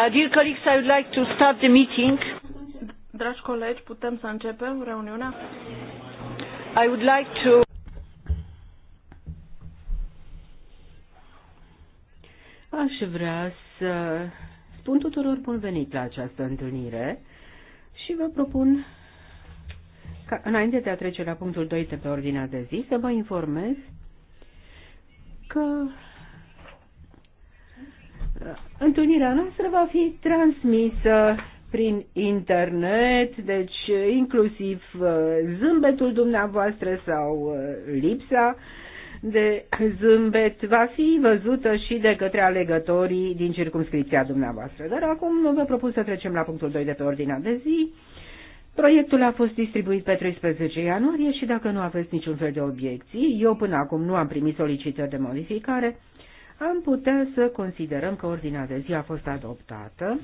Uh, dear colleagues, I would like to start the meeting. Dragi colegi, putem să începem reuniunea? I would like to Aș vrea să spun tuturor bun venit la această întâlnire și vă propun ca, înainte de a trece la punctul 2 de pe ordinea de zi, să vă informez că Întâlnirea noastră va fi transmisă prin internet, deci inclusiv uh, zâmbetul dumneavoastră sau uh, lipsa de zâmbet va fi văzută și de către alegătorii din circumscripția dumneavoastră. Dar acum vă propun să trecem la punctul 2 de pe ordinea de zi. Proiectul a fost distribuit pe 13 ianuarie și dacă nu aveți niciun fel de obiecții, eu până acum nu am primit solicitări de modificare, am putea să considerăm că ordinea de zi a fost adoptată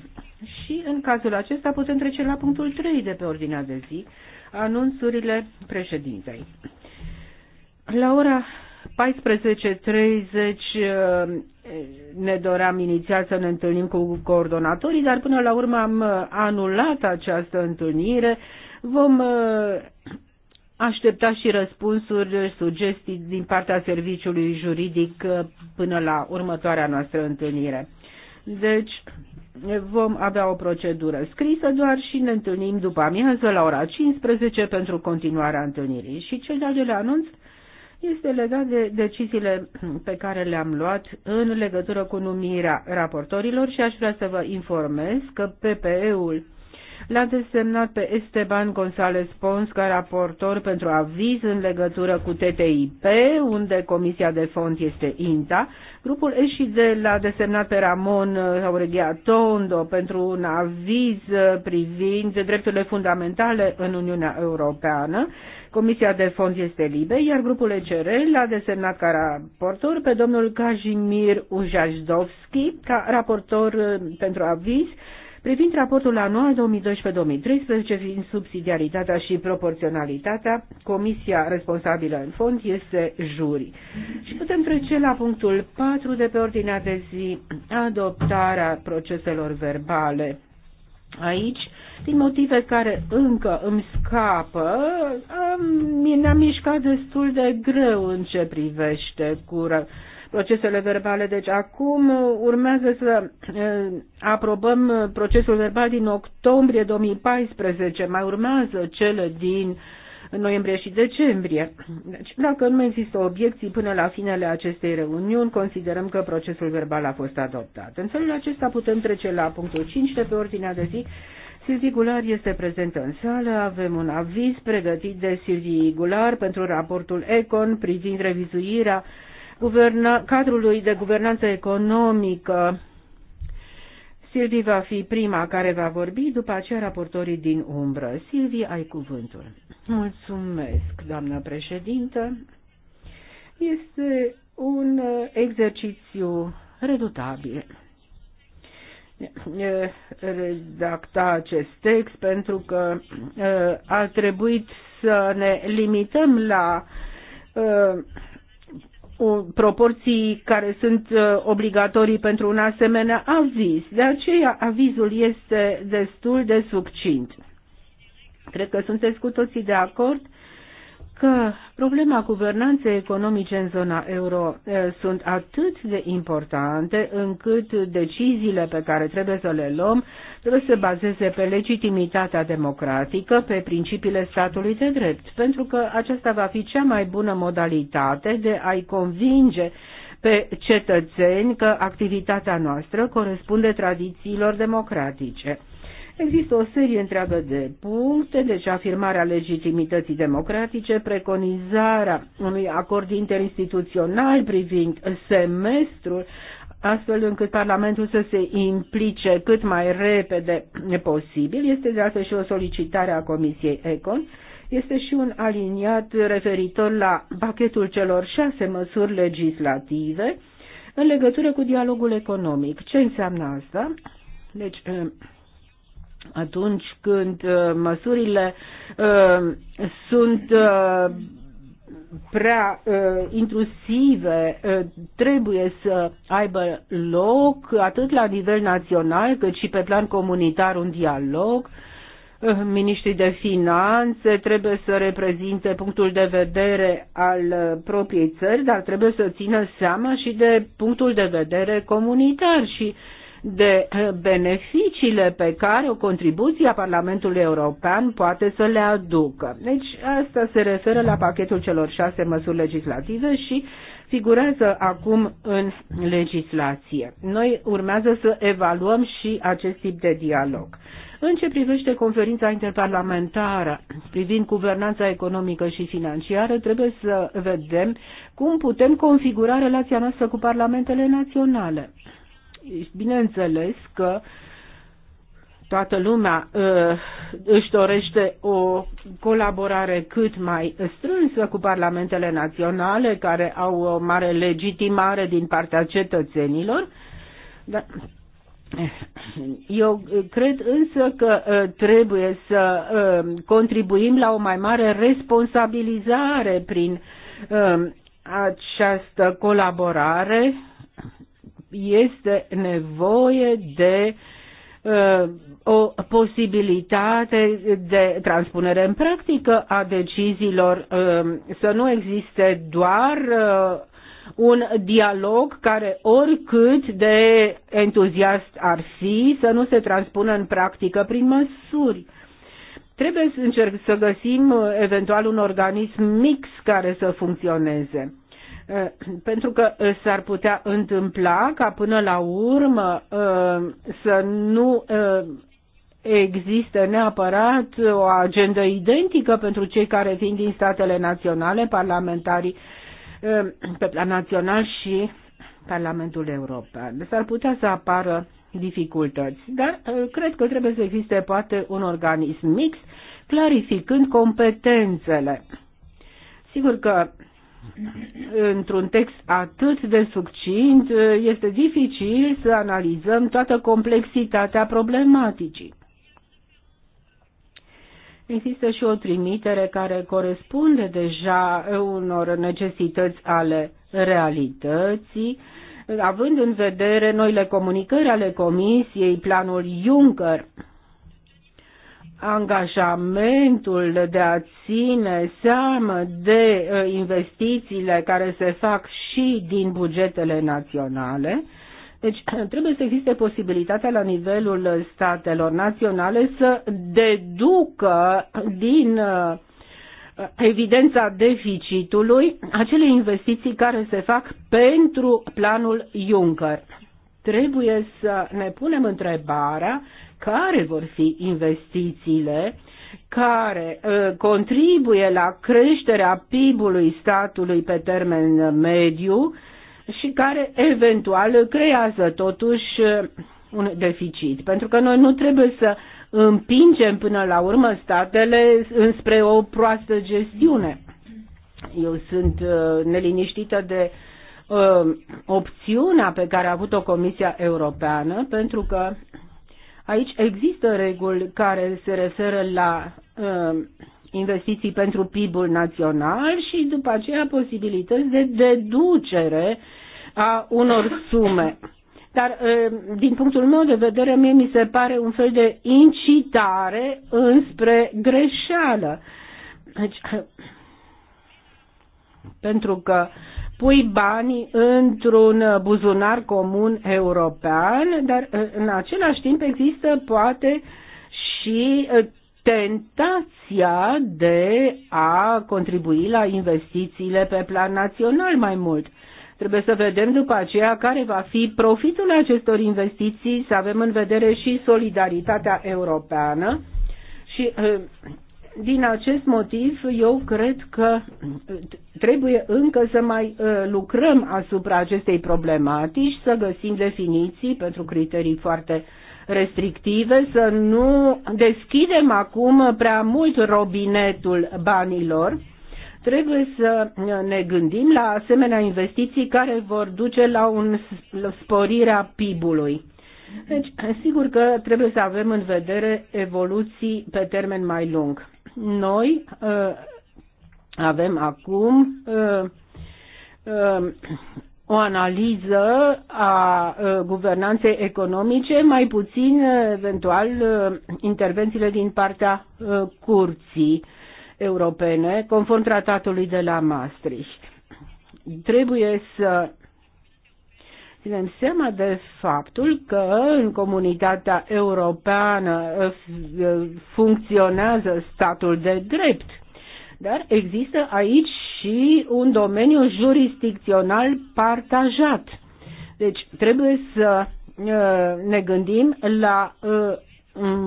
și în cazul acesta putem trece la punctul 3 de pe ordinea de zi, anunțurile președintei. La ora 14.30 eh, ne doream inițial să ne întâlnim cu coordonatorii, dar până la urmă am eh, anulat această întâlnire. Vom eh, aștepta și răspunsuri, sugestii din partea serviciului juridic uh, până la următoarea noastră întâlnire. Deci, vom avea o procedură scrisă doar și ne întâlnim după amiază la ora 15 pentru continuarea întâlnirii. Și cel de-al doilea anunț este legat de deciziile pe care le-am luat în legătură cu numirea raportorilor și aș vrea să vă informez că PPE-ul L-a desemnat pe Esteban González Pons ca raportor pentru aviz în legătură cu TTIP, unde Comisia de Fond este INTA. Grupul ESHID l-a desemnat pe Ramon Aurelia Tondo pentru un aviz privind drepturile fundamentale în Uniunea Europeană. Comisia de fond este libe, iar grupul ECR l-a desemnat ca raportor pe domnul Kazimir Ujajdovski ca raportor pentru aviz Privind raportul anual 2012-2013, fiind subsidiaritatea și proporționalitatea, comisia responsabilă în fond este juri. Și putem trece la punctul 4 de pe ordinea de zi, adoptarea proceselor verbale. Aici, din motive care încă îmi scapă, mi a am mișcat destul de greu în ce privește cură procesele verbale. Deci acum urmează să aprobăm procesul verbal din octombrie 2014, mai urmează cele din noiembrie și decembrie. Deci, dacă nu există obiecții până la finele acestei reuniuni, considerăm că procesul verbal a fost adoptat. În felul acesta putem trece la punctul 5 de pe ordinea de zi. Silvi Gular este prezentă în sală, avem un aviz pregătit de Silvi Gular pentru raportul ECON privind revizuirea guverna- cadrului de guvernanță economică. Silvii va fi prima care va vorbi, după aceea raportorii din umbră. Silvii, ai cuvântul. Mulțumesc, doamnă președintă. Este un exercițiu redutabil redacta acest text pentru că ar trebui să ne limităm la proporții care sunt uh, obligatorii pentru un asemenea aviz. De aceea avizul este destul de succint. Cred că sunteți cu toții de acord că problema guvernanței economice în zona euro eh, sunt atât de importante încât deciziile pe care trebuie să le luăm trebuie să se bazeze pe legitimitatea democratică, pe principiile statului de drept, pentru că aceasta va fi cea mai bună modalitate de a-i convinge pe cetățeni că activitatea noastră corespunde tradițiilor democratice. Există o serie întreagă de puncte, deci afirmarea legitimității democratice, preconizarea unui acord interinstituțional privind semestrul, astfel încât Parlamentul să se implice cât mai repede posibil. Este de altfel și o solicitare a Comisiei Econ. Este și un aliniat referitor la pachetul celor șase măsuri legislative în legătură cu dialogul economic. Ce înseamnă asta? Deci, atunci când uh, măsurile uh, sunt uh, prea uh, intrusive uh, trebuie să aibă loc atât la nivel național cât și pe plan comunitar un dialog. Uh, Ministrii de finanțe trebuie să reprezinte punctul de vedere al uh, propriei țări, dar trebuie să țină seama și de punctul de vedere comunitar și uh, de eh, beneficiile pe care o contribuție a Parlamentului European poate să le aducă. Deci asta se referă la pachetul celor șase măsuri legislative și figurează acum în legislație. Noi urmează să evaluăm și acest tip de dialog. În ce privește conferința interparlamentară privind guvernanța economică și financiară, trebuie să vedem cum putem configura relația noastră cu parlamentele naționale. Bineînțeles că toată lumea uh, își dorește o colaborare cât mai strânsă cu parlamentele naționale, care au o mare legitimare din partea cetățenilor. Dar eu cred însă că uh, trebuie să uh, contribuim la o mai mare responsabilizare prin această colaborare este nevoie de uh, o posibilitate de transpunere în practică a deciziilor, um, să nu existe doar uh, un dialog care oricât de entuziast ar fi să nu se transpună în practică prin măsuri. Trebuie să încerc să găsim uh, eventual un organism mix care să funcționeze. Eh, pentru că eh, s-ar putea întâmpla ca până la urmă eh, să nu există neapărat o agendă identică pentru cei care vin din statele naționale, parlamentarii pe plan național și Parlamentul European. S-ar putea să apară dificultăți, dar cred că trebuie să existe poate un organism mix clarificând competențele. Sigur că într-un text atât de succint, este dificil să analizăm toată complexitatea problematicii. Există și o trimitere care corespunde deja unor necesități ale realității, având în vedere noile comunicări ale Comisiei, planul Juncker, angajamentul de a ține seamă de ă, investițiile care se fac și din bugetele naționale. Deci trebuie să existe posibilitatea la nivelul statelor naționale să deducă din ă, evidența deficitului acele investiții care se fac pentru planul Juncker. Trebuie să ne punem întrebarea care vor fi investițiile care uh, contribuie la creșterea PIB-ului statului pe termen mediu și care eventual creează totuși uh, un deficit. Pentru că noi nu trebuie să împingem până la urmă statele înspre o proastă gestiune. Eu sunt uh, neliniștită de opțiunea pe care a avut-o Comisia Europeană pentru că Aici există reguli care se referă la uh, investiții pentru PIB-ul național și după aceea posibilități de deducere a unor sume. Dar uh, din punctul meu de vedere, mie mi se pare un fel de incitare înspre greșeală. Deci, uh, pentru că uh, pui banii într-un buzunar comun european, dar uh, în același timp există poate și uh, tentația de a contribui la investițiile pe plan național mai mult. Trebuie să vedem după aceea care va fi profitul acestor investiții, să avem în vedere și solidaritatea europeană și uh, din acest motiv, eu cred că trebuie încă să mai uh, lucrăm asupra acestei problematici, să găsim definiții pentru criterii foarte restrictive, să nu deschidem acum prea mult robinetul banilor. Trebuie să ne gândim la asemenea investiții care vor duce la un sporirea PIB-ului. Deci, sigur că trebuie să avem în vedere evoluții pe termen mai lung. Noi uh, avem acum uh, uh, o analiză a guvernanței economice, mai puțin eventual intervențiile din partea curții europene, conform tratatului de la Maastricht. Trebuie să ținem seama de faptul că în comunitatea europeană eh, funcționează statul de drept, dar există aici și un domeniu jurisdicțional partajat. Deci trebuie să eh, ne gândim la eh,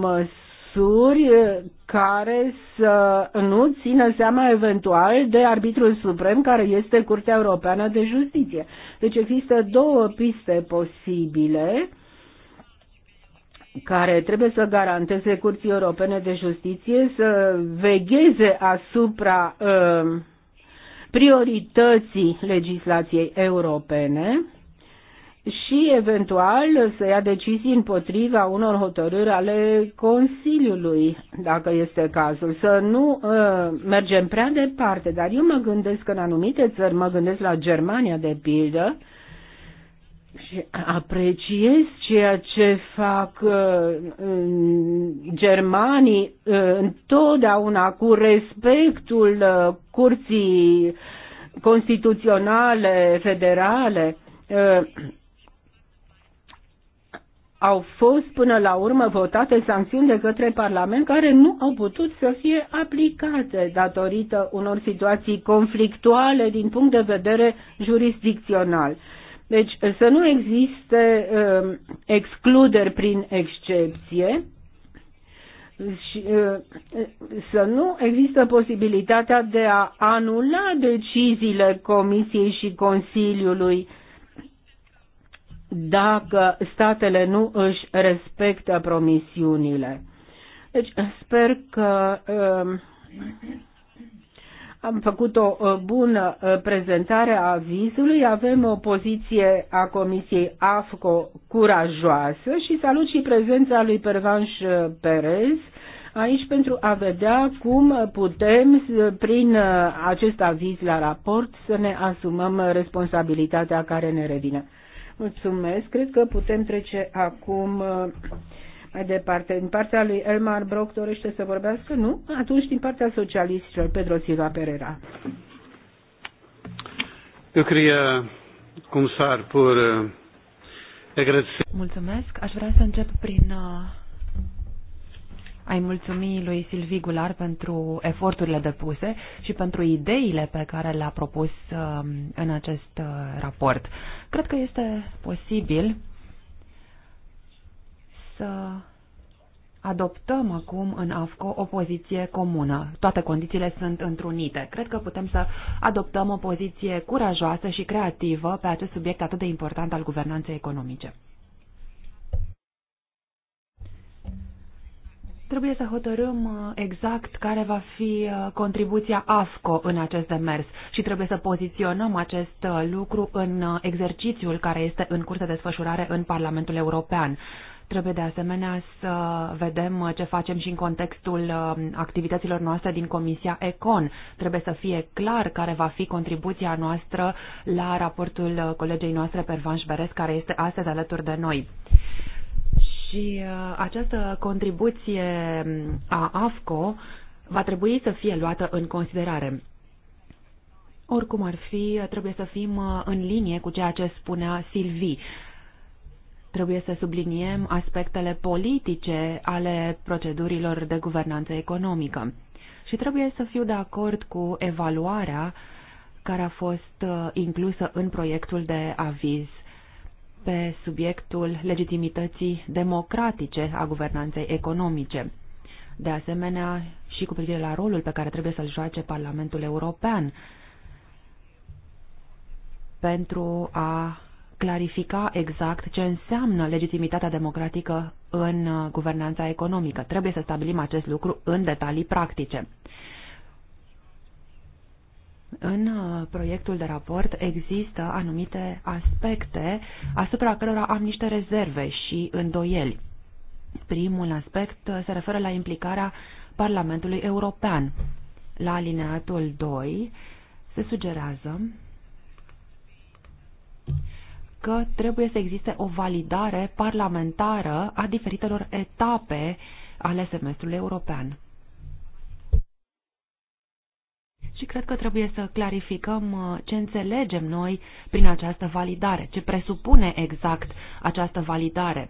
măsuri măsuri uh, care să nu țină seama eventual de arbitrul suprem care este Curtea Europeană de Justiție. Deci există două piste posibile care trebuie să garanteze Curții Europene de Justiție să vegheze asupra uh, priorității legislației europene și eventual să ia decizii împotriva unor hotărâri ale Consiliului, dacă este cazul. Să nu uh, mergem prea departe, dar eu mă gândesc că în anumite țări, mă gândesc la Germania de pildă, și apreciez ceea ce fac uh, în germanii uh, întotdeauna cu respectul uh, curții constituționale, federale. Uh, au fost până la urmă votate sancțiuni de către Parlament care nu au putut să fie aplicate datorită unor situații conflictuale din punct de vedere jurisdicțional. Deci să nu existe uh, excluderi prin excepție și uh, să nu există posibilitatea de a anula deciziile Comisiei și Consiliului dacă statele nu își respectă promisiunile. Deci sper că um, am făcut o uh, bună uh, prezentare a avizului, avem o poziție a Comisiei AFCO curajoasă și salut și prezența lui Pervanș uh, Perez aici pentru a vedea cum putem, prin acest aviz la raport, să ne asumăm responsabilitatea care ne revine. Mulțumesc. Cred că putem trece acum uh, mai departe. Din partea lui Elmar Brock dorește să vorbească? Nu? Atunci din partea socialistilor, Pedro Silva Pereira. Eu uh, cum s-ar pur uh, Mulțumesc. Aș vrea să încep prin ai mulțumi lui Silvi Gular pentru eforturile depuse și pentru ideile pe care le-a propus um, în acest uh, raport. Cred că este posibil să adoptăm acum în AFCO o poziție comună. Toate condițiile sunt întrunite. Cred că putem să adoptăm o poziție curajoasă și creativă pe acest subiect atât de important al guvernanței economice. Trebuie să hotărâm uh, exact care va fi uh, contribuția AFCO în acest demers și trebuie să poziționăm acest uh, lucru în exercițiul care este în curs de desfășurare în Parlamentul European. Trebuie de asemenea să vedem ce facem și în contextul activităților noastre din Comisia Econ. Trebuie să fie clar care va fi contribuția noastră la raportul colegei noastre Pervanș Beres, care este astăzi alături de noi. Și uh, această contribuție mm, a AFCO va trebui să fie luată în considerare. Oricum ar fi, trebuie să fim uh, în linie cu ceea ce spunea Silvi. trebuie să subliniem aspectele politice ale procedurilor de guvernanță economică. Și trebuie să fiu de acord cu evaluarea care a fost uh, inclusă în proiectul de aviz pe subiectul legitimității democratice a guvernanței economice. De asemenea, și cu privire la rolul pe care trebuie să-l joace Parlamentul European pentru a clarifica exact ce înseamnă legitimitatea democratică în uh, guvernanța economică. Trebuie să stabilim acest lucru în detalii practice. În uh, proiectul de raport există anumite aspecte asupra cărora am niște rezerve și îndoieli. Primul aspect uh, se referă la implicarea Parlamentului European. La alineatul 2 se sugerează că trebuie să existe o validare parlamentară a diferitelor etape ale semestrului european. și cred că trebuie să clarificăm uh, ce înțelegem noi prin această validare, ce presupune exact această validare.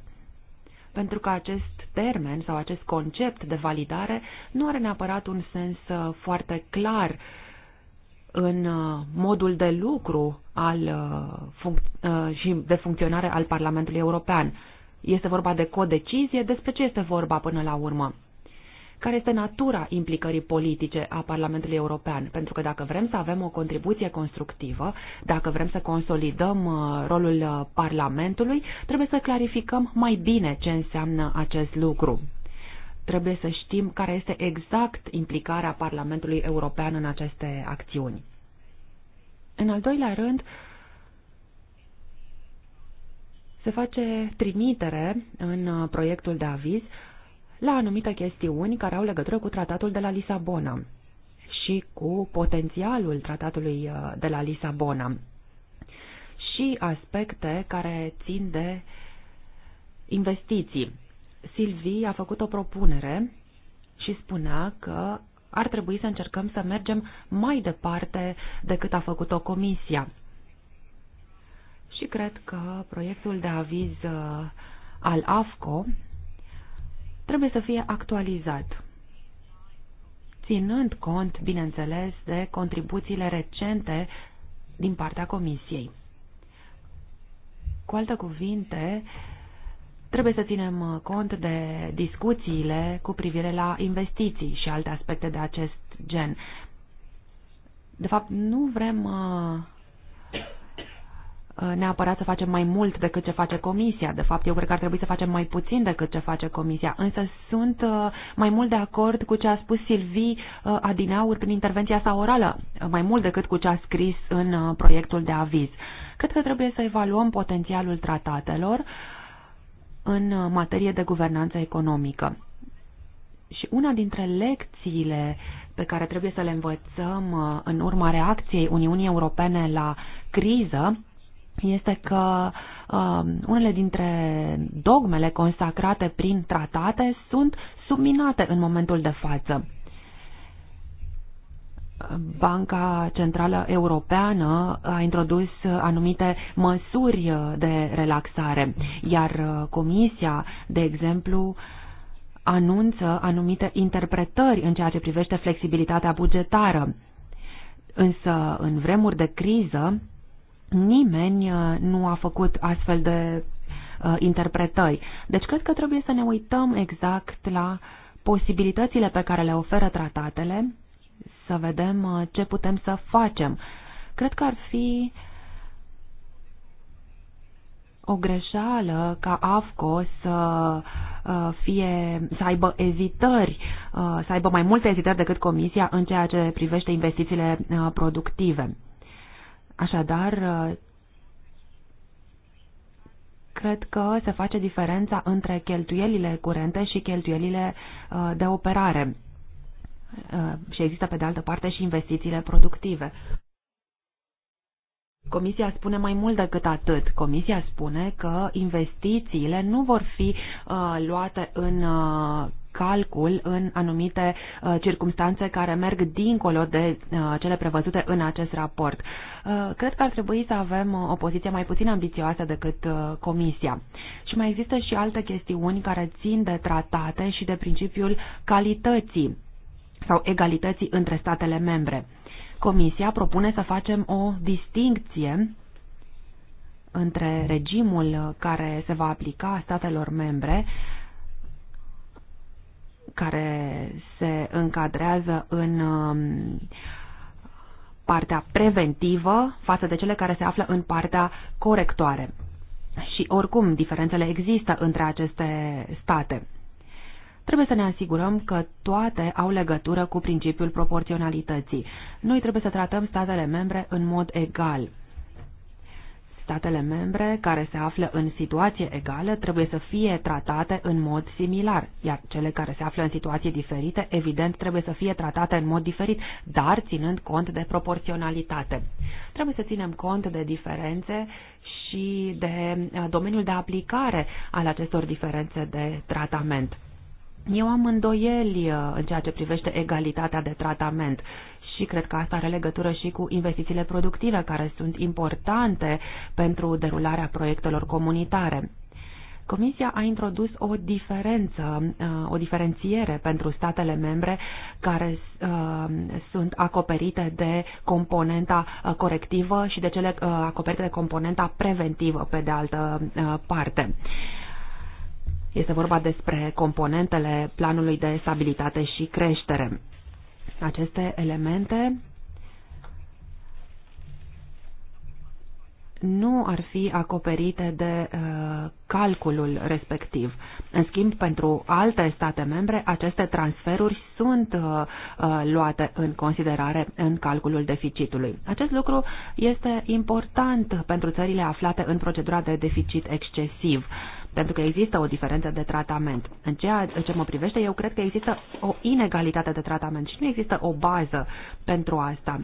Pentru că acest termen sau acest concept de validare nu are neapărat un sens uh, foarte clar în uh, modul de lucru al și de funcționare al Parlamentului European. Este vorba de codecizie, despre ce este vorba până la urmă? care este natura implicării politice a Parlamentului European. Pentru că dacă vrem să avem o contribuție constructivă, dacă vrem să consolidăm uh, rolul uh, Parlamentului, trebuie să clarificăm mai bine ce înseamnă acest lucru. Trebuie să știm care este exact implicarea Parlamentului European în aceste acțiuni. În al doilea rând, se face trimitere în uh, proiectul de aviz la anumite chestiuni care au legătură cu tratatul de la Lisabona și cu potențialul tratatului uh, de la Lisabona și aspecte care țin de investiții. Silvii a făcut o propunere și spunea că ar trebui să încercăm să mergem mai departe decât a făcut-o comisia. Și cred că proiectul de aviz uh, al AFCO trebuie să fie actualizat, ținând cont, bineînțeles, de contribuțiile recente din partea Comisiei. Cu alte cuvinte, trebuie să ținem cont de discuțiile cu privire la investiții și alte aspecte de acest gen. De fapt, nu vrem uh, Uh, neapărat să facem mai mult decât ce face comisia. De fapt, eu cred că ar trebui să facem mai puțin decât ce face comisia. Însă sunt uh, mai mult de acord cu ce a spus Silvii uh, Adinaur în intervenția sa orală, mai mult decât cu ce a scris în proiectul de aviz. Cred că trebuie să evaluăm potențialul tratatelor în materie de guvernanță economică. Și una dintre lecțiile pe care trebuie să le învățăm în urma reacției Uniunii Europene la criză este că um, unele dintre dogmele consacrate prin tratate sunt subminate în momentul de față. Banca Centrală Europeană a introdus anumite măsuri de relaxare, iar Comisia, de exemplu, anunță anumite interpretări în ceea ce privește flexibilitatea bugetară. Însă, în vremuri de criză, nimeni uh, nu a făcut astfel de uh, interpretări. Deci cred că trebuie să ne uităm exact la posibilitățile pe care le oferă tratatele, să vedem uh, ce putem să facem. Cred că ar fi o greșeală ca AFCO să fie să aibă ezitări, să aibă mai multe ezitări decât Comisia în ceea ce privește investițiile productive. Așadar, cred că se face diferența între cheltuielile curente și cheltuielile uh, de operare. Uh, și există, pe de altă parte, și investițiile productive. Comisia spune mai mult decât atât. Comisia spune că investițiile nu vor fi uh, luate în uh, calcul în anumite uh, circunstanțe care merg dincolo de uh, cele prevăzute în acest raport. Uh, cred că ar trebui să avem o poziție mai puțin ambițioasă decât Comisia. Și mai există și alte chestiuni care țin de tratate și de principiul calității sau egalității între statele membre. Comisia propune să facem o distincție între regimul care se va aplica statelor membre care se încadrează în um, partea preventivă față de cele care se află în partea corectoare. Și oricum, diferențele există între aceste state. Trebuie să ne asigurăm că toate au legătură cu principiul proporționalității. Noi trebuie să tratăm statele membre în mod egal statele membre care se află în situație egală trebuie să fie tratate în mod similar, iar cele care se află în situații diferite, evident, trebuie să fie tratate în mod diferit, dar ținând cont de proporționalitate. Trebuie să ținem cont de diferențe și de uh, domeniul de aplicare al acestor diferențe de tratament. Eu am îndoieli uh, în ceea ce privește egalitatea de tratament și cred că asta are legătură și cu investițiile productive care sunt importante pentru derularea proiectelor comunitare. Comisia a introdus o diferență, uh, o diferențiere pentru statele membre care uh, sunt acoperite de componenta uh, corectivă și de cele acoperite de componenta preventivă, pe de altă parte. Este vorba despre componentele planului de stabilitate și creștere. Aceste elemente nu ar fi acoperite de uh, calculul respectiv. În schimb, pentru alte state membre, aceste transferuri sunt uh, uh, luate în considerare în calculul deficitului. Acest lucru este important pentru țările aflate în procedura de deficit excesiv. Uh, pentru că există o diferență de tratament. În ceea ce mă privește, eu cred că există o inegalitate de tratament și nu există o bază pentru asta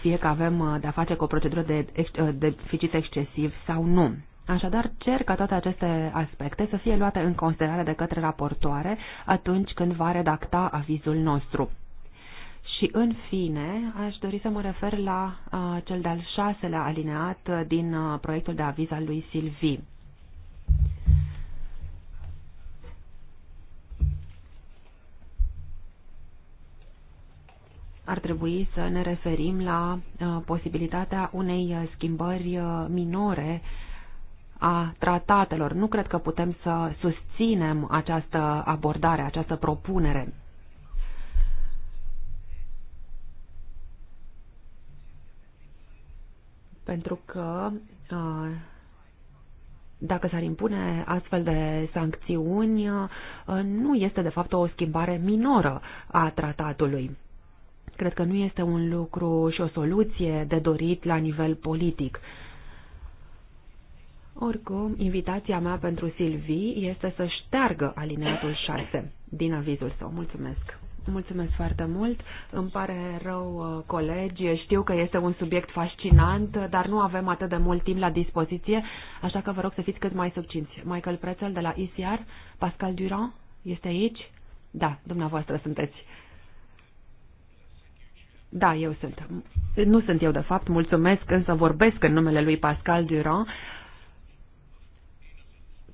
fie că avem uh, de-a face cu o procedură de uh, deficit excesiv sau nu. Așadar, cer ca toate aceste aspecte să fie luate în considerare de către raportoare atunci când va redacta avizul nostru. Și în fine, aș dori să mă refer la uh, cel de-al șaselea alineat uh, din uh, proiectul de aviz al lui Silvi. Ar trebui să ne referim la uh, posibilitatea unei uh, schimbări uh, minore a tratatelor. Nu cred că putem să susținem această abordare, această propunere Pentru că uh, dacă s-ar impune astfel de sancțiuni, uh, nu este de fapt o schimbare minoră a tratatului. Cred că nu este un lucru și o soluție de dorit la nivel politic. Oricum, invitația mea pentru Silvi este să șteargă alineatul 6 din avizul său. Mulțumesc! Mulțumesc foarte mult. Îmi pare rău, uh, colegi. Știu că este un subiect fascinant, dar nu avem atât de mult timp la dispoziție, așa că vă rog să fiți cât mai subcinți. Michael Prețel de la ICR, Pascal Durand, este aici? Da, dumneavoastră sunteți. Da, eu sunt. Nu sunt eu, de fapt, mulțumesc, însă vorbesc în numele lui Pascal Durand,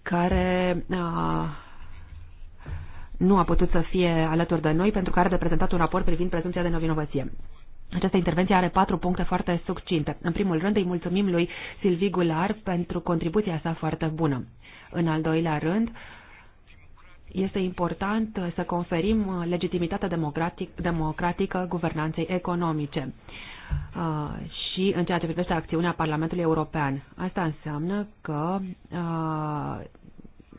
care... Uh, nu a putut să fie alături de noi pentru că de prezentat un raport privind prezumția de nevinovăție. Această intervenție are patru puncte foarte succinte. În primul rând îi mulțumim lui Silvi Gular pentru contribuția sa foarte bună. În al doilea rând, este important să conferim legitimitatea democratic, democratică guvernanței economice uh, și în ceea ce privește acțiunea Parlamentului European. Asta înseamnă că uh,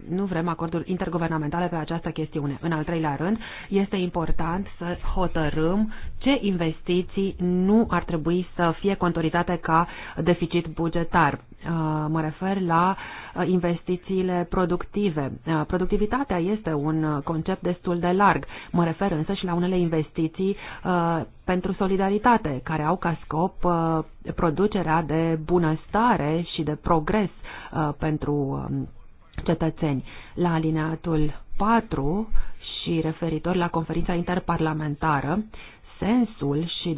nu vrem acorduri interguvernamentale pe această chestiune. În al treilea rând, este important să hotărâm ce investiții nu ar trebui să fie contorizate ca deficit bugetar. Uh, mă refer la uh, investițiile productive. Uh, productivitatea este un concept destul de larg. Mă refer însă și la unele investiții pentru solidaritate, care au ca scop producerea de bunăstare și de progres pentru um, cetățeni. La alineatul 4 și referitor la conferința interparlamentară, sensul și,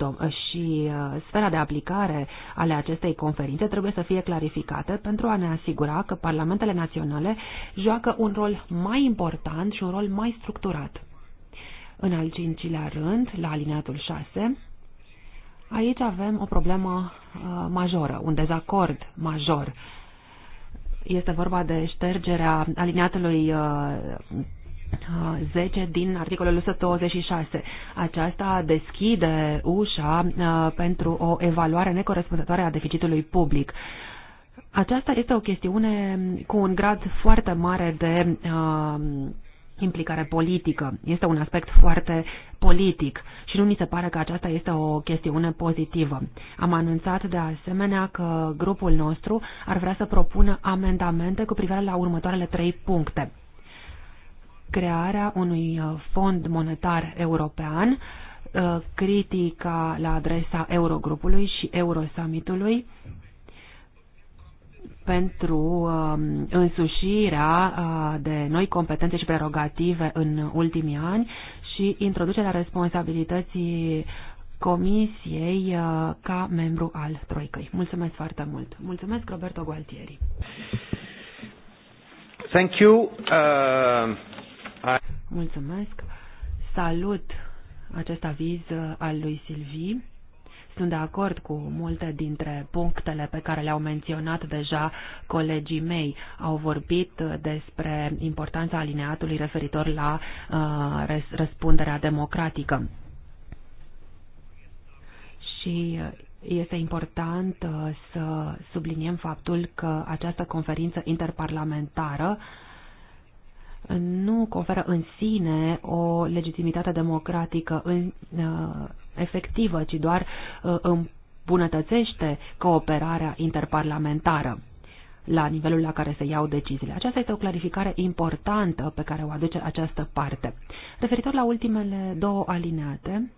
și uh, sfera de aplicare ale acestei conferințe trebuie să fie clarificate pentru a ne asigura că parlamentele naționale joacă un rol mai important și un rol mai structurat. În al cincilea rând, la alineatul 6, aici avem o problemă uh, majoră, un dezacord major este vorba de ștergerea uh, 10 uh, din articolul 126. Aceasta deschide ușa uh, pentru o evaluare necorespunzătoare a deficitului public. Aceasta este o chestiune cu un grad foarte mare de uh, implicare politică. Este un aspect foarte politic și nu mi se pare că aceasta este o chestiune pozitivă. Am anunțat de asemenea că grupul nostru ar vrea să propună amendamente cu privire la următoarele trei puncte. Crearea unui uh, fond monetar european, uh, critica la adresa Eurogrupului și Eurosummitului, pentru um, însușirea uh, de noi competențe și prerogative în ultimii ani și introducerea responsabilității Comisiei uh, ca membru al Troicăi. Mulțumesc foarte mult. Mulțumesc, Roberto Gualtieri. Thank you. Uh, I... Mulțumesc. Salut acest aviz uh, al lui Silvii sunt de acord cu multe dintre punctele pe care le-au menționat deja colegii mei. Au vorbit despre importanța alineatului referitor la uh, răspunderea democratică. Și uh, este important uh, să subliniem faptul că această conferință interparlamentară uh, nu conferă în sine o legitimitate democratică în, uh, efectivă, ci doar uh, îmbunătățește cooperarea interparlamentară la nivelul la care se iau deciziile. Aceasta este o clarificare importantă pe care o aduce această parte. Referitor la ultimele două alineate,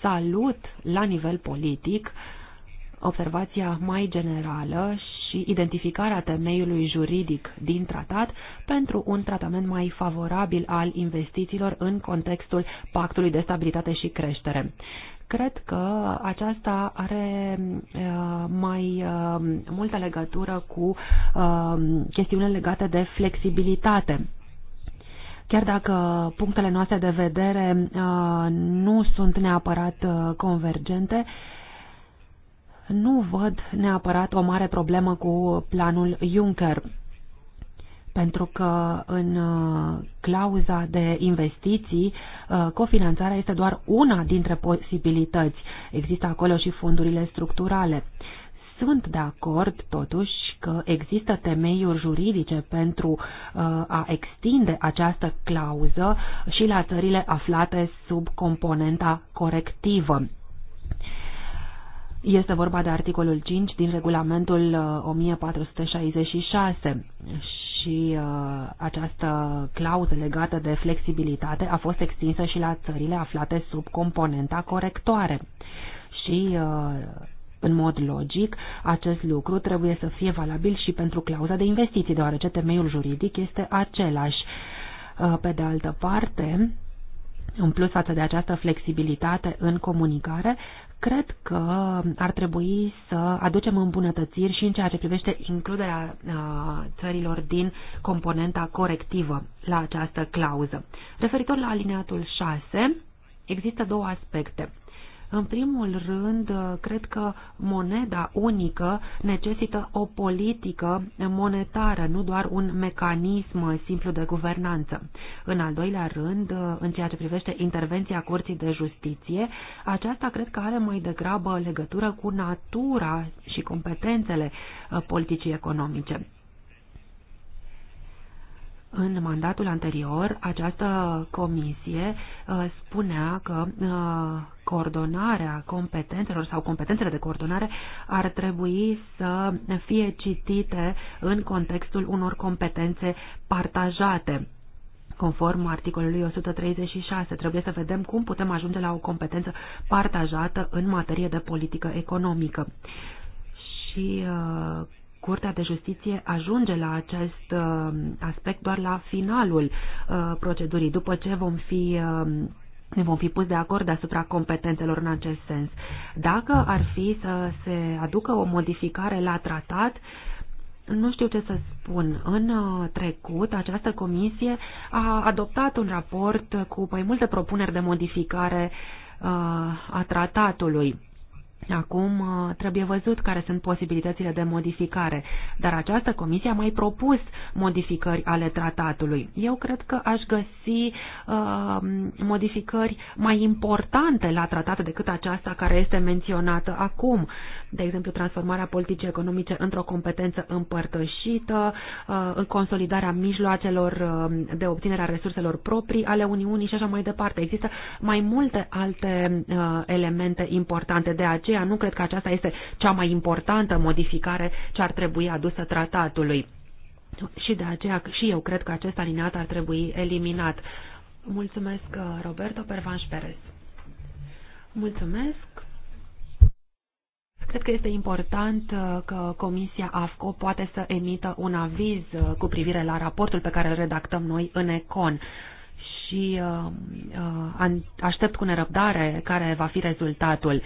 salut la nivel politic uh, observația mai generală și identificarea temeiului juridic din tratat pentru un tratament mai favorabil al investițiilor în contextul Pactului de Stabilitate și Creștere. Cred că aceasta are uh, mai uh, multă legătură cu uh, chestiunile legate de flexibilitate chiar dacă punctele noastre de vedere nu sunt neapărat convergente, nu văd neapărat o mare problemă cu planul Juncker, pentru că în uh, clauza de investiții, uh, cofinanțarea este doar una dintre posibilități. Există acolo și fondurile structurale. Sunt de acord, totuși, că există temeiuri juridice pentru uh, a extinde această clauză și la țările aflate sub componenta corectivă este vorba de articolul 5 din regulamentul 1466 uh, și uh, această clauză legată de flexibilitate a fost extinsă și la țările aflate sub componenta corectoare. Și uh, în mod logic, acest lucru trebuie să fie valabil și pentru clauza de investiții, deoarece temeiul juridic este același. Uh, pe de altă parte, în plus față de această flexibilitate în comunicare, cred că ar trebui să aducem îmbunătățiri și în ceea ce privește includerea uh, țărilor din componenta corectivă la această clauză. Referitor la alineatul 6, există două aspecte. În primul rând, cred că moneda unică necesită o politică monetară, nu doar un mecanism simplu de guvernanță. În al doilea rând, în ceea ce privește intervenția Curții de Justiție, aceasta cred că are mai degrabă legătură cu natura și competențele politicii economice. În mandatul anterior, această comisie uh, spunea că uh, coordonarea competențelor sau competențele de coordonare ar trebui să fie citite în contextul unor competențe partajate conform articolului 136. Trebuie să vedem cum putem ajunge la o competență partajată în materie de politică economică. Și uh, Curtea de Justiție ajunge la acest uh, aspect doar la finalul uh, procedurii, după ce vom fi ne uh, vom fi pus de acord asupra competențelor în acest sens. Dacă ar fi să se aducă o modificare la tratat, nu știu ce să spun. În trecut, această comisie a adoptat un raport cu mai multe propuneri de modificare a tratatului Acum uh, trebuie văzut care sunt posibilitățile de modificare, dar această comisie a mai propus modificări ale tratatului. Eu cred că aș găsi uh, modificări mai importante la tratat decât aceasta care este menționată acum. De exemplu, transformarea politicii economice într-o competență împărtășită, uh, consolidarea mijloacelor uh, de obținere a resurselor proprii ale Uniunii și așa mai departe. Există mai multe alte uh, elemente importante. De aceea aceea nu cred că aceasta este cea mai importantă modificare ce ar trebui adusă tratatului. Și de aceea și eu cred că acest alineat ar trebui eliminat. Mulțumesc, uh, Roberto Pervanș Perez. Mulțumesc. Cred că este important uh, că Comisia AFCO poate să emită un aviz uh, cu privire la raportul pe care îl redactăm noi în ECON și aștept cu nerăbdare care va fi rezultatul.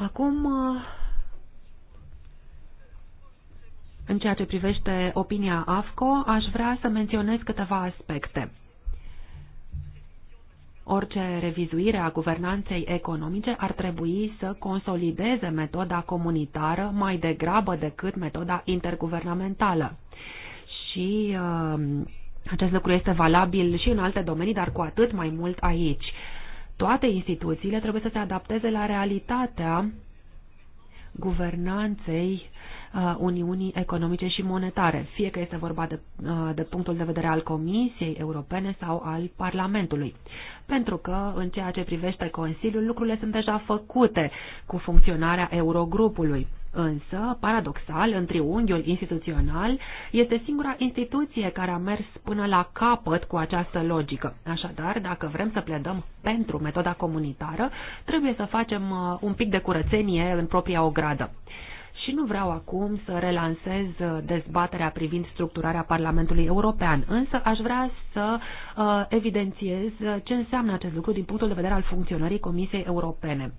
Acum, uh, în ceea ce privește opinia AFCO, aș vrea să menționez câteva aspecte. Orice revizuire a guvernanței economice ar trebui să consolideze metoda comunitară mai degrabă decât metoda interguvernamentală. Și uh, acest lucru este valabil și în alte domenii, dar cu atât mai mult aici toate instituțiile trebuie să se adapteze la realitatea guvernanței uh, Uniunii Economice și Monetare, fie că este vorba de, uh, de punctul de vedere al Comisiei Europene sau al Parlamentului. Pentru că, în ceea ce privește Consiliul, lucrurile sunt deja făcute cu funcționarea Eurogrupului Însă, paradoxal, în triunghiul instituțional, este singura instituție care a mers până la capăt cu această logică. Așadar, dacă vrem să pledăm pentru metoda comunitară, trebuie să facem uh, un pic de curățenie în propria ogradă și nu vreau acum să relansez uh, dezbaterea privind structurarea Parlamentului European, însă aș vrea să uh, evidențiez uh, ce înseamnă acest lucru din punctul de vedere al funcționării Comisiei Europene.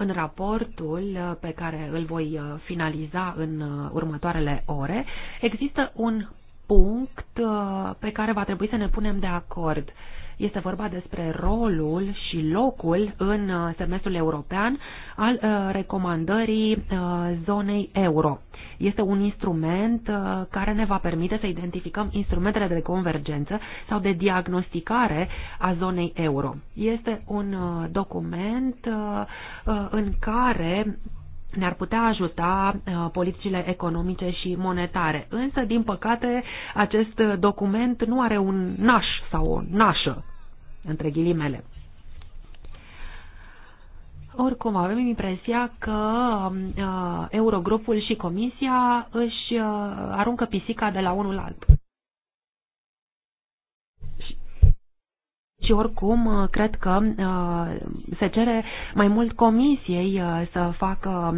În raportul uh, pe care îl voi uh, finaliza în uh, următoarele ore, există un punct pe care va trebui să ne punem de acord. Este vorba despre rolul și locul în uh, semestrul european al uh, recomandării uh, zonei euro. Este un instrument care ne va permite să identificăm instrumentele de convergență sau de diagnosticare a zonei euro. Este un document în care ne-ar putea ajuta uh, politicile economice și monetare. Însă, din păcate, acest document nu are un naș sau o nașă, între ghilimele. Oricum, avem impresia că uh, Eurogrupul și Comisia își uh, aruncă pisica de la unul altul. Și oricum, uh, cred că uh, se cere mai mult comisiei uh, să facă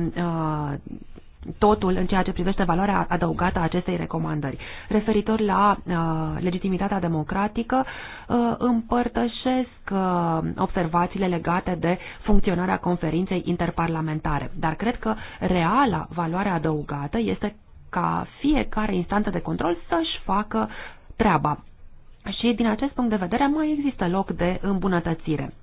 totul în ceea ce privește valoarea adăugată a acestei recomandări. Referitor la legitimitatea democratică, împărtășesc observațiile legate de funcționarea conferinței interparlamentare, dar cred că reala valoare adăugată este ca fiecare instanță de control să-și facă treaba și din acest punct de vedere mai există loc de îmbunătățire.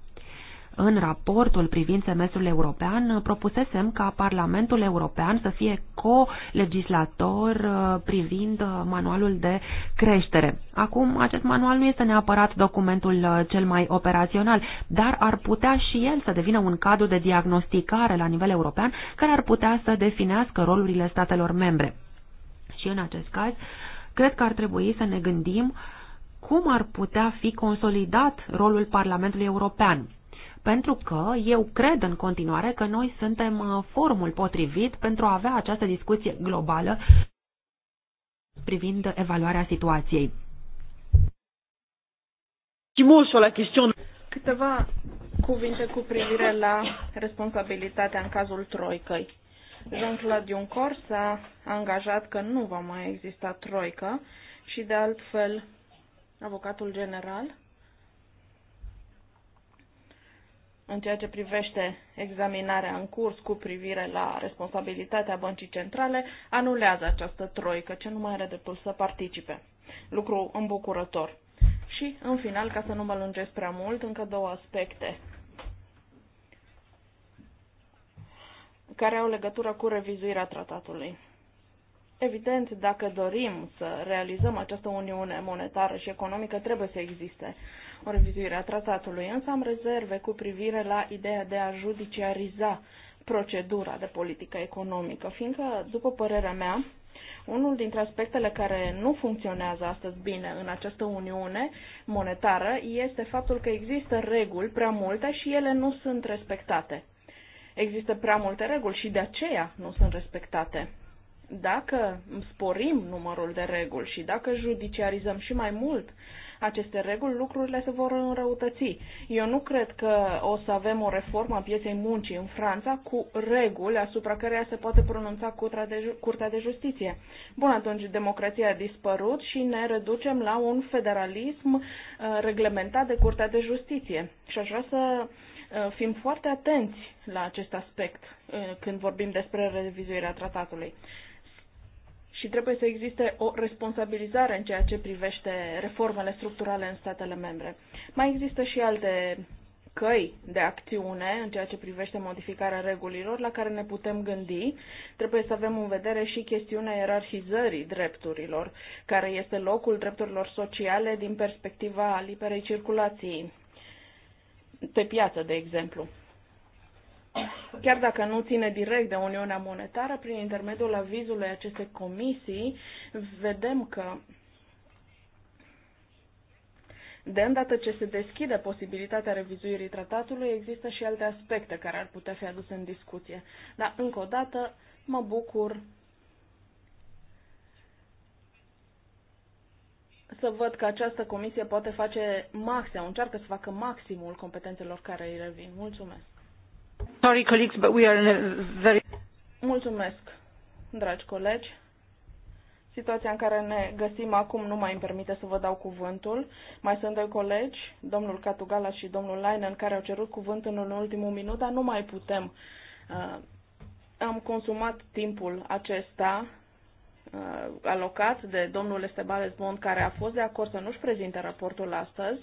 În raportul privind semestrul european uh, propusesem ca Parlamentul European să fie co-legislator uh, privind uh, manualul de creștere. Acum, acest manual nu este neapărat documentul cel mai operațional, dar ar putea și el să devină un cadru de diagnosticare la nivel european care ar putea să definească rolurile statelor membre. Și în acest caz, cred că ar trebui să ne gândim uh, cum ar putea fi consolidat rolul Parlamentului European. Pentru că eu cred în continuare că noi suntem uh, formul potrivit pentru a avea această discuție globală privind evaluarea situației. Câteva cuvinte cu privire la responsabilitatea în cazul Troicăi. Jean-Claude Juncker s-a angajat că nu va mai exista Troică și de altfel avocatul general, în ceea ce privește examinarea în curs cu privire la responsabilitatea băncii centrale, anulează această troică, ce nu mai are dreptul să participe. Lucru îmbucurător. Și, în final, ca să nu mă lungesc prea mult, încă două aspecte care au legătură cu revizuirea tratatului. Evident, dacă dorim să realizăm această uniune monetară și economică, trebuie să existe o revizuire a tratatului, însă am rezerve cu privire la ideea de a judiciariza procedura de politică economică, fiindcă, după părerea mea, unul dintre aspectele care nu funcționează astăzi bine în această uniune monetară este faptul că există reguli prea multe și ele nu sunt respectate. Există prea multe reguli și de aceea nu sunt respectate. Dacă sporim numărul de reguli și dacă judiciarizăm și mai mult aceste reguli, lucrurile se vor înrăutăți. Eu nu cred că o să avem o reformă a pieței muncii în Franța cu reguli asupra căreia se poate pronunța Curtea de Justiție. Bun, atunci democrația a dispărut și ne reducem la un federalism uh, reglementat de Curtea de Justiție. Și aș vrea să uh, fim foarte atenți la acest aspect uh, când vorbim despre revizuirea tratatului și trebuie să existe o responsabilizare în ceea ce privește reformele structurale în statele membre. Mai există și alte căi de acțiune în ceea ce privește modificarea regulilor la care ne putem gândi. Trebuie să avem în vedere și chestiunea ierarhizării drepturilor, care este locul drepturilor sociale din perspectiva liberei circulații pe piață, de exemplu chiar dacă nu ține direct de Uniunea Monetară, prin intermediul avizului acestei comisii, vedem că de îndată ce se deschide posibilitatea revizuirii tratatului, există și alte aspecte care ar putea fi aduse în discuție. Dar, încă o dată, mă bucur să văd că această comisie poate face maxim, încearcă să facă maximul competențelor care îi revin. Mulțumesc! Sorry, colleagues, but we are in a very... Mulțumesc, dragi colegi. Situația în care ne găsim acum nu mai îmi permite să vă dau cuvântul. Mai sunt doi colegi, domnul Catugala și domnul Lainen, care au cerut cuvântul în ultimul minut, dar nu mai putem. Uh, am consumat timpul acesta uh, alocat de domnul Estebales Bond, care a fost de acord să nu-și prezinte raportul astăzi.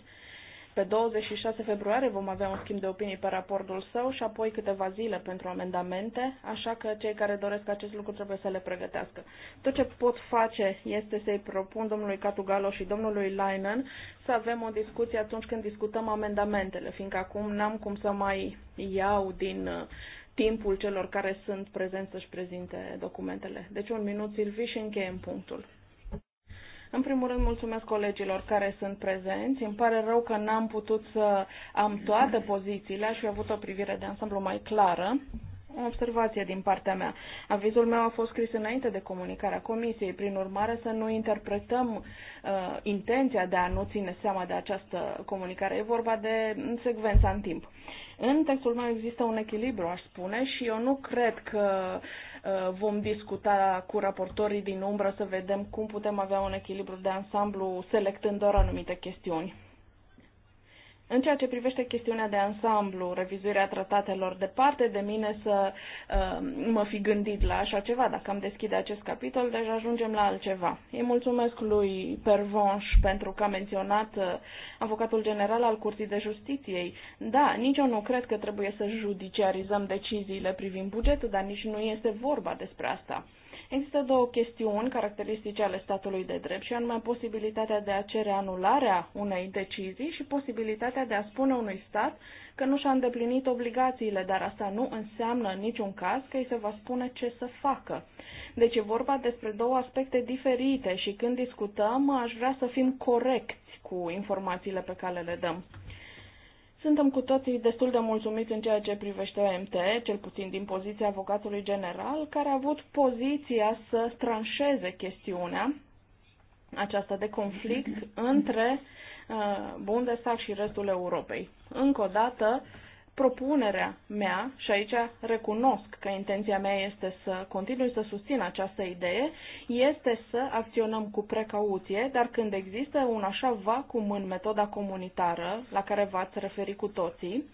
Pe 26 februarie vom avea un schimb de opinii pe raportul său și apoi câteva zile pentru amendamente, așa că cei care doresc acest lucru trebuie să le pregătească. Tot ce pot face este să-i propun domnului Catugalo și domnului Leinen să avem o discuție atunci când discutăm amendamentele, fiindcă acum n-am cum să mai iau din uh, timpul celor care sunt prezenți să-și prezinte documentele. Deci un minut, Silvi, și încheiem punctul. În primul rând, mulțumesc colegilor care sunt prezenți. Îmi pare rău că n-am putut să am toate pozițiile, aș fi avut o privire de ansamblu mai clară. O observație din partea mea. Avizul meu a fost scris înainte de comunicarea comisiei, prin urmare să nu interpretăm uh, intenția de a nu ține seama de această comunicare. E vorba de secvența în timp. În textul meu există un echilibru, aș spune, și eu nu cred că uh, Uh, vom discuta cu raportorii din umbră să vedem cum putem avea un echilibru de ansamblu selectând doar anumite chestiuni. În ceea ce privește chestiunea de ansamblu, revizuirea tratatelor, departe de mine să uh, mă fi gândit la așa ceva. Dacă am deschide acest capitol, deja ajungem la altceva. Îi mulțumesc lui Pervonș pentru că a menționat uh, avocatul general al Curții de Justiției. Da, nici eu nu cred că trebuie să judiciarizăm deciziile privind bugetul, dar nici nu este vorba despre asta. Există două chestiuni caracteristice ale statului de drept și anume posibilitatea de a cere anularea unei decizii și posibilitatea de a spune unui stat că nu și-a îndeplinit obligațiile, dar asta nu înseamnă în niciun caz că îi se va spune ce să facă. Deci e vorba despre două aspecte diferite și când discutăm aș vrea să fim corecți cu informațiile pe care le dăm. Suntem cu toții destul de mulțumiți în ceea ce privește OMT, cel puțin din poziția avocatului general, care a avut poziția să tranșeze chestiunea aceasta de conflict între uh, Bundestag și restul Europei. Încă o dată, uh, Propunerea mea, și aici recunosc că intenția mea este să continui să susțin această idee, este să acționăm cu precauție, dar când există un așa vacum în metoda comunitară, la care v-ați referit cu toții,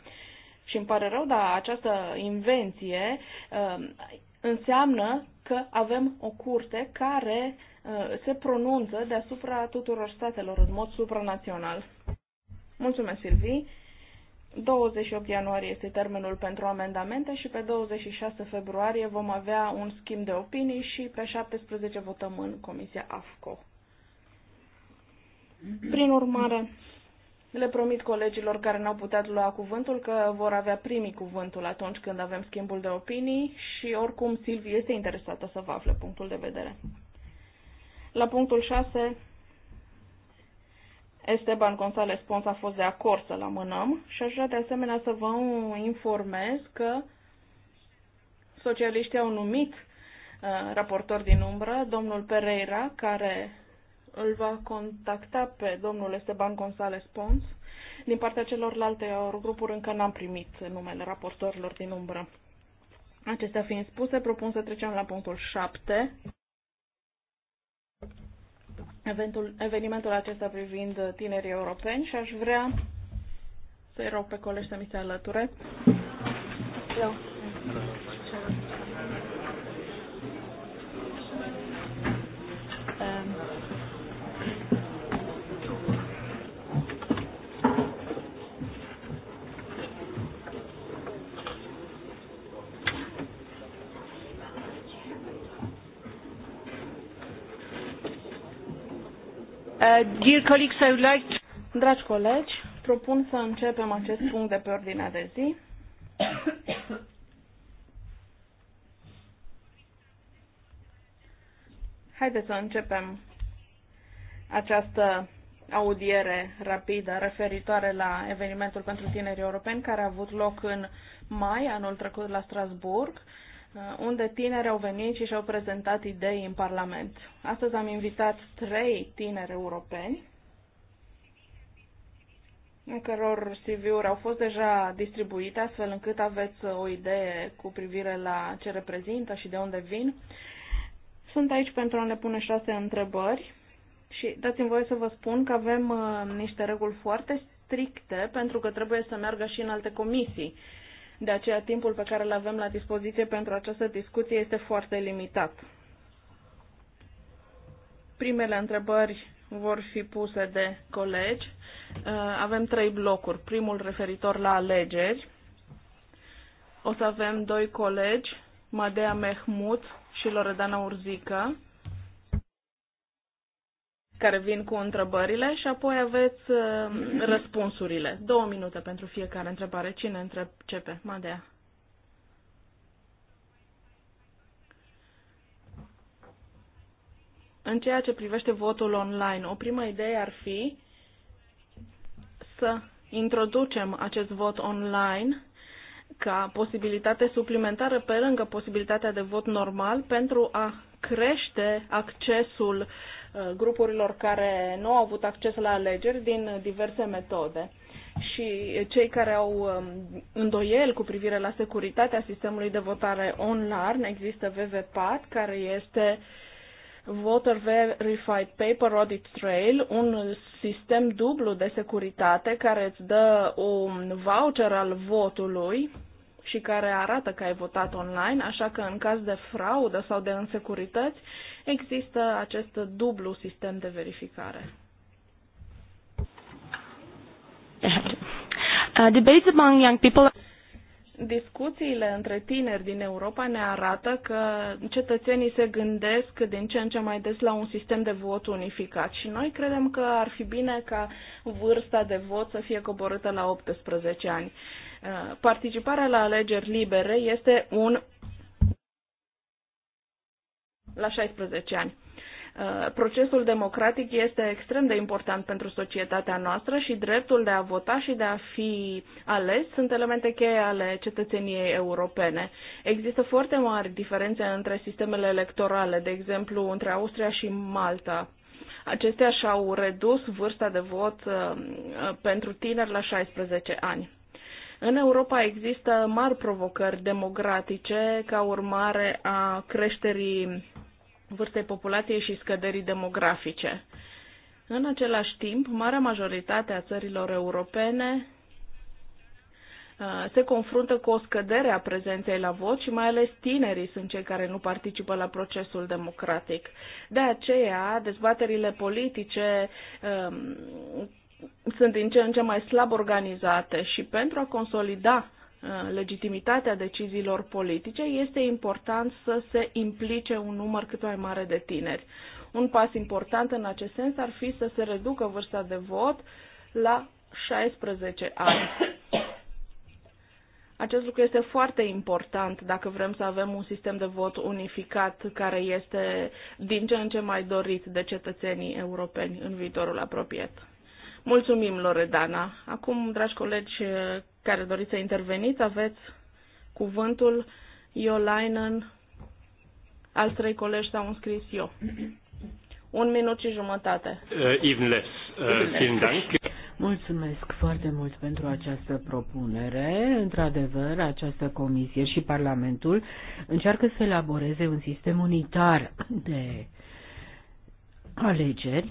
și îmi pare rău, dar această invenție um, înseamnă că avem o curte care uh, se pronunță deasupra tuturor statelor în mod supranațional. Mulțumesc, Silvii. 28 ianuarie este termenul pentru amendamente și pe 26 februarie vom avea un schimb de opinii și pe 17 votăm în Comisia AFCO. Prin urmare, le promit colegilor care n-au putut lua cuvântul că vor avea primii cuvântul atunci când avem schimbul de opinii și oricum Silvi este interesată să vă afle punctul de vedere. La punctul 6 Esteban González Pons a fost de acord să-l amânăm și aș vrea de asemenea să vă informez că socialiștii au numit uh, raportor din umbră, domnul Pereira, care îl va contacta pe domnul Esteban González Pons. Din partea celorlalte grupuri încă n-am primit numele raportorilor din umbră. Acestea fiind spuse, propun să trecem la punctul 7 eventul, evenimentul acesta privind tinerii europeni și aș vrea să-i rog pe colegi să mi se alăture. Eu. Uh, dear colleagues, I would like to... Dragi colegi, propun să începem acest punct de pe ordinea de zi. Haideți să începem această audiere rapidă referitoare la evenimentul pentru tineri europeni care a avut loc în mai anul trecut la Strasburg. Uh, unde tineri au venit și și-au prezentat idei în Parlament. Astăzi am invitat trei tineri europeni, în căror CV-uri au fost deja distribuite, astfel încât aveți o idee cu privire la ce reprezintă și de unde vin. Sunt aici pentru a ne pune șase întrebări și dați-mi voie să vă spun că avem uh, niște reguli foarte stricte pentru că trebuie să meargă și în alte comisii de aceea timpul pe care îl avem la dispoziție pentru această discuție este foarte limitat. Primele întrebări vor fi puse de colegi. Uh, avem trei blocuri. Primul referitor la alegeri. O să avem doi colegi, Madea Mehmut și Loredana Urzică care vin cu întrebările și apoi aveți uh, răspunsurile. Două minute pentru fiecare întrebare. Cine începe? Madea. În ceea ce privește votul online, o primă idee ar fi să introducem acest vot online ca posibilitate suplimentară pe lângă posibilitatea de vot normal pentru a crește accesul uh, Uh, grupurilor care nu au avut acces la alegeri din diverse metode și cei care au um, îndoieli cu privire la securitatea sistemului de votare online, există VVPAT, care este Voter Verified Paper Audit Trail, un sistem dublu de securitate care îți dă un voucher al votului și care arată că ai votat online, așa că în caz de fraudă sau de însecurități, există acest dublu sistem de verificare. Uh, debates among young people discuțiile între tineri din Europa ne arată că cetățenii se gândesc din ce în ce mai des la un sistem de vot unificat și noi credem că ar fi bine ca vârsta de vot să fie coborâtă la 18 ani. Uh, participarea la alegeri libere este un la 16 ani. Uh, procesul democratic este extrem de important pentru societatea noastră și dreptul de a vota și de a fi ales sunt elemente cheie ale cetățeniei europene. Există foarte mari diferențe între sistemele electorale, de exemplu între Austria și Malta. Acestea și-au redus vârsta de vot uh, pentru tineri la 16 ani. În Europa există mari provocări demografice ca urmare a creșterii vârstei populației și scăderii demografice. În același timp, marea majoritate a țărilor europene uh, se confruntă cu o scădere a prezenței la vot și mai ales tinerii sunt cei care nu participă la procesul democratic. De aceea, dezbaterile politice um, sunt din ce în ce mai slab organizate și pentru a consolida uh, legitimitatea deciziilor politice, este important să se implice un număr cât mai mare de tineri. Un pas important în acest sens ar fi să se reducă vârsta de vot la 16 ani. Acest lucru este foarte important dacă vrem să avem un sistem de vot unificat care este din ce în ce mai dorit de cetățenii europeni în viitorul apropiat. Mulțumim, Loredana. Acum, dragi colegi eh, care doriți să interveniți, aveți cuvântul Iolainen. Alți trei colegi s-au înscris eu. Un minut și jumătate. Uh, eh, even less. Uh, eh, vielen Dank. Mulțumesc foarte mult pentru această propunere. Într-adevăr, această comisie și Parlamentul încearcă să elaboreze un sistem unitar de alegeri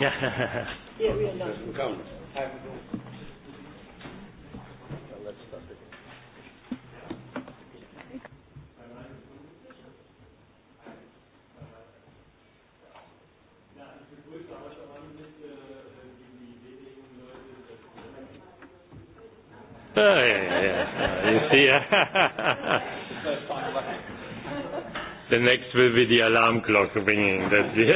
Yeah. yeah, we are not. Count. Oh, yeah, yeah, yeah. you see, yeah. The next will be the alarm clock ringing. That's the...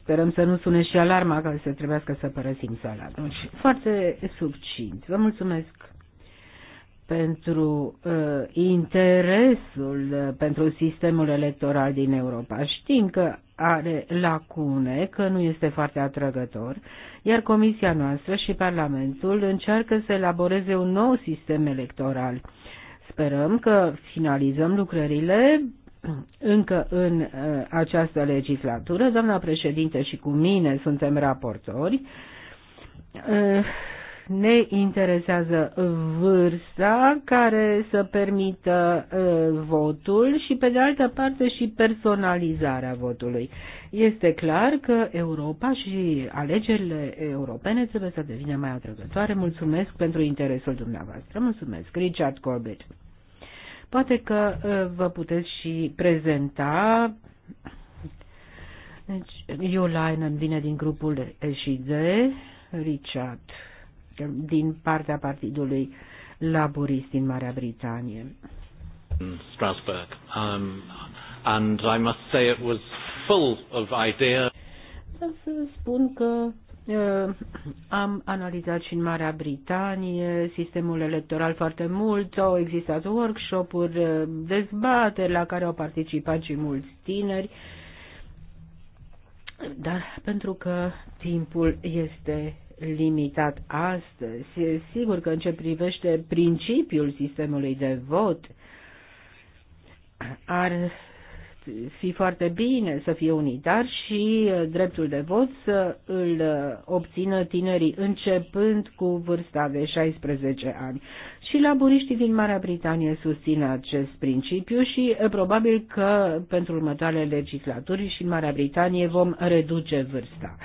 Sperăm să nu sune și alarma ca să trebuiască să părăsim sala. Deci, foarte subțint. Vă mulțumesc pentru uh, interesul uh, pentru sistemul electoral din Europa. Știm că are lacune, că nu este foarte atrăgător, iar Comisia noastră și Parlamentul încearcă să elaboreze un nou sistem electoral Sperăm că finalizăm lucrările încă în uh, această legislatură. Doamna președinte și cu mine suntem raportori uh, ne interesează vârsta care să permită uh, votul și, pe de altă parte, și personalizarea votului. Este clar că Europa și alegerile europene trebuie să devină mai atrăgătoare. Mulțumesc pentru interesul dumneavoastră. Mulțumesc, Richard Corbett. Poate că uh, vă puteți și prezenta deci, Iulainen vine din grupul SID, Richard din partea Partidului Laborist din Marea Britanie. Strasbourg. Um, and I must say it was full of ideas. Să spun că uh, am analizat și în Marea Britanie sistemul electoral foarte mult, au existat workshop-uri, uh, dezbateri la care au participat și mulți tineri, dar pentru că timpul este limitat astăzi. Sigur că în ce privește principiul sistemului de vot, ar fi foarte bine să fie unitar și dreptul de vot să îl obțină tinerii începând cu vârsta de 16 ani. Și laburiștii din Marea Britanie susțin acest principiu și probabil că pentru următoarele legislaturi și în Marea Britanie vom reduce vârsta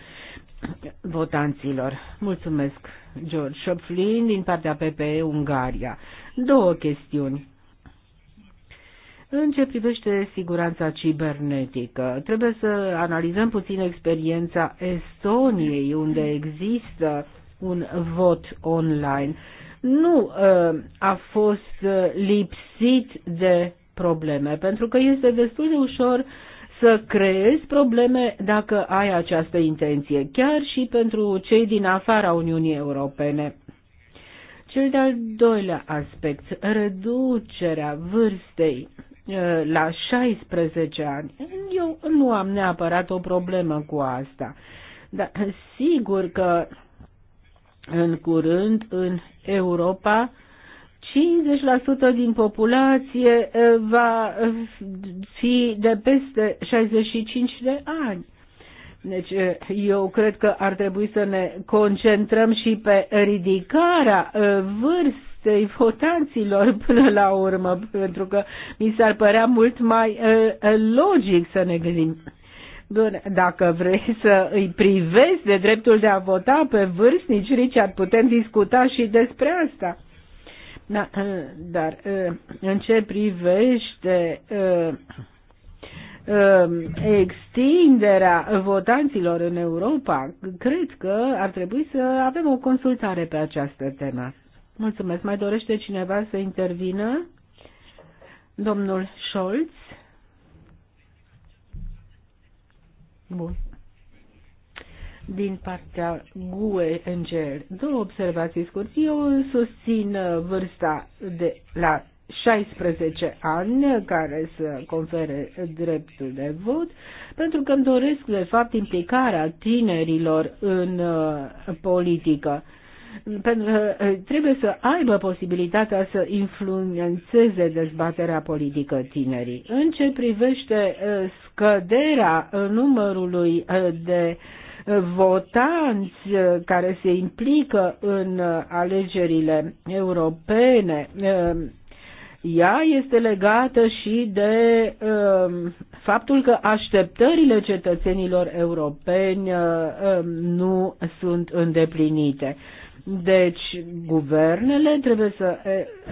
votanților. Mulțumesc, George Șopflin, din partea PPE Ungaria. Două chestiuni. În ce privește siguranța cibernetică, trebuie să analizăm puțin experiența Estoniei, unde există un vot online. Nu uh, a fost uh, lipsit de probleme, pentru că este destul de ușor uh, să creezi probleme dacă ai această intenție, chiar și pentru cei din afara Uniunii Europene. Cel de-al doilea aspect, reducerea vârstei uh, la 16 ani. Eu nu am neapărat o problemă cu asta, dar sigur că în curând în Europa 50% din populație va fi de peste 65 de ani. Deci eu cred că ar trebui să ne concentrăm și pe ridicarea vârstei votanților până la urmă, pentru că mi s-ar părea mult mai logic să ne gândim. Bun, dacă vrei să îi privezi de dreptul de a vota pe vârstnici, Richard, putem discuta și despre asta. Da, dar în ce privește extinderea votanților în Europa, cred că ar trebui să avem o consultare pe această temă. Mulțumesc. Mai dorește cineva să intervină? Domnul Scholz? Bun din partea GUE NGL. Două observații scurte. Eu susțin vârsta de la 16 ani care să confere dreptul de vot, pentru că îmi doresc, de fapt, implicarea tinerilor în uh, politică. Pentru că uh, trebuie să aibă posibilitatea să influențeze dezbaterea politică tinerii. În ce privește uh, scăderea numărului de uh, votanți eh, care se implică în eh, alegerile europene. Eh, ea este legată și de faptul că așteptările cetățenilor europeni nu sunt îndeplinite. Deci, guvernele trebuie să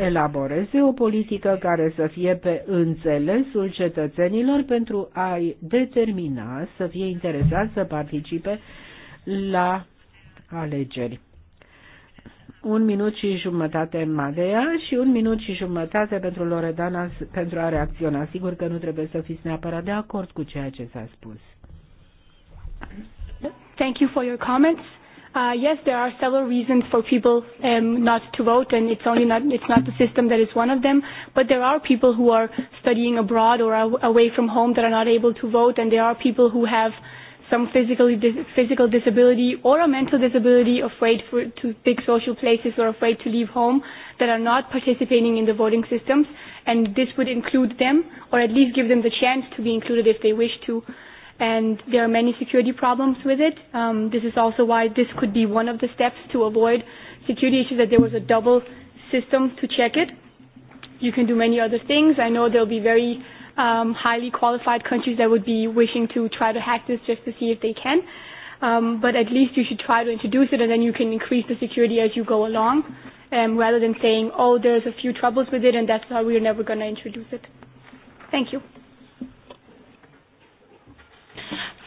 elaboreze o politică care să fie pe înțelesul cetățenilor pentru a-i determina să fie interesați să participe la alegeri. Un minut și jumătate în Madea și un minut și jumătate pentru Loredana pentru a reacționa. Sigur că nu trebuie să fiți neapărat de acord cu ceea ce s-a spus. Thank you for your comments. Uh, yes, there are several reasons for people um, not to vote, and it's only not it's not the system that is one of them. But there are people who are studying abroad or are away from home that are not able to vote, and there are people who have some physical dis- physical disability or a mental disability, afraid for, to pick social places or afraid to leave home, that are not participating in the voting systems, and this would include them or at least give them the chance to be included if they wish to and there are many security problems with it. Um, this is also why this could be one of the steps to avoid security issues, that there was a double system to check it. You can do many other things. I know there'll be very um, highly qualified countries that would be wishing to try to hack this just to see if they can. Um, but at least you should try to introduce it, and then you can increase the security as you go along, um, rather than saying, "Oh, there's a few troubles with it, and that's why we're never going to introduce it." Thank you.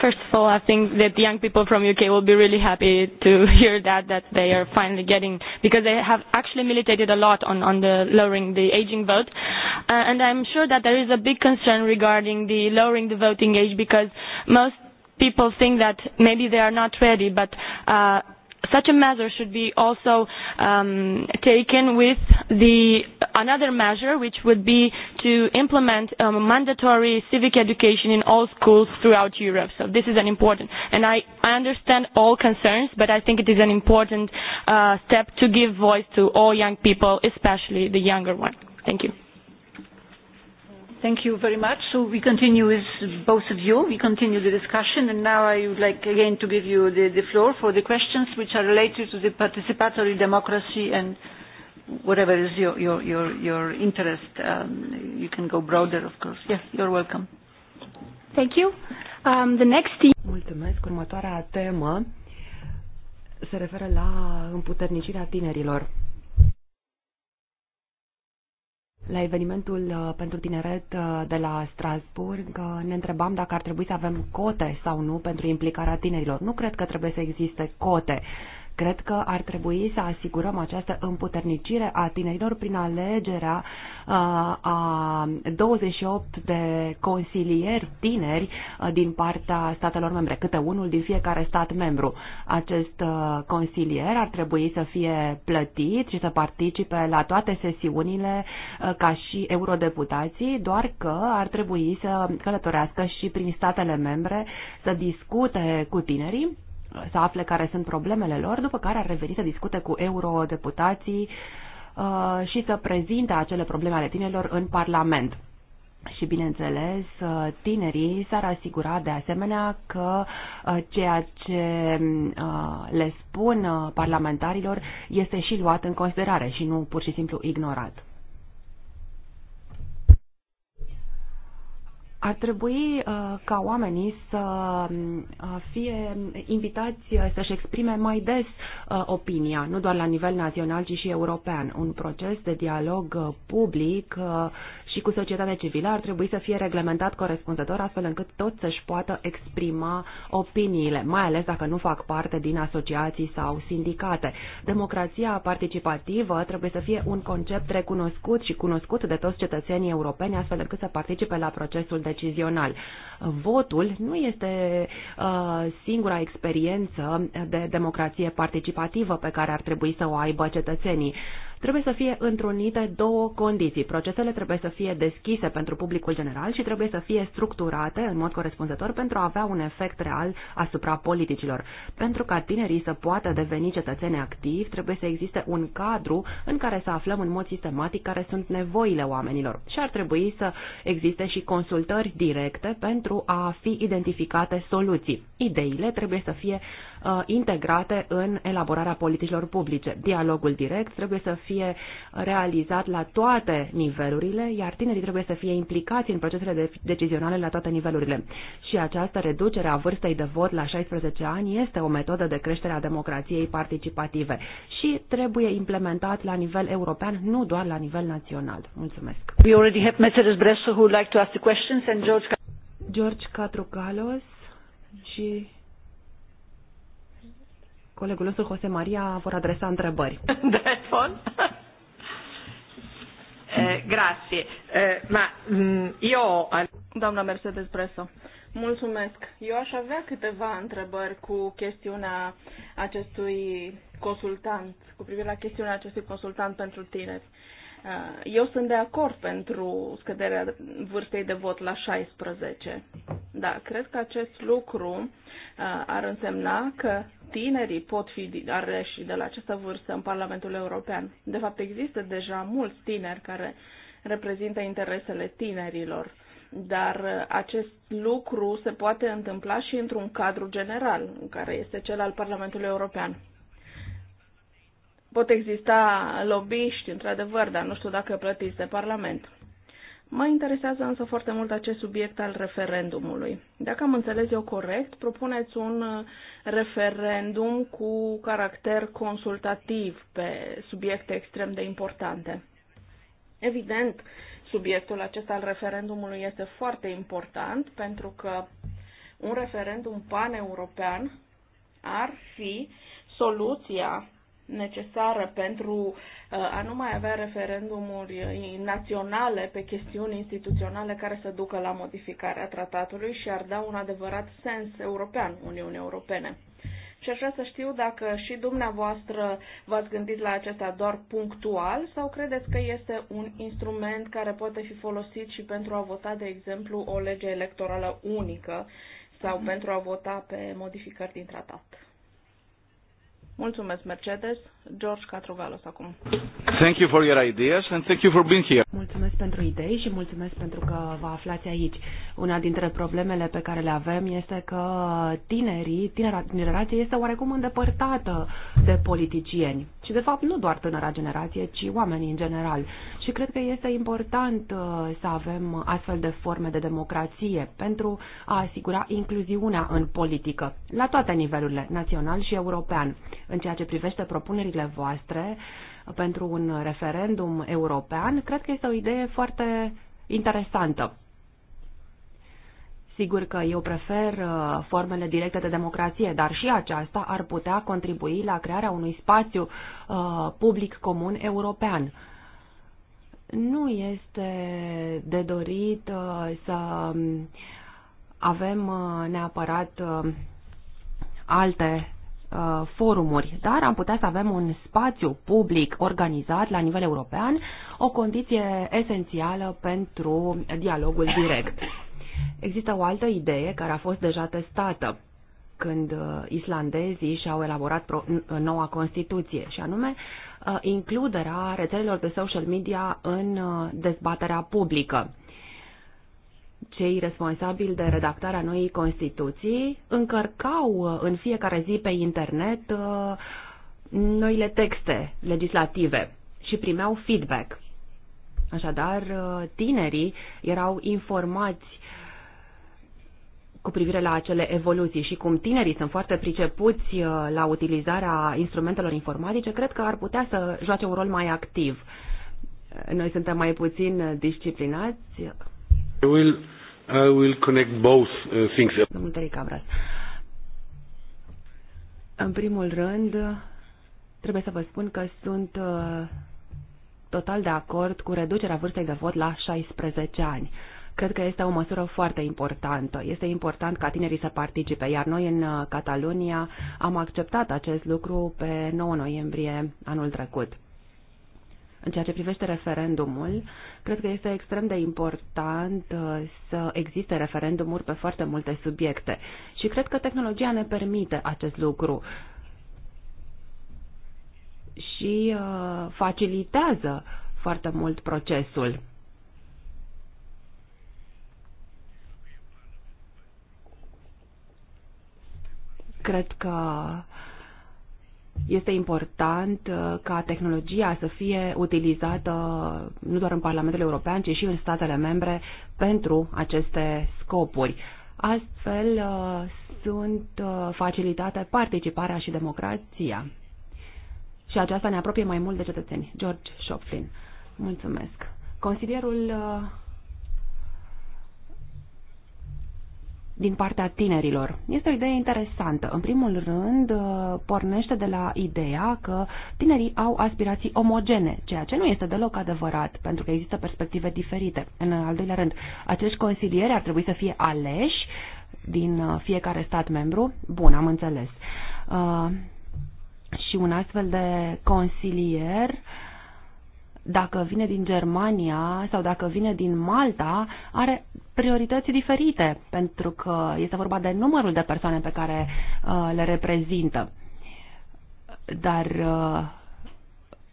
First of all, I think that young people from UK will be really happy to hear that that they are finally getting because they have actually militated a lot on on the lowering the aging vote, uh, and I'm sure that there is a big concern regarding the lowering the voting age because most people think that maybe they are not ready, but. Uh, such a measure should be also um, taken with the another measure which would be to implement um, mandatory civic education in all schools throughout Europe so this is an important and I, I understand all concerns but I think it is an important uh, step to give voice to all young people especially the younger one thank you Thank you very much. So we continue with both of you. We continue the discussion, and now I would like again to give you the, the floor for the questions which are related to the participatory democracy and whatever is your, your, your, your interest. Um, you can go broader, of course. Yes, you're welcome. Thank you. Um, the next thing. Mulțumesc. Următoarea temă se referă la împuternicirea tinerilor. la evenimentul uh, pentru tineret uh, de la Strasburg, uh, ne întrebam dacă ar trebui să avem cote sau nu pentru implicarea tinerilor. Nu cred că trebuie să existe cote Cred că ar trebui să asigurăm această împuternicire a tinerilor prin alegerea uh, a 28 de consilieri tineri uh, din partea statelor membre, câte unul din fiecare stat membru. Acest uh, consilier ar trebui să fie plătit și să participe la toate sesiunile ca și eurodeputații, doar că ar trebui să călătorească și prin statele membre, să discute cu tinerii să afle care sunt problemele lor, după care ar reveni să discute cu eurodeputații uh, și să prezinte acele probleme ale tinerilor în Parlament. Și, bineînțeles, uh, tinerii s-ar asigura de asemenea că uh, ceea ce le spun parlamentarilor este și luat în considerare și nu pur și simplu ignorat. Ar trebui uh, ca oamenii să uh, fie invitați uh, să-și exprime mai des opinia, nu doar la nivel național, ci și european. Un proces de dialog public și cu societatea civilă ar trebui să fie reglementat corespunzător astfel încât tot să-și poată exprima opiniile, mai ales dacă nu fac parte din asociații sau sindicate. Democrația participativă trebuie să fie un concept recunoscut și cunoscut de toți cetățenii europeni astfel încât să participe la procesul decizional. Votul nu este uh, singura experiență de democrație participativă pe care ar trebui să o aibă cetățenii. Trebuie să fie întrunite două condiții. Procesele trebuie să fie fie deschise pentru publicul general și trebuie să fie structurate în mod corespunzător pentru a avea un efect real asupra politicilor. Pentru ca tinerii să poată deveni cetățeni activi, trebuie să existe un cadru în care să aflăm în mod sistematic care sunt nevoile oamenilor și ar trebui să existe și consultări directe pentru a fi identificate soluții. Ideile trebuie să fie Uh, integrate în elaborarea politicilor publice. Dialogul direct trebuie să fie realizat la toate nivelurile, iar tinerii trebuie să fie implicați în procesele decizionale la toate nivelurile. Și această reducere a vârstei de vot la 16 ani este o metodă de creștere a democrației participative și trebuie implementat la nivel european, nu doar la nivel național. Mulțumesc. We already have Mercedes Bresso who would like to ask the questions and George George Catrucalos și colegul nostru Jose Maria vor adresa întrebări. That's all. Eh, grazie. Eh, ma mm, io... Doamna Mercedes Preso, Mulțumesc. Eu aș avea câteva întrebări cu chestiunea acestui consultant, cu privire la chestiunea acestui consultant pentru tineri. Uh, Uh, eu sunt de acord pentru scăderea vârstei de vot la 16. Da, cred că acest lucru uh, ar însemna că tinerii pot fi aleși de la această vârstă în Parlamentul European. De fapt, există deja mulți tineri care reprezintă interesele tinerilor, dar uh, acest lucru se poate întâmpla și într-un cadru general, care este cel al Parlamentului European pot exista lobbyști, într-adevăr, dar nu știu dacă plătiți de Parlament. Mă interesează însă foarte mult acest subiect al referendumului. Dacă am înțeles eu corect, propuneți un referendum cu caracter consultativ pe subiecte extrem de importante. Evident, subiectul acesta al referendumului este foarte important pentru că un referendum paneuropean ar fi soluția necesară pentru uh, a nu mai avea referendumuri uh, naționale pe chestiuni instituționale care să ducă la modificarea tratatului și ar da un adevărat sens european Uniunii Europene. Și aș vrea să știu dacă și dumneavoastră v-ați gândit la acesta doar punctual sau credeți că este un instrument care poate fi folosit și pentru a vota, de exemplu, o lege electorală unică sau pentru a vota pe modificări din tratat. Mulțumesc, Mercedes. George Catrovalos acum. Thank you for your ideas and thank you for being here. Mulțumesc pentru idei și mulțumesc pentru că vă aflați aici. Una dintre problemele pe care le avem este că tinerii, tinera generație este oarecum îndepărtată de politicieni. Și de fapt nu doar tânăra generație, ci oamenii în general. Și cred că este important uh, să avem astfel de forme de democrație pentru a asigura incluziunea în politică, la toate nivelurile, național și european. În ceea ce privește propunerile propunerile voastre pentru un referendum european, cred că este o idee foarte interesantă. Sigur că eu prefer uh, formele directe de democrație, dar și aceasta ar putea contribui la crearea unui spațiu uh, public comun european. Nu este de dorit uh, să avem neapărat alte Uh, forumuri, dar am putea să avem un spațiu public organizat la nivel european, o condiție esențială pentru dialogul direct. Există o altă idee care a fost deja testată când uh, islandezii și-au elaborat uh, noua Constituție, și anume includerea rețelelor de social media în dezbaterea publică cei responsabili de redactarea noii Constituții încărcau uh, în fiecare zi pe internet uh, noile texte legislative și primeau feedback. Așadar, uh, tinerii erau informați cu privire la acele evoluții și cum tinerii sunt foarte pricepuți la utilizarea instrumentelor informatice, cred că ar putea să joace un rol mai activ. Noi suntem mai puțin disciplinați, I will, I will connect both uh, things. În primul rând, trebuie să vă spun că sunt uh, total de acord cu reducerea vârstei de vot la 16 ani. Cred că este o măsură foarte importantă. Este important ca tinerii să participe, iar noi în uh, Catalunia am acceptat acest lucru pe 9 noiembrie anul trecut. În ceea ce privește referendumul, cred că este extrem de important uh, să existe referendumuri pe foarte multe subiecte și cred că tehnologia ne permite acest lucru și uh, facilitează foarte mult procesul. Cred că este important uh, ca tehnologia să fie utilizată nu doar în Parlamentul European, ci și în statele membre pentru aceste scopuri. Astfel uh, sunt uh, facilitate participarea și democrația. Și aceasta ne apropie mai mult de cetățeni. George Shopflin. Mulțumesc. Consilierul din partea tinerilor. Este o idee interesantă. În primul rând, uh, pornește de la ideea că tinerii au aspirații omogene, ceea ce nu este deloc adevărat, pentru că există perspective diferite. În al doilea rând, acești consilieri ar trebui să fie aleși din uh, fiecare stat membru. Bun, am înțeles. Uh, și un astfel de consilier uh, dacă vine din Germania sau dacă vine din Malta, are priorități diferite, pentru că este vorba de numărul de persoane pe care uh, le reprezintă. Dar uh,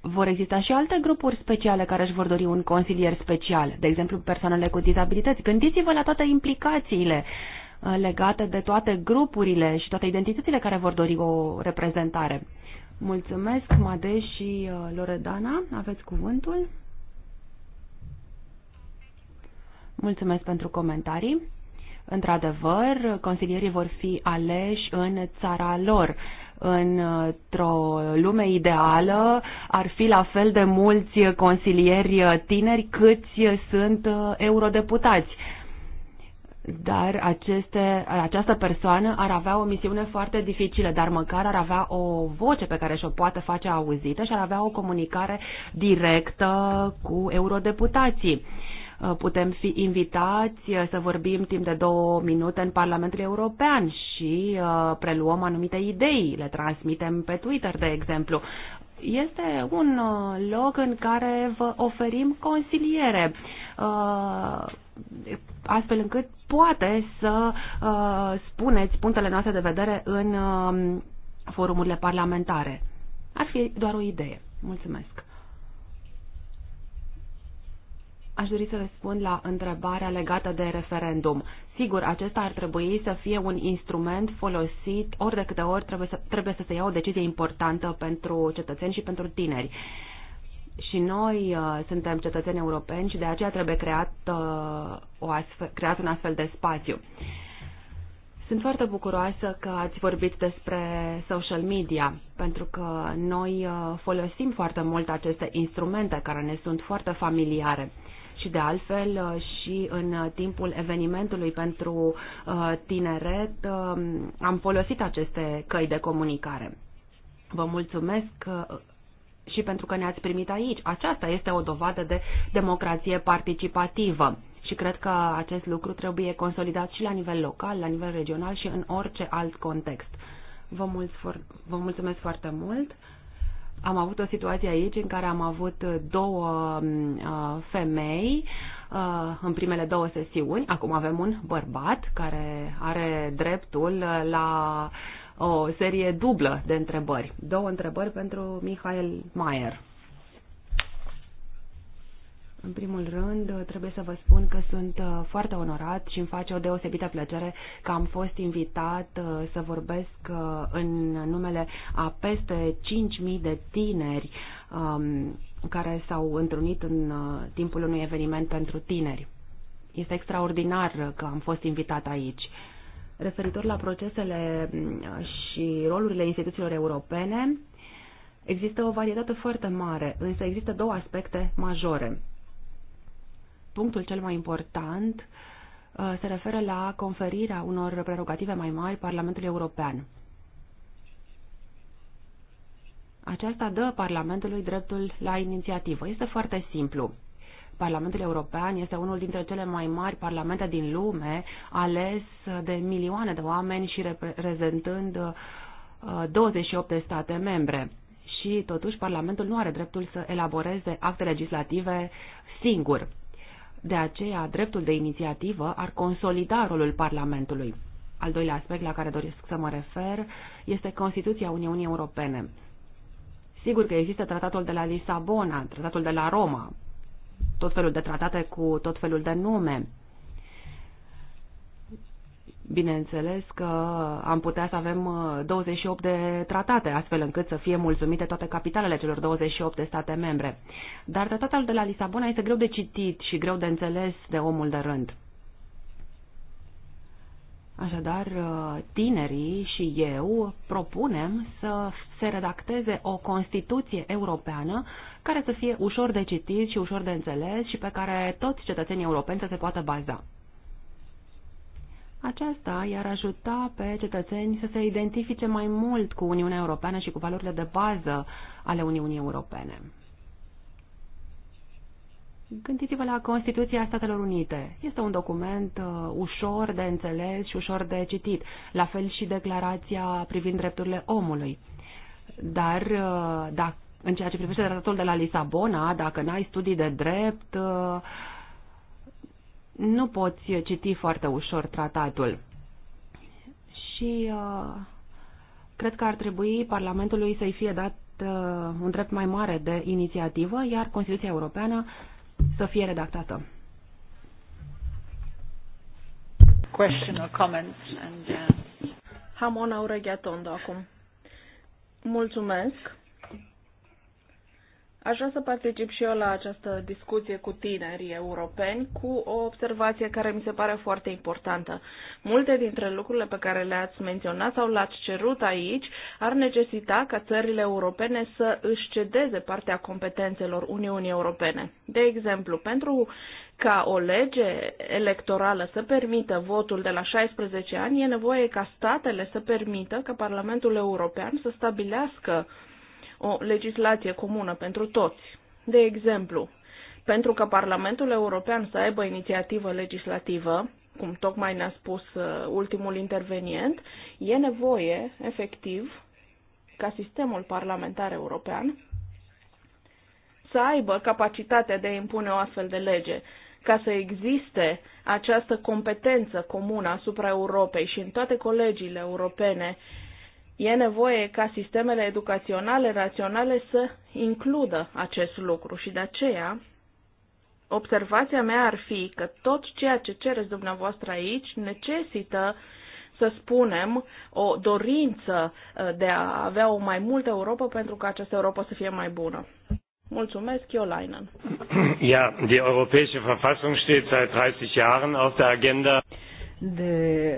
vor exista și alte grupuri speciale care își vor dori un consilier special, de exemplu persoanele cu dizabilități. Gândiți-vă la toate implicațiile uh, legate de toate grupurile și toate identitățile care vor dori o reprezentare. Mulțumesc, Made și uh, Loredana. Aveți cuvântul? Mulțumesc pentru comentarii. Într-adevăr, consilierii vor fi aleși în țara lor. Într-o lume ideală ar fi la fel de mulți consilieri tineri câți sunt uh, eurodeputați dar aceste, această persoană ar avea o misiune foarte dificilă, dar măcar ar avea o voce pe care și-o poate face auzită și ar avea o comunicare directă cu eurodeputații. Uh, putem fi invitați uh, să vorbim timp de două minute în Parlamentul European și uh, preluăm anumite idei, le transmitem pe Twitter, de exemplu este un uh, loc în care vă oferim consiliere, uh, astfel încât poate să uh, spuneți punctele noastre de vedere în um, forumurile parlamentare. Ar fi doar o idee. Mulțumesc. Aș dori să răspund la întrebarea legată de referendum. Sigur, acesta ar trebui să fie un instrument folosit ori de câte ori trebuie să, trebuie să se ia o decizie importantă pentru cetățeni și pentru tineri. Și noi uh, suntem cetățeni europeni și de aceea trebuie creat, uh, o astfel, creat un astfel de spațiu. Sunt foarte bucuroasă că ați vorbit despre social media, pentru că noi uh, folosim foarte mult aceste instrumente care ne sunt foarte familiare. Uh, și de altfel uh, și în uh, timpul evenimentului pentru uh, tineret um, am folosit aceste căi de comunicare. Vă mulțumesc și pentru că ne-ați primit aici. Aceasta este o dovadă de democrație participativă și cred că acest lucru trebuie consolidat și la nivel local, la nivel regional și în orice alt context. Vă, mulț- vă mulțumesc foarte mult am avut o situație aici în care am avut uh, două um, uh, femei uh, în primele două sesiuni. Acum avem un bărbat care are dreptul la o serie dublă de întrebări. Două întrebări pentru Michael Mayer. În primul rând, trebuie să vă spun că sunt uh, foarte onorat și îmi face o deosebită plăcere că am fost invitat uh, să vorbesc uh, în numele a peste 5.000 de tineri um, care s-au întrunit în timpul unui eveniment pentru tineri. Este extraordinar că am fost invitat aici. Referitor la procesele mm, și rolurile instituțiilor europene, există o varietate foarte mare, însă există două aspecte majore punctul cel mai important uh, se referă la conferirea unor prerogative mai mari Parlamentului European. Aceasta dă Parlamentului dreptul la inițiativă. Este foarte simplu. Parlamentul European este unul dintre cele mai mari parlamente din lume, ales de milioane de oameni și reprezentând 28 uh, de state membre. Și totuși Parlamentul nu are dreptul să elaboreze acte legislative singur. De aceea, dreptul de inițiativă ar consolida rolul Parlamentului. Al doilea aspect la care doresc să mă refer este Constituția Uniunii Europene. Sigur că există tratatul de la Lisabona, tratatul de la Roma, tot felul de tratate cu tot felul de nume, Bineînțeles că am putea să avem 28 uh, de tratate, astfel încât să fie mulțumite toate capitalele celor 28 de state membre. Dar tratatul de la Lisabona este greu de citit și greu de înțeles de omul de rând. Așadar, uh, tinerii și eu propunem să se redacteze o Constituție europeană care să fie ușor de citit și ușor de înțeles și pe care toți cetățenii europeni să se poată baza. Aceasta i-ar ajuta pe cetățeni să se identifice mai mult cu Uniunea Europeană și cu valorile de bază ale Uniunii Europene. Gândiți-vă la Constituția Statelor Unite. Este un document uh, ușor de înțeles și ușor de citit, la fel și declarația privind drepturile omului. Dar uh, dacă, în ceea ce privește tratatul de la Lisabona, dacă n-ai studii de drept, uh, nu poți citi foarte ușor tratatul. Și uh, cred că ar trebui Parlamentului să-i fie dat uh, un drept mai mare de inițiativă, iar Constituția Europeană să fie redactată. Question or comments and, uh... Hamona Ureghiatondo acum. Mulțumesc. Aș vrea să particip și eu la această discuție cu tinerii europeni cu o observație care mi se pare foarte importantă. Multe dintre lucrurile pe care le-ați menționat sau le-ați cerut aici ar necesita ca țările europene să își cedeze partea competențelor Uniunii Europene. De exemplu, pentru ca o lege electorală să permită votul de la 16 ani, e nevoie ca statele să permită ca Parlamentul European să stabilească o legislație comună pentru toți. De exemplu, pentru că Parlamentul European să aibă inițiativă legislativă, cum tocmai ne-a spus uh, ultimul intervenient, e nevoie, efectiv, ca sistemul parlamentar european să aibă capacitatea de a impune o astfel de lege, ca să existe această competență comună asupra Europei și în toate colegiile europene E nevoie ca sistemele educaționale raționale să includă acest lucru și de aceea observația mea ar fi că tot ceea ce cereți dumneavoastră aici necesită să spunem, o dorință uh, de a avea o mai multă Europa pentru ca această Europa să fie mai bună. Mulțumesc, Iolainen. Ja, die europäische Verfassung steht seit 30 Jahren auf der Agenda de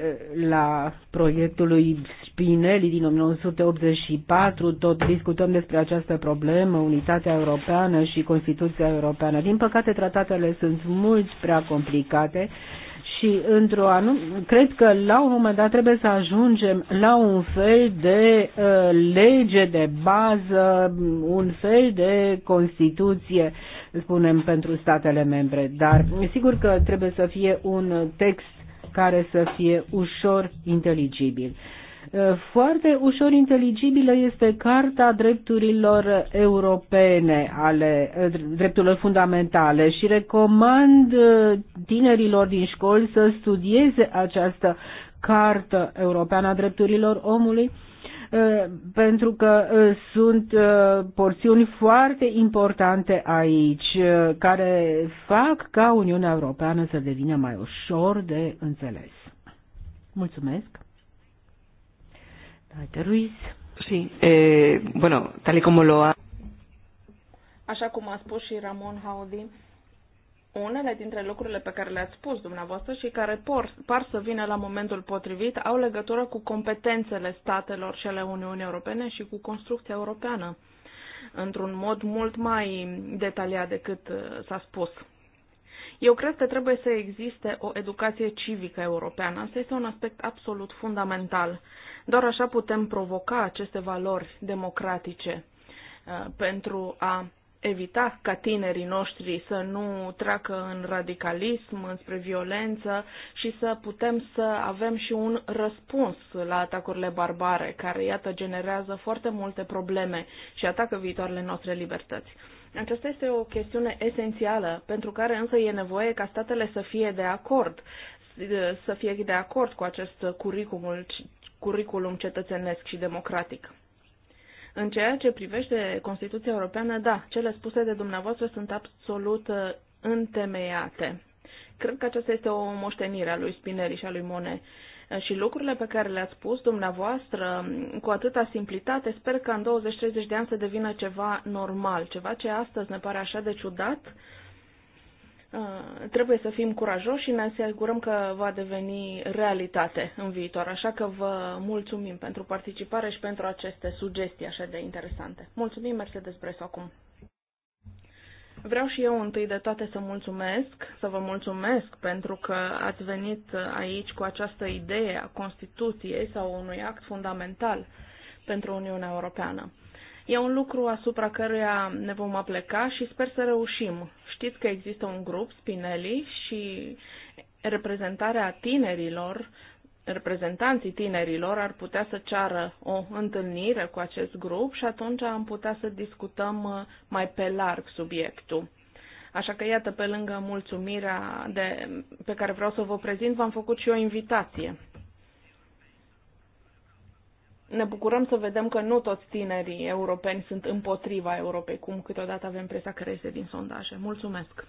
la proiectul lui Spinelli din 1984, tot discutăm despre această problemă, unitatea europeană și Constituția europeană. Din păcate, tratatele sunt mult prea complicate și într-o anum- cred că la un moment dat trebuie să ajungem la un fel de uh, lege de bază, un fel de constituție, spunem, pentru statele membre. Dar sigur că trebuie să fie un text care să fie ușor inteligibil. Uh, foarte ușor inteligibilă este Carta Drepturilor Europene ale uh, drepturilor fundamentale și recomand uh, tinerilor din școli să studieze această Cartă Europeană a Drepturilor Omului Eh, pentru că eh, sunt eh, porțiuni foarte importante aici care fac ca Uniunea Europeană să devină mai ușor de înțeles. Mulțumesc. Daite Ruiz. Sí, eh, bueno, tal y como lo ha... Așa cum a spus și Ramon Haudin, unele dintre lucrurile pe care le-ați spus dumneavoastră și care por, par să vină la momentul potrivit au legătură cu competențele statelor și ale Uniunii Europene și cu construcția europeană, într-un mod mult mai detaliat decât uh, s-a spus. Eu cred că trebuie să existe o educație civică europeană. Asta este un aspect absolut fundamental. Doar așa putem provoca aceste valori democratice uh, pentru a evita ca tinerii noștri să nu treacă în radicalism, înspre violență și să putem să avem și un răspuns la atacurile barbare, care, iată, generează foarte multe probleme și atacă viitoarele noastre libertăți. Aceasta este o chestiune esențială, pentru care însă e nevoie ca statele să fie de acord, să fie de acord cu acest curriculum, curriculum cetățenesc și democratic. În ceea ce privește Constituția Europeană, da, cele spuse de dumneavoastră sunt absolut uh, întemeiate. Cred că aceasta este o moștenire a lui Spinelli și a lui Monet uh, și lucrurile pe care le-ați spus dumneavoastră mm, cu atâta simplitate, sper că în 20-30 de ani să devină ceva normal, ceva ce astăzi ne pare așa de ciudat, uh, Uh, trebuie să fim curajoși și ne asigurăm că va deveni realitate în viitor. Așa că vă mulțumim pentru participare și pentru aceste sugestii așa de interesante. Mulțumim, Mercedes Bresu, acum. Vreau și eu întâi de toate să mulțumesc, să vă mulțumesc pentru că ați venit aici cu această idee a Constituției sau unui act fundamental pentru Uniunea Europeană. E un lucru asupra căruia ne vom apleca și sper să reușim. Știți că există un grup, Spinelli, și reprezentarea tinerilor, reprezentanții tinerilor ar putea să ceară o întâlnire cu acest grup și atunci am putea să discutăm uh, mai pe larg subiectul. Așa că, iată, pe lângă mulțumirea de, pe care vreau să vă prezint, v-am făcut și o invitație ne bucurăm să vedem că nu toți tinerii europeni sunt împotriva Europei, cum câteodată avem presa care este din sondaje. Mulțumesc!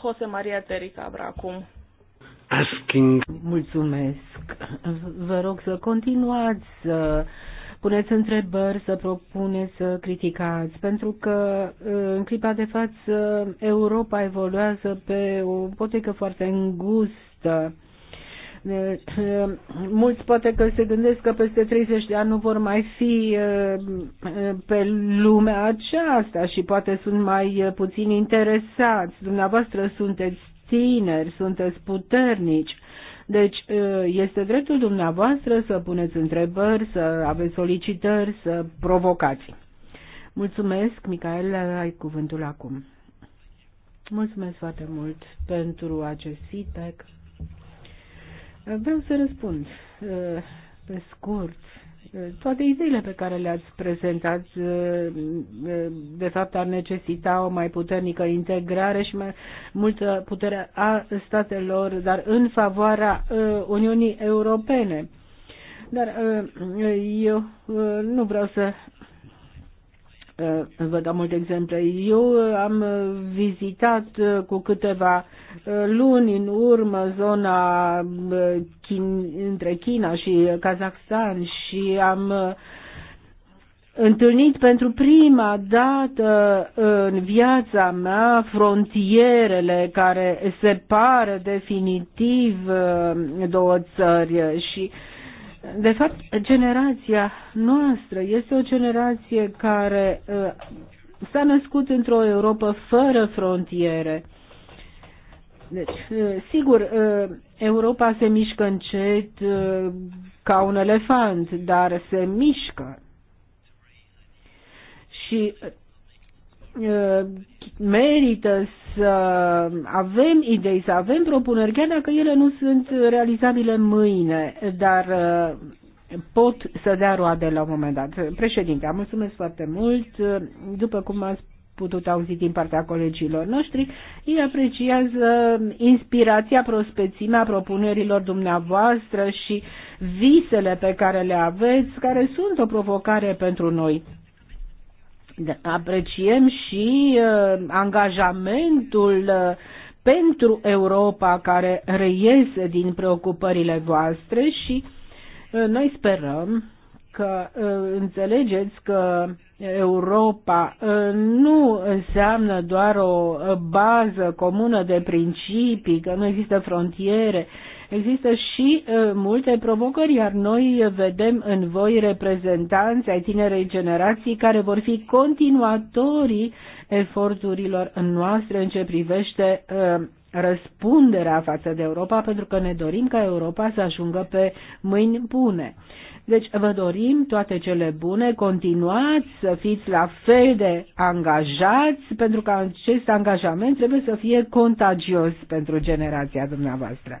Jose Maria Tericabra acum. Asking. Mulțumesc. Vă rog să continuați să puneți întrebări, să propuneți, să criticați, pentru că în clipa de față Europa evoluează pe o potecă foarte îngustă Eh, mulți poate că se gândesc că peste 30 de ani nu vor mai fi eh, eh, pe lumea aceasta și poate sunt mai puțin interesați. Dumneavoastră sunteți tineri, sunteți puternici. Deci este dreptul dumneavoastră să puneți întrebări, să aveți solicitări, să provocați. Mulțumesc, Micael, ai cuvântul acum. Mulțumesc foarte mult pentru acest feedback. Vreau să răspund uh, pe scurt. Uh, toate ideile pe care le-ați prezentat, uh, de fapt, ar necesita o mai puternică integrare și mai multă putere a statelor, dar în favoarea Uniunii Europene. Dar eu nu vreau să Vă dau multe exemple. Eu am vizitat cu câteva uh, luni în urmă zona uh, Chin, între China și Kazakhstan și am uh, întâlnit pentru prima dată în viața mea frontierele care separă definitiv două țări și uh, de fapt, generația noastră este o generație care uh, s-a născut într-o Europa fără frontiere. Deci, uh, sigur, uh, Europa se mișcă încet ca un elefant, dar se mișcă. Și Uh, merită să avem idei, să avem propuneri, chiar dacă ele nu sunt realizabile mâine, dar uh, pot să dea roade la un moment dat. Președinte, am mulțumesc foarte mult. După cum ați putut auzi din partea colegilor noștri, ei apreciază inspirația, prospețimea propunerilor dumneavoastră și visele pe care le aveți, care sunt o provocare pentru noi Apreciem și uh, angajamentul uh, pentru Europa care reiese din preocupările voastre și uh, noi sperăm că uh, înțelegeți că Europa uh, nu înseamnă doar o bază comună de principii, că nu există frontiere, Există și uh, multe provocări, iar noi vedem în voi reprezentanți ai tinerei generații care vor fi continuatorii eforturilor noastre în ce privește uh, răspunderea față de Europa, pentru că ne dorim ca Europa să ajungă pe mâini bune. Deci vă dorim toate cele bune, continuați să fiți la fel de angajați, pentru că acest angajament trebuie să fie contagios pentru generația dumneavoastră.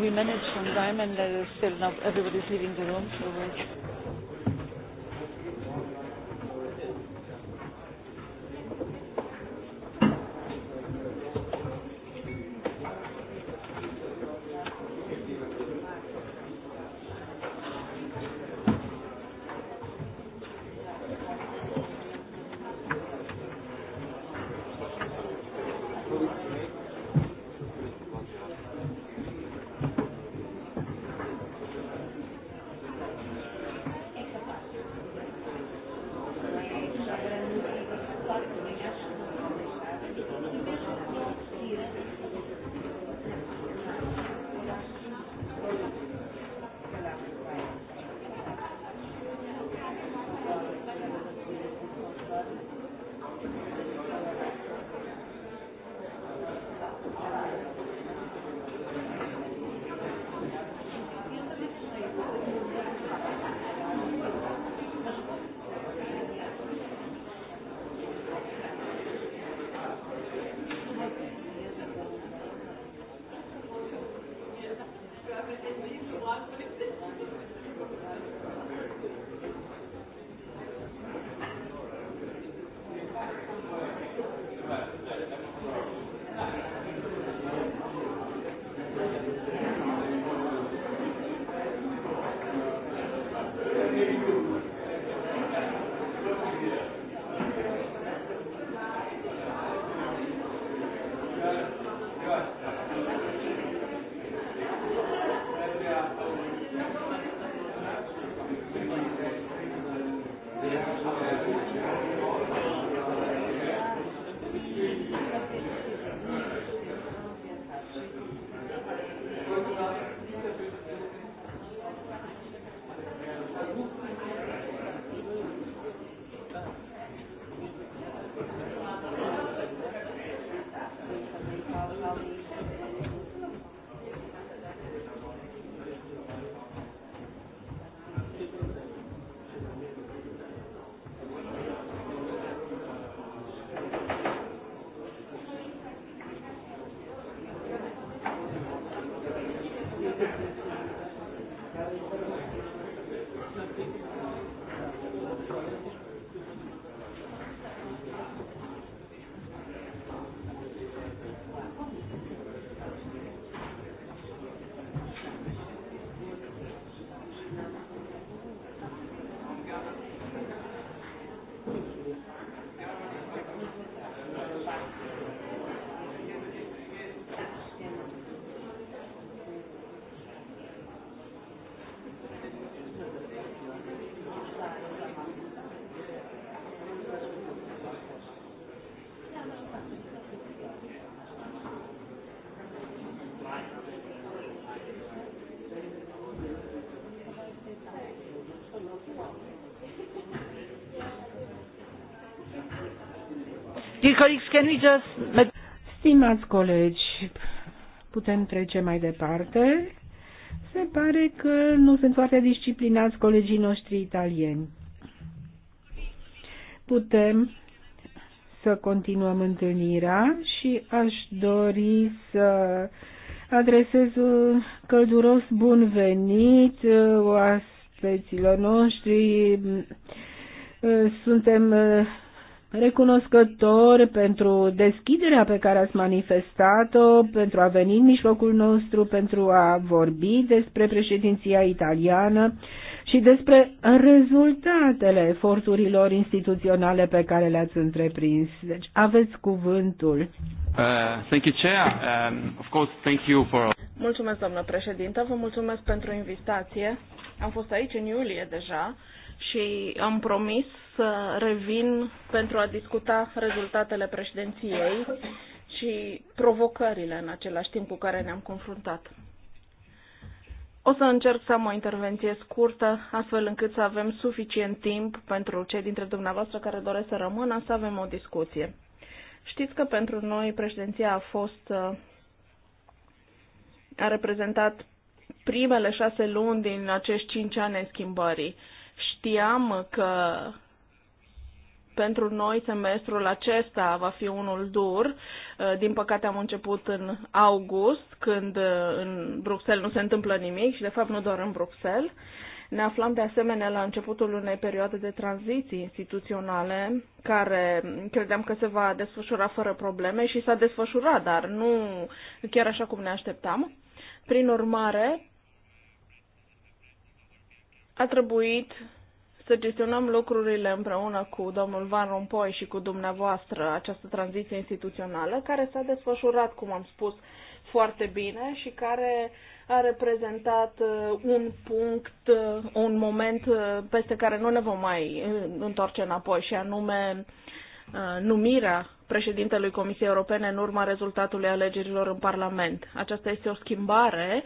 we managed on time and is uh, still now everybody's leaving the room. So. Stimați colegi, putem trece mai departe. Se pare că nu sunt foarte disciplinați colegii noștri italieni. Putem să continuăm întâlnirea și aș dori să adresez un călduros bun venit oaspeților noștri. Suntem recunoscător pentru deschiderea pe care ați manifestat-o, pentru a veni în mijlocul nostru, pentru a vorbi despre președinția italiană și despre rezultatele eforturilor instituționale pe care le-ați întreprins. Deci aveți cuvântul. Uh, thank you, Chair. Um, of course, thank you for... Mulțumesc, doamnă președintă. Vă mulțumesc pentru invitație. Am fost aici în iulie deja și am promis să revin pentru a discuta rezultatele președinției și provocările în același timp cu care ne-am confruntat. O să încerc să am o intervenție scurtă, astfel încât să avem suficient timp pentru cei dintre dumneavoastră care doresc să rămână să avem o discuție. Știți că pentru noi președinția a fost a reprezentat primele șase luni din acești cinci ani ai schimbării Știam că pentru noi semestrul acesta va fi unul dur. Uh, din păcate am început în august, când uh, în Bruxelles nu se întâmplă nimic și de fapt nu doar în Bruxelles. Ne aflam de asemenea la începutul unei perioade de tranziții instituționale, care credeam că se va desfășura fără probleme și s-a desfășurat, dar nu chiar așa cum ne așteptam. Prin urmare, a trebuit să gestionăm lucrurile împreună cu domnul Van Rompuy și cu dumneavoastră această tranziție instituțională care s-a desfășurat, cum am spus, foarte bine și care a reprezentat uh, un punct, uh, un moment uh, peste care nu ne vom mai întoarce înapoi și anume numirea președintelui Comisiei Europene în urma rezultatului alegerilor în Parlament. Aceasta este o schimbare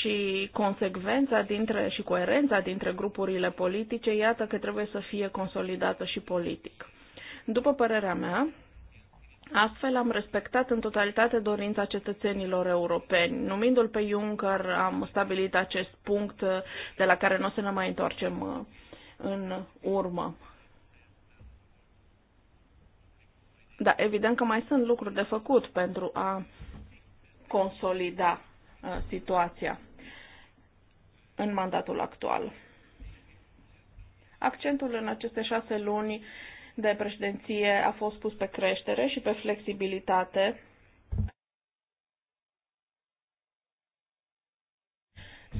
și consecvența dintre, și coerența dintre grupurile politice, iată că trebuie să fie consolidată și politic. După părerea mea, Astfel am respectat în totalitate dorința cetățenilor europeni. Numindu-l pe Juncker am stabilit acest punct de la care nu o să ne mai întoarcem uh, în urmă. Da, evident că mai sunt lucruri de făcut pentru a consolida uh, situația în mandatul actual. Accentul în aceste șase luni de președinție a fost pus pe creștere și pe flexibilitate.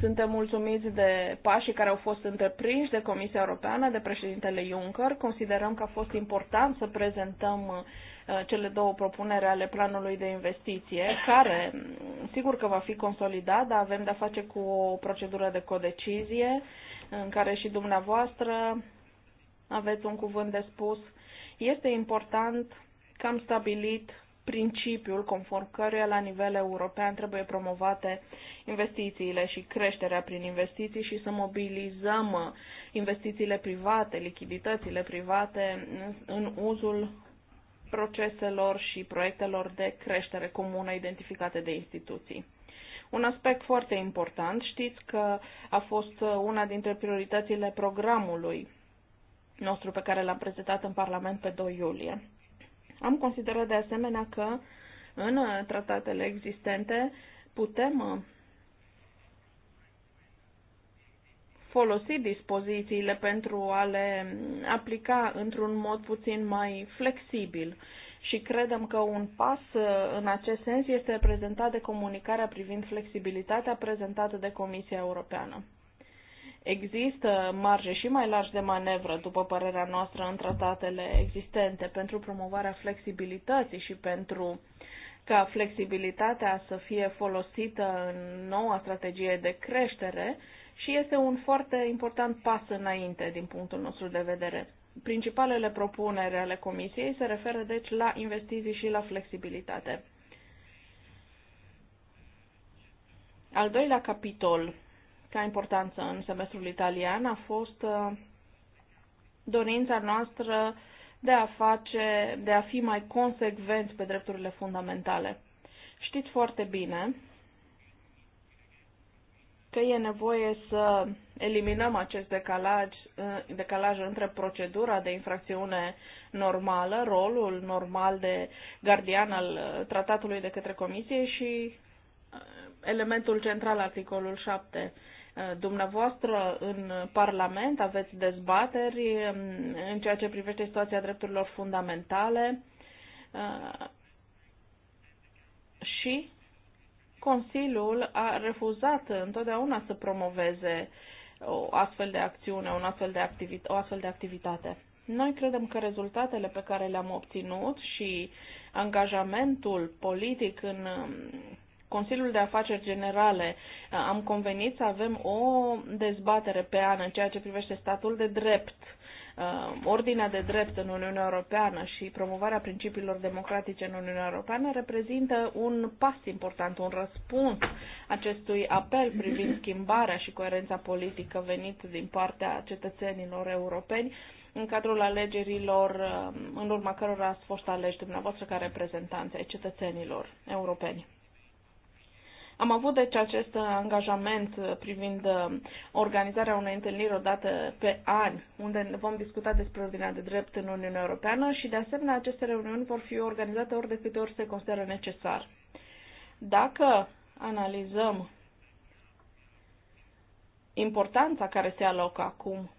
Suntem mulțumiți de pașii care au fost întreprinși de Comisia Europeană, de președintele Juncker. Considerăm că a fost important să prezentăm uh, Uh, cele două propuneri ale planului de investiție, care mm, sigur că va fi consolidat, dar avem de-a face cu o procedură de codecizie în care și dumneavoastră aveți un cuvânt de spus. Este important că am stabilit principiul conform căruia la nivel european trebuie promovate investițiile și creșterea prin investiții și să mobilizăm investițiile private, lichiditățile private în uzul proceselor și proiectelor de creștere comună identificate de instituții. Un aspect foarte important, știți că a fost uh, una dintre prioritățile programului nostru pe care l-am prezentat în Parlament pe 2 iulie. Am considerat de asemenea că în uh, tratatele existente putem uh, folosi dispozițiile pentru a le aplica într-un mod puțin mai flexibil. Și credem că un pas uh, în acest sens este reprezentat de comunicarea privind flexibilitatea prezentată de Comisia Europeană. Există marge și mai largi de manevră, după părerea noastră, în tratatele existente pentru promovarea flexibilității și pentru ca flexibilitatea să fie folosită în noua strategie de creștere, și este un foarte important pas înainte din punctul nostru de vedere. Principalele propuneri ale Comisiei se referă deci la investiții și la flexibilitate. Al doilea capitol ca importanță în semestrul italian a fost uh, dorința noastră de a face, de a fi mai consecvenți pe drepturile fundamentale. Știți foarte bine că e nevoie să eliminăm acest decalaj, eh, decalaj între procedura de infracțiune normală, rolul normal de gardian al eh, tratatului de către comisie și eh, elementul central, articolul 7. Dumneavoastră în Parlament aveți dezbateri mm, în ceea ce privește situația drepturilor fundamentale și Consiliul a refuzat întotdeauna să promoveze o astfel de acțiune, un astfel de o astfel de activitate. Noi credem că rezultatele pe care le-am obținut și angajamentul politic în um, Consiliul de Afaceri Generale uh, am convenit să avem o dezbatere pe an în ceea ce privește statul de drept Uh, ordinea de drept în Uniunea Europeană și promovarea principiilor democratice în Uniunea Europeană reprezintă un pas important, un răspuns acestui apel privind schimbarea și coerența politică venit din partea cetățenilor europeni în cadrul alegerilor uh, în urma cărora ați fost aleși dumneavoastră ca reprezentanți ai cetățenilor europeni. Am avut deci acest angajament privind uh, organizarea unei întâlniri odată pe an, unde vom discuta despre ordinea de drept în Uniunea Europeană și de asemenea aceste reuniuni vor fi organizate ori de câte ori se consideră necesar. Dacă analizăm importanța care se alocă acum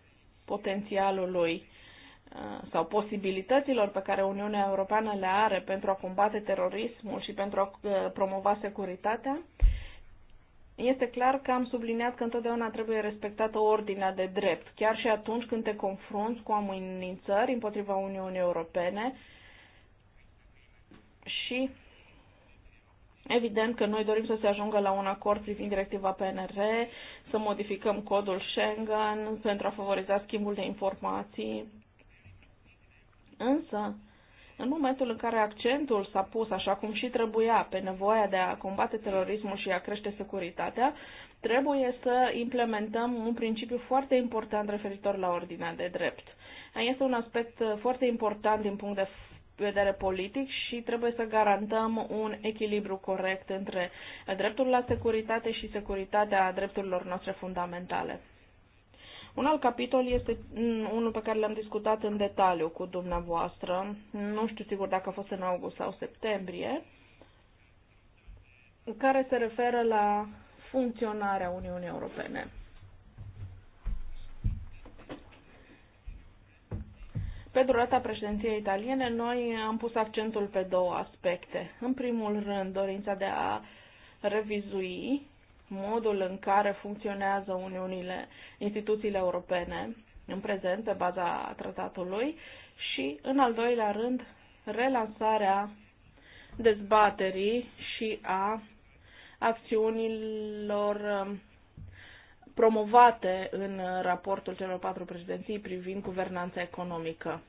potențialului uh, sau posibilităților pe care Uniunea Europeană le are pentru a combate terorismul și pentru a uh, promova securitatea, este clar că am subliniat că întotdeauna trebuie respectată ordinea de drept, chiar și atunci când te confrunți cu amenințări împotriva Uniunii Europene și Evident că noi dorim să se ajungă la un acord privind directiva PNR, să modificăm codul Schengen pentru a favoriza schimbul de informații. Însă, în momentul în care accentul s-a pus, așa cum și trebuia, pe nevoia de a combate terorismul și a crește securitatea, trebuie să implementăm un principiu foarte important referitor la ordinea de drept. Este un aspect foarte important din punct de vedere politic și trebuie să garantăm un echilibru corect între dreptul la securitate și securitatea drepturilor noastre fundamentale. Un alt capitol este mm, unul pe care l-am discutat în detaliu cu dumneavoastră. Nu știu sigur dacă a fost în august sau septembrie, care se referă la funcționarea Uniunii Europene. Pe durata președinției italiene, noi am pus accentul pe două aspecte. În primul rând, dorința de a revizui modul în care funcționează Uniunile, instituțiile europene în prezent pe baza tratatului și, în al doilea rând, relansarea dezbaterii și a acțiunilor um, promovate în raportul celor patru președinții privind guvernanța economică.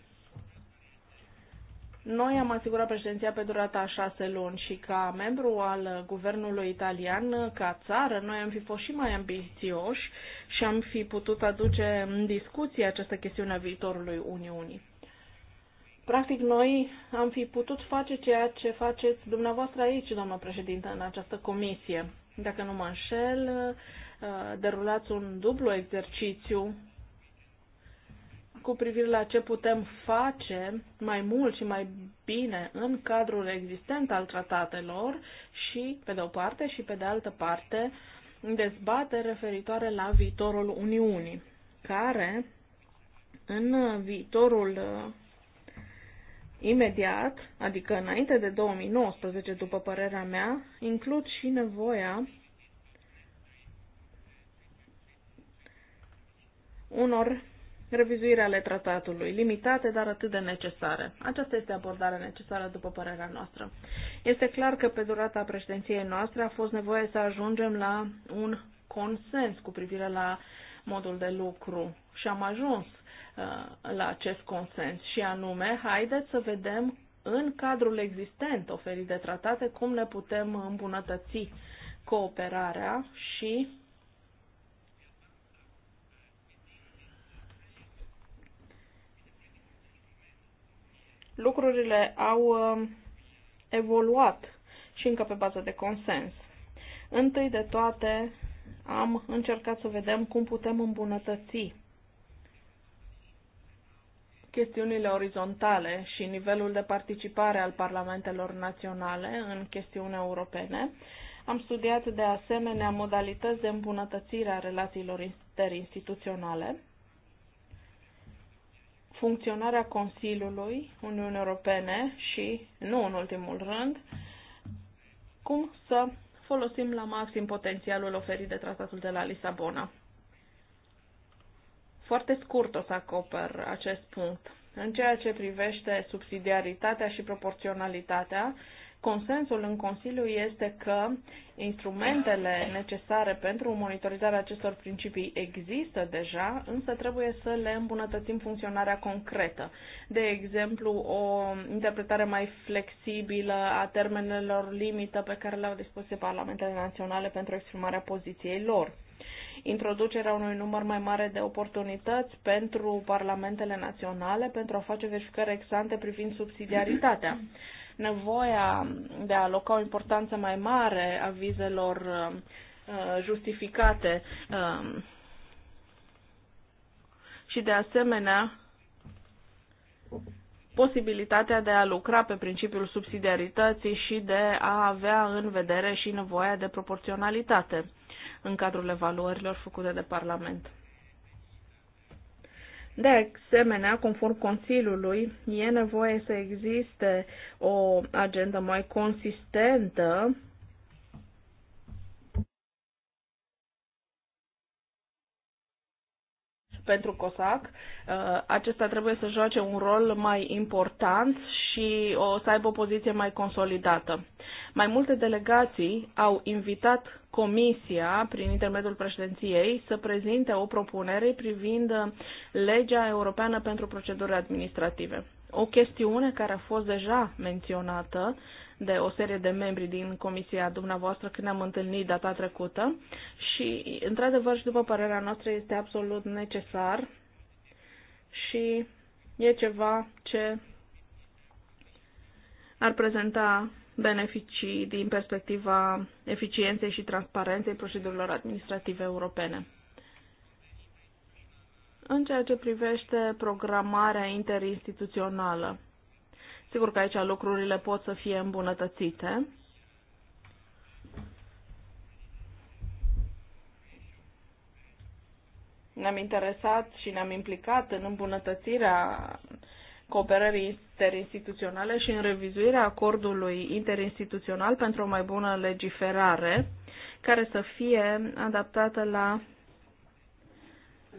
Noi am asigurat președinția pe durata a șase luni și ca membru al guvernului italian, ca țară, noi am fi fost și mai ambițioși și am fi putut aduce în discuție această chestiune a viitorului Uniunii. Practic, noi am fi putut face ceea ce faceți dumneavoastră aici, doamnă președintă, în această comisie. Dacă nu mă înșel, uh, derulați un dublu exercițiu cu privire la ce putem face mai mult și mai bine în cadrul existent al tratatelor și, pe de o parte, și pe de altă parte, dezbatere referitoare la viitorul Uniunii, care în viitorul uh, imediat, adică înainte de 2019, după părerea mea, includ și nevoia unor Revizuirea ale tratatului, limitate, dar atât de necesare. Aceasta este abordarea necesară, după părerea noastră. Este clar că pe durata președinției noastre a fost nevoie să ajungem la un consens cu privire la modul de lucru și am ajuns uh, la acest consens și anume, haideți să vedem în cadrul existent oferit de tratate cum ne putem îmbunătăți cooperarea și lucrurile au um, evoluat și încă pe bază de consens. Întâi de toate, am încercat să vedem cum putem îmbunătăți chestiunile orizontale și nivelul de participare al parlamentelor naționale în chestiuni europene. Am studiat de asemenea modalități de îmbunătățire a relațiilor interinstituționale funcționarea Consiliului Uniunii Europene și, nu în ultimul rând, cum să folosim la maxim potențialul oferit de Tratatul de la Lisabona. Foarte scurt o să acoper acest punct. În ceea ce privește subsidiaritatea și proporționalitatea, Consensul în Consiliu este că instrumentele necesare pentru monitorizarea acestor principii există deja, însă trebuie să le îmbunătățim funcționarea concretă. De exemplu, o interpretare mai flexibilă a termenelor limită pe care le-au dispoziție parlamentele naționale pentru exprimarea poziției lor introducerea unui număr mai mare de oportunități pentru parlamentele naționale pentru a face verificări exante privind subsidiaritatea nevoia de a aloca o importanță mai mare a vizelor uh, justificate um, și de asemenea posibilitatea de a lucra pe principiul subsidiarității și de a avea în vedere și nevoia de proporționalitate în cadrul evaluărilor făcute de Parlament. De asemenea, conform Consiliului, e nevoie să existe o agendă mai consistentă pentru COSAC. Uh, acesta trebuie să joace un rol mai important și o să aibă o poziție mai consolidată. Mai multe delegații au invitat Comisia, prin intermediul președinției, să prezinte o propunere privind uh, legea europeană pentru proceduri administrative. O chestiune care a fost deja menționată de o serie de membri din comisia dumneavoastră când ne-am întâlnit data trecută și, într-adevăr, și după părerea noastră, este absolut necesar și e ceva ce ar prezenta beneficii din perspectiva eficienței și transparenței procedurilor administrative europene. În ceea ce privește programarea interinstituțională, Sigur că aici lucrurile pot să fie îmbunătățite. Ne-am interesat și ne-am implicat în îmbunătățirea cooperării interinstituționale și în revizuirea acordului interinstituțional pentru o mai bună legiferare, care să fie adaptată la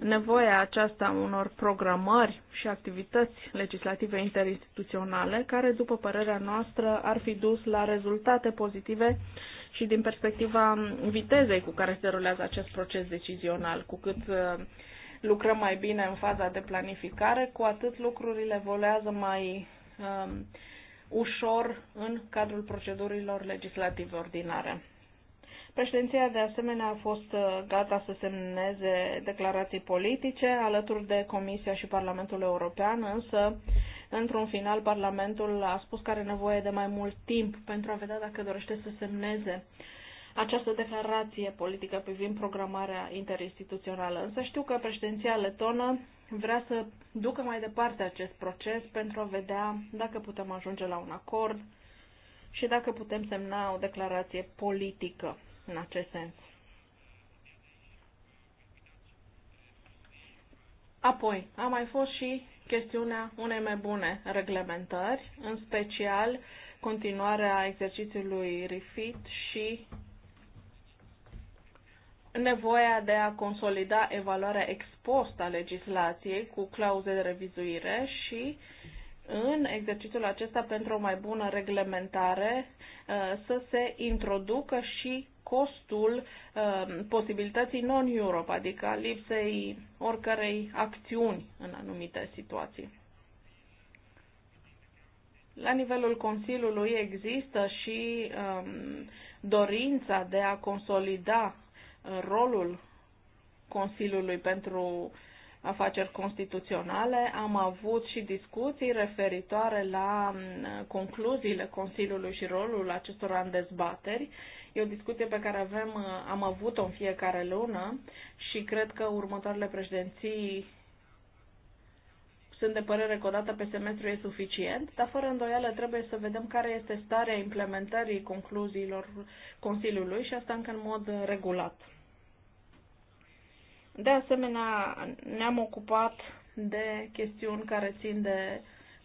nevoia aceasta unor programări și activități legislative interinstituționale, care, după părerea noastră, ar fi dus la rezultate pozitive și din perspectiva vitezei cu care se rulează acest proces decizional. Cu cât uh, lucrăm mai bine în faza de planificare, cu atât lucrurile evoluează mai um, ușor în cadrul procedurilor legislative ordinare. Președinția de asemenea a fost uh, gata să semneze declarații politice alături de Comisia și Parlamentul European, însă într-un final Parlamentul a spus că are nevoie de mai mult timp pentru a vedea dacă dorește să semneze această declarație politică privind programarea interinstituțională. Însă știu că președinția letonă vrea să ducă mai departe acest proces pentru a vedea dacă putem ajunge la un acord și dacă putem semna o declarație politică în acest sens. Apoi, a mai fost și chestiunea unei mai bune reglementări, în special continuarea exercițiului RIFIT și nevoia de a consolida evaluarea expostă a legislației cu clauze de revizuire și în exercițiul acesta pentru o mai bună reglementare uh, să se introducă și costul uh, posibilității non-Europe, adică a lipsei oricărei acțiuni în anumite situații. La nivelul Consiliului există și um, dorința de a consolida uh, rolul Consiliului pentru afaceri constituționale. Am avut și discuții referitoare la um, concluziile Consiliului și rolul acestora în dezbateri E o discuție pe care avem, uh, am avut-o în fiecare lună și cred că următoarele președinții sunt de părere că odată pe semestru e suficient, dar fără îndoială trebuie să vedem care este starea implementării concluziilor Consiliului și asta încă în mod regulat. De asemenea, ne-am ocupat de chestiuni care țin de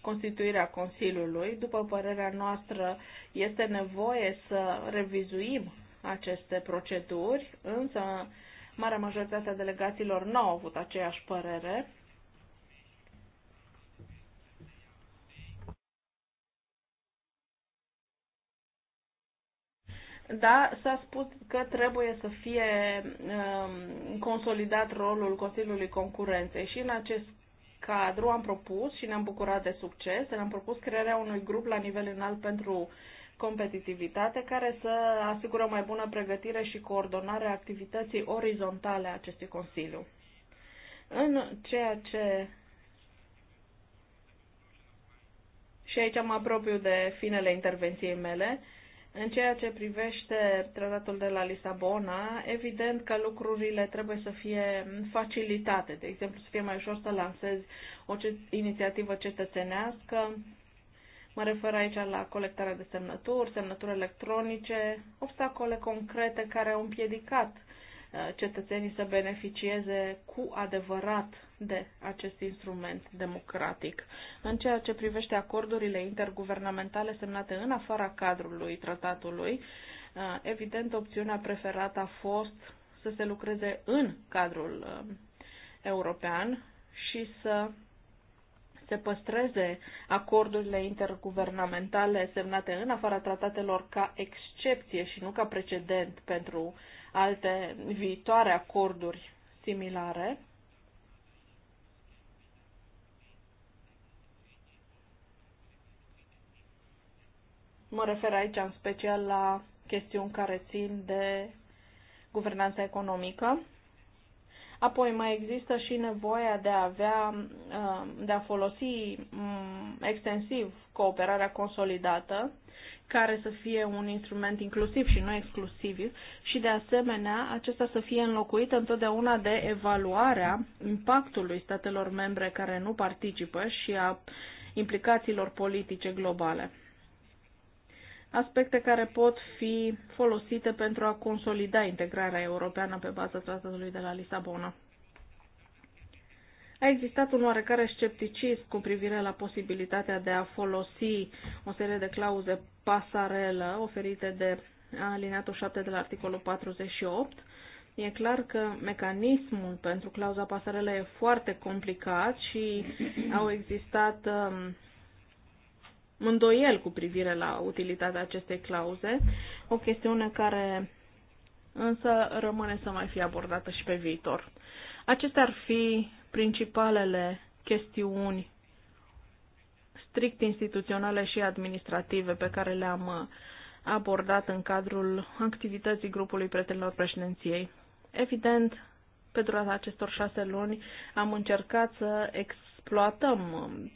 constituirea Consiliului. După părerea noastră, este nevoie să revizuim aceste proceduri, însă marea majoritate a delegaților nu au avut aceeași părere. Da, s-a spus că trebuie să fie um, consolidat rolul Consiliului Concurenței și în acest cadru am propus și ne-am bucurat de succes, ne-am propus crearea unui grup la nivel înalt pentru competitivitate care să asigure o mai bună pregătire și coordonare a activității orizontale a acestui Consiliu. În ceea ce și aici mă apropiu de finele intervenției mele, în ceea ce privește tratatul de la Lisabona, evident că lucrurile trebuie să fie facilitate, de exemplu să fie mai ușor să lansezi o inițiativă cetățenească, mă refer aici la colectarea de semnături, semnături electronice, obstacole concrete care au împiedicat cetățenii să beneficieze cu adevărat de acest instrument democratic. În ceea ce privește acordurile interguvernamentale semnate în afara cadrului tratatului, uh, evident opțiunea preferată a fost să se lucreze în cadrul uh, european și să se păstreze acordurile interguvernamentale semnate în afara tratatelor ca excepție și nu ca precedent pentru alte viitoare acorduri similare. Mă refer aici în special la chestiuni care țin de guvernanța economică. Apoi mai există și nevoia de a avea, uh, de a folosi mm, extensiv cooperarea consolidată care să fie un instrument inclusiv și nu exclusiv și, de asemenea, acesta să fie înlocuit întotdeauna de evaluarea impactului statelor membre care nu participă și a implicațiilor politice globale. Aspecte care pot fi folosite pentru a consolida integrarea europeană pe baza tratatului de la Lisabona. A existat un oarecare scepticism cu privire la posibilitatea de a folosi o serie de clauze pasarelă oferite de alineatul 7 de la articolul 48. E clar că mecanismul pentru clauza pasarelă e foarte complicat și au existat um, îndoieli cu privire la utilitatea acestei clauze, o chestiune care însă rămâne să mai fie abordată și pe viitor. Acestea ar fi principalele chestiuni strict instituționale și administrative pe care le-am uh, abordat în cadrul activității grupului prietenilor președinției. Evident, pe durata acestor șase luni am încercat să exploatăm um,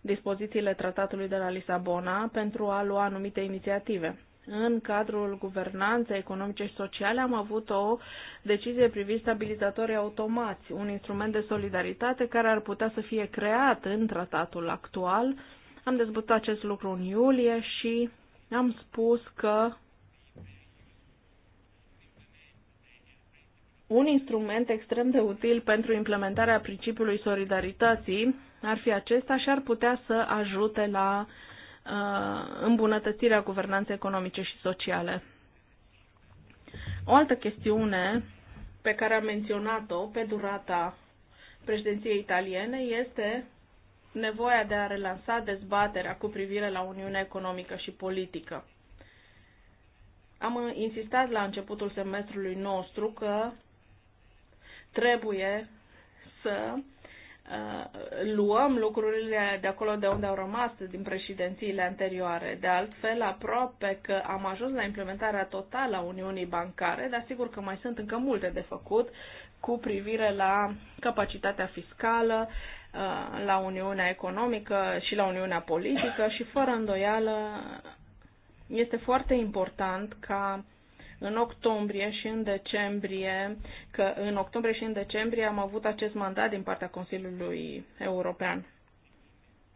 dispozițiile tratatului de la Lisabona pentru a lua anumite inițiative în cadrul guvernanței economice și sociale am avut o decizie privind stabilizatorii automați, un instrument de solidaritate care ar putea să fie creat în tratatul actual. Am dezbătut acest lucru în iulie și am spus că un instrument extrem de util pentru implementarea principiului solidarității ar fi acesta și ar putea să ajute la uh, Uh, îmbunătățirea guvernanței economice și sociale. O altă chestiune pe care am menționat-o pe durata președinției italiene este nevoia de a relansa dezbaterea cu privire la Uniunea Economică și Politică. Am insistat la începutul semestrului nostru că trebuie să Uh, luăm lucrurile de acolo de unde au rămas din președințiile anterioare. De altfel, aproape că am ajuns la implementarea totală a Uniunii Bancare, dar sigur că mai sunt încă multe de făcut cu privire la capacitatea fiscală, uh, la Uniunea Economică și la Uniunea Politică și, fără îndoială, este foarte important ca în octombrie și în decembrie, că în octombrie și în decembrie am avut acest mandat din partea Consiliului European.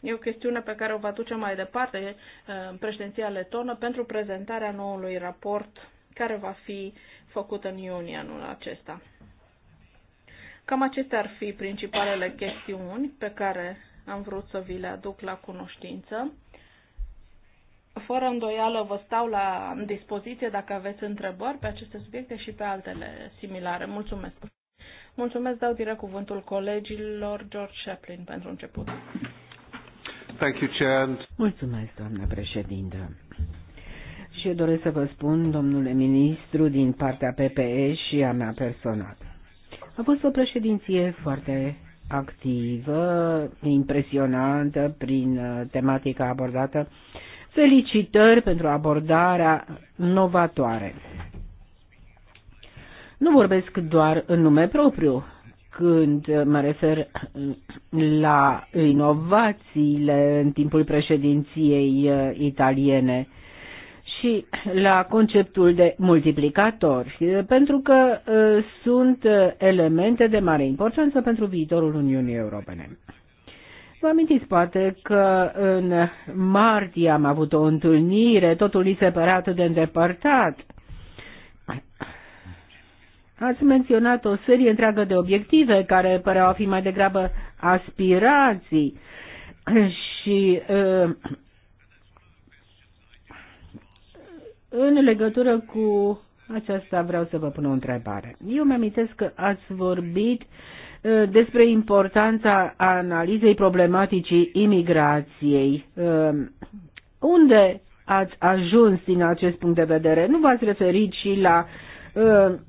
E o chestiune pe care o va duce mai departe în eh, președinția letonă pentru prezentarea noului raport care va fi făcut în iunie anul acesta. Cam acestea ar fi principalele chestiuni pe care am vrut să vi le aduc la cunoștință fără îndoială vă stau la dispoziție dacă aveți întrebări pe aceste subiecte și pe altele similare. Mulțumesc! Mulțumesc, dau direct cuvântul colegilor George Chaplin pentru început. Thank you, Chair. Mulțumesc, doamnă președintă. Și eu doresc să vă spun, domnule ministru, din partea PPE și a mea personală. A fost o președinție foarte activă, impresionantă prin uh, tematica abordată. Uh, Felicitări pentru abordarea novatoare. Nu vorbesc doar în nume propriu, când mă refer la inovațiile în timpul președinției uh, italiene și la conceptul de multiplicator, pentru că uh, sunt uh, elemente de mare importanță pentru viitorul Uniunii Europene. Vă amintiți poate că în martie am avut o întâlnire, totul li se părea atât de îndepărtat. Ați menționat o serie întreagă de obiective care păreau a fi mai degrabă aspirații și în legătură cu aceasta vreau să vă pun o întrebare. Eu mi-amintesc că ați vorbit uh, Uh, despre importanța analizei problematicii imigrației. Um, unde ați ajuns din acest punct de vedere? Nu v-ați referit și la um,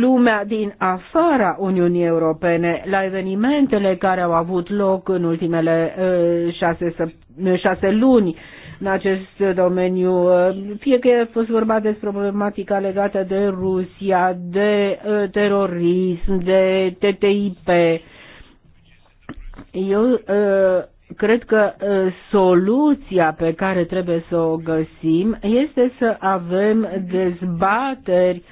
lumea din afara Uniunii Europene, la evenimentele care au avut loc în ultimele uh, șase, șase luni în acest domeniu, fie că a fost vorba despre problematica legată de Rusia, de uh, terorism, de TTIP. Eu uh, cred că uh, soluția pe care trebuie să o găsim este să avem dezbateri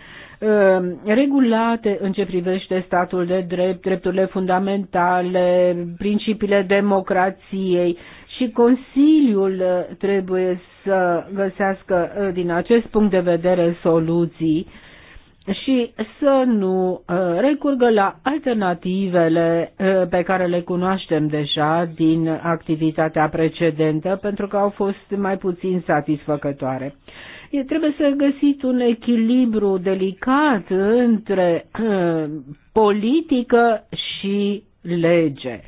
regulate în ce privește statul de drept, drepturile fundamentale, principiile democrației, și Consiliul uh, trebuie să găsească uh, din acest punct de vedere soluții și să nu uh, recurgă la alternativele pe care le cunoaștem deja din activitatea precedentă, pentru că au fost mai puțin satisfăcătoare. E, trebuie să găsit un echilibru delicat între politică și lege.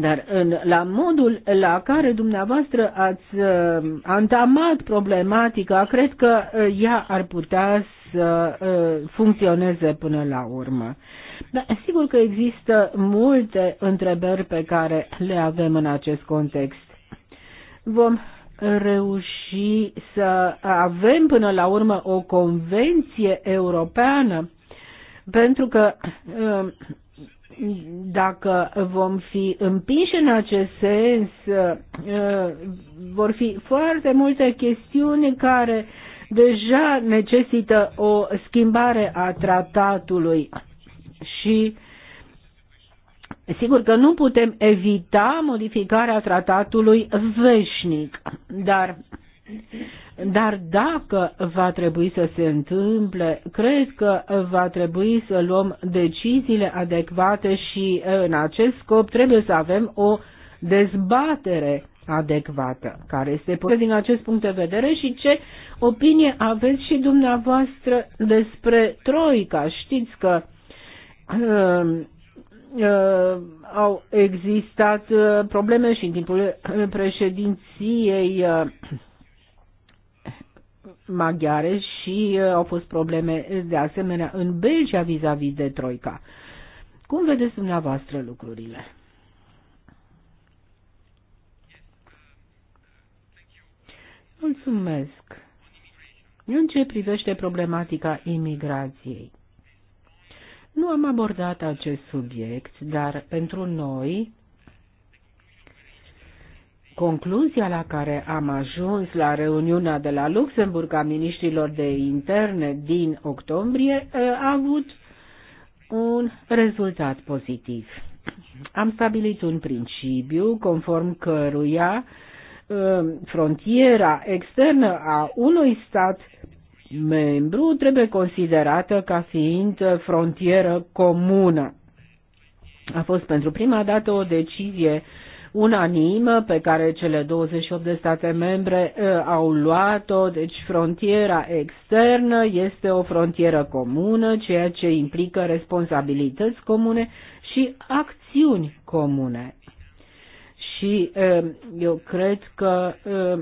Dar în, la modul la care dumneavoastră ați uh, antamat problematica, cred că uh, ea ar putea să uh, funcționeze până la urmă. Dar sigur că există multe întrebări pe care le avem în acest context. Vom reuși să avem până la urmă o convenție europeană pentru că uh, dacă vom fi împinși în acest sens, uh, vor fi foarte multe chestiuni care deja necesită o schimbare a tratatului și sigur că nu putem evita modificarea tratatului veșnic, dar dar dacă va trebui să se întâmple, cred că va trebui să luăm deciziile adecvate și în acest scop trebuie să avem o dezbatere adecvată, care este posibil din acest punct de vedere și ce opinie aveți și dumneavoastră despre Troica. Știți că uh, uh, au existat uh, probleme și în timpul președinției uh, maghiare și uh, au fost probleme de asemenea în Belgia vis-a-vis -vis de Troica. Cum vedeți dumneavoastră lucrurile? Mulțumesc. În ce privește problematica imigrației? Nu am abordat acest subiect, dar pentru noi Concluzia la care am ajuns la reuniunea de la Luxemburg a ministrilor de interne din octombrie eh, a avut un rezultat pozitiv. Am stabilit un principiu conform căruia eh, frontiera externă a unui stat membru trebuie considerată ca fiind frontieră comună. A fost pentru prima dată o decizie unanimă pe care cele 28 de state membre uh, au luat-o, deci frontiera externă este o frontieră comună, ceea ce implică responsabilități comune și acțiuni comune. Și uh, eu cred că uh,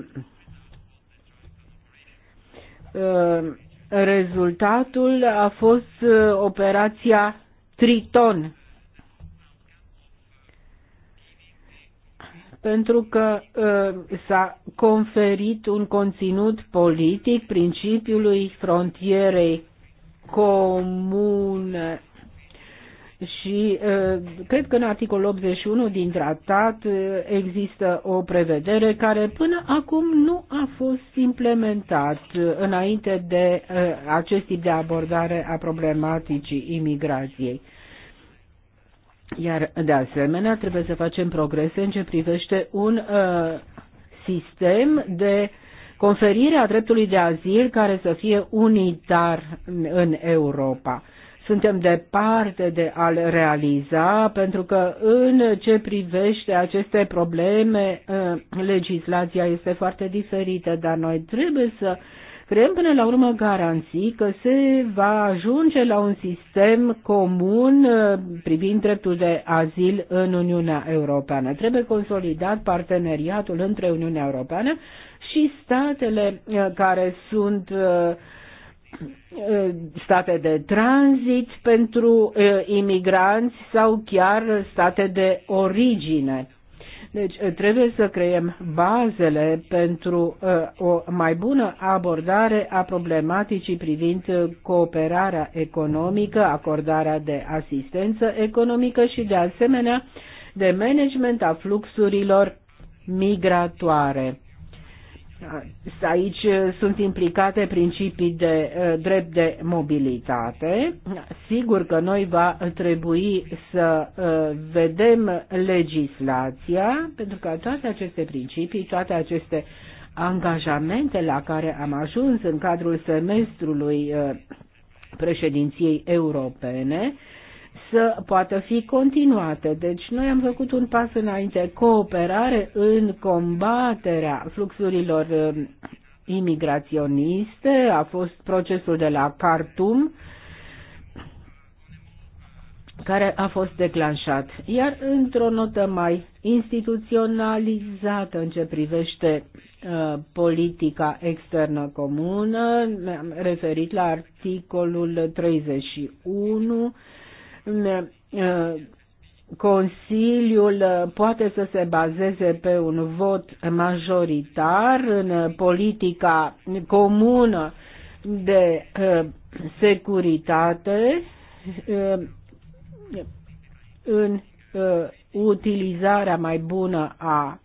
rezultatul a fost operația Triton pentru că ă, s-a conferit un conținut politic principiului frontierei comune. Și ă, cred că în articolul 81 din tratat ă, există o prevedere care până acum nu a fost implementat înainte de acest tip de abordare a problematicii imigrației. Iar, de asemenea, trebuie să facem progrese în ce privește un uh, sistem de conferire a dreptului de azil care să fie unitar în Europa. Suntem departe de a-l realiza pentru că în ce privește aceste probleme, uh, legislația este foarte diferită, dar noi trebuie să uh, creăm până la urmă garanții că se va ajunge la un sistem comun uh, privind dreptul de azil în Uniunea Europeană. Trebuie consolidat parteneriatul între Uniunea Europeană și statele uh, care sunt uh, state de tranzit pentru imigranți sau chiar state de origine deci eh, trebuie să creăm bazele pentru eh, o mai bună abordare a problematicii privind eh, cooperarea economică, acordarea de asistență economică și de asemenea de management a fluxurilor migratoare. Aici uh, sunt implicate principii de uh, drept de mobilitate. Sigur că noi va trebui să uh, vedem legislația, pentru că toate aceste principii, toate aceste angajamente la care am ajuns în cadrul semestrului președinției europene să poată fi continuată. Deci noi am făcut un pas înainte, cooperare în combaterea fluxurilor um, imigraționiste, a fost procesul de la Khartoum, care a fost declanșat. Iar într-o notă mai instituționalizată în ce privește uh, politica externă comună, am referit la articolul 31 Uh, Consiliul uh, poate să se bazeze pe un vot majoritar în uh, politica comună de securitate în utilizarea mai bună a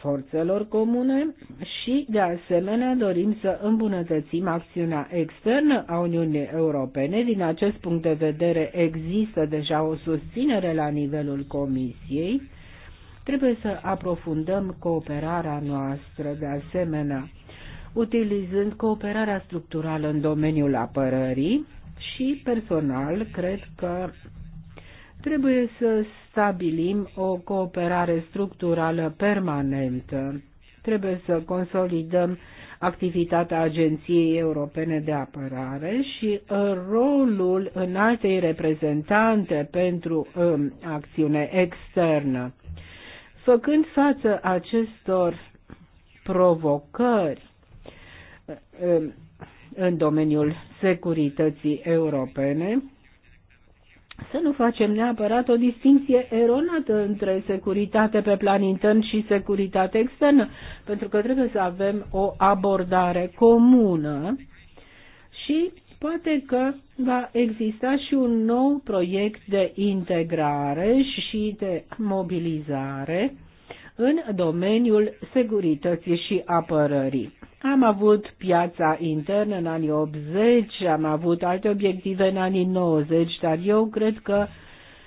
forțelor comune și, de asemenea, dorim să îmbunătățim acțiunea externă a Uniunii Europene. Din acest punct de vedere există deja o susținere la nivelul Comisiei. Trebuie să aprofundăm cooperarea noastră, de asemenea, utilizând cooperarea structurală în domeniul apărării și, personal, cred că Trebuie să stabilim o cooperare structurală permanentă. Trebuie să consolidăm activitatea Agenției Europene de Apărare și uh, rolul înaltei reprezentante pentru um, acțiune externă. Făcând față acestor provocări uh, um, în domeniul securității europene, să nu facem neapărat o distinție eronată între securitate pe plan intern și securitate externă, pentru că trebuie să avem o abordare comună și poate că va exista și un nou proiect de integrare și de mobilizare în domeniul securității și apărării. Am avut piața internă în anii 80, am avut alte obiective în anii 90, dar eu cred că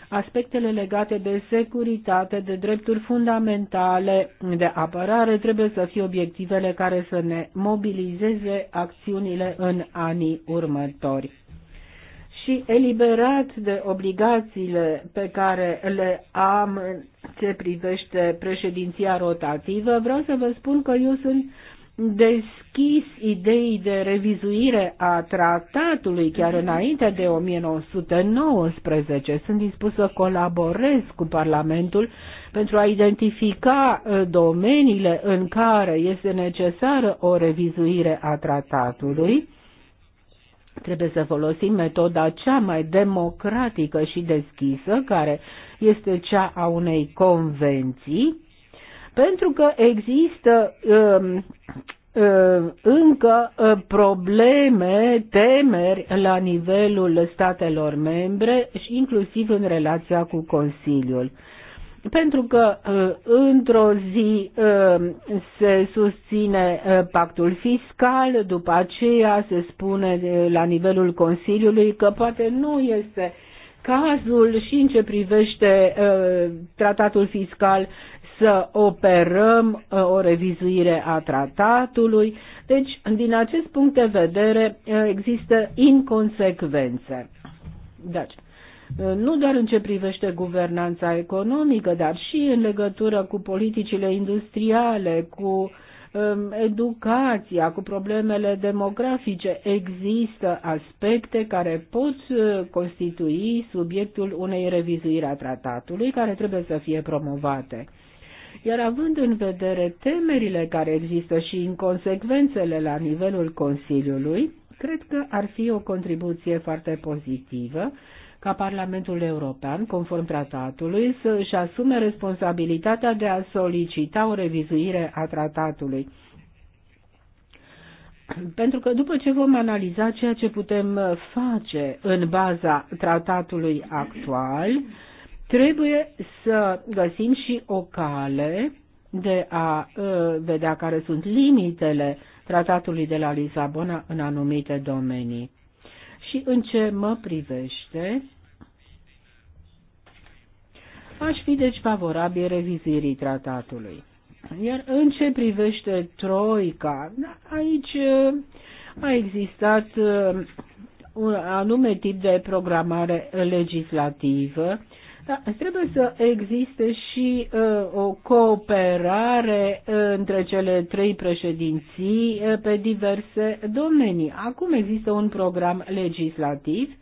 aspectele legate de securitate, de drepturi fundamentale, de apărare trebuie să fie obiectivele care să ne mobilizeze acțiunile în anii următori și eliberat de obligațiile pe care le am ce privește președinția rotativă, vreau să vă spun că eu sunt deschis idei de revizuire a tratatului chiar înainte de 1919. Sunt dispus să colaborez cu Parlamentul pentru a identifica uh, domeniile în care este necesară o revizuire a tratatului Trebuie să folosim metoda cea mai democratică și deschisă, care este cea a unei convenții, pentru că există um, um, încă uh, probleme, temeri la nivelul statelor membre și inclusiv în relația cu Consiliul pentru că ă, într-o zi ă, se susține ă, pactul fiscal, după aceea se spune la nivelul Consiliului că poate nu este cazul și în ce privește tratatul fiscal să operăm o revizuire a tratatului. Deci, din acest punct de vedere, există inconsecvențe. Deci, Uh, nu doar în ce privește guvernanța economică, dar și în legătură cu politicile industriale, cu um, educația, cu problemele demografice, există aspecte care pot uh, constitui subiectul unei revizuiri a tratatului care trebuie să fie promovate. Iar având în vedere temerile care există și inconsecvențele la nivelul Consiliului, cred că ar fi o contribuție foarte pozitivă ca Parlamentul European, conform tratatului, să își asume responsabilitatea de a solicita o revizuire a tratatului. Pentru că după ce vom analiza ceea ce putem face în baza tratatului actual, trebuie să găsim și o cale de a uh, vedea care sunt limitele tratatului de la Lisabona în anumite domenii. Și în ce mă privește, aș fi deci favorabil revizirii tratatului. Iar în ce privește Troica, aici uh, a existat uh, un anume tip de programare legislativă da, trebuie să existe și uh, o cooperare uh, între cele trei președinții uh, pe diverse domenii. Acum există un program legislativ,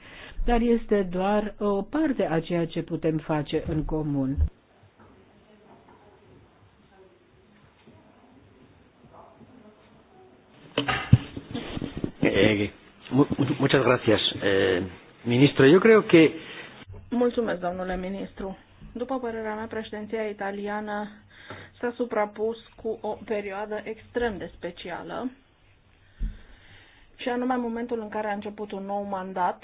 dar este doar o parte a ceea ce putem face în comun. Eh, eh muchas gracias, eh, ministro. Yo creo que Mulțumesc, domnule ministru. După părerea mea, președinția italiană s-a suprapus cu o perioadă extrem de specială, și anume momentul în care a început un nou mandat,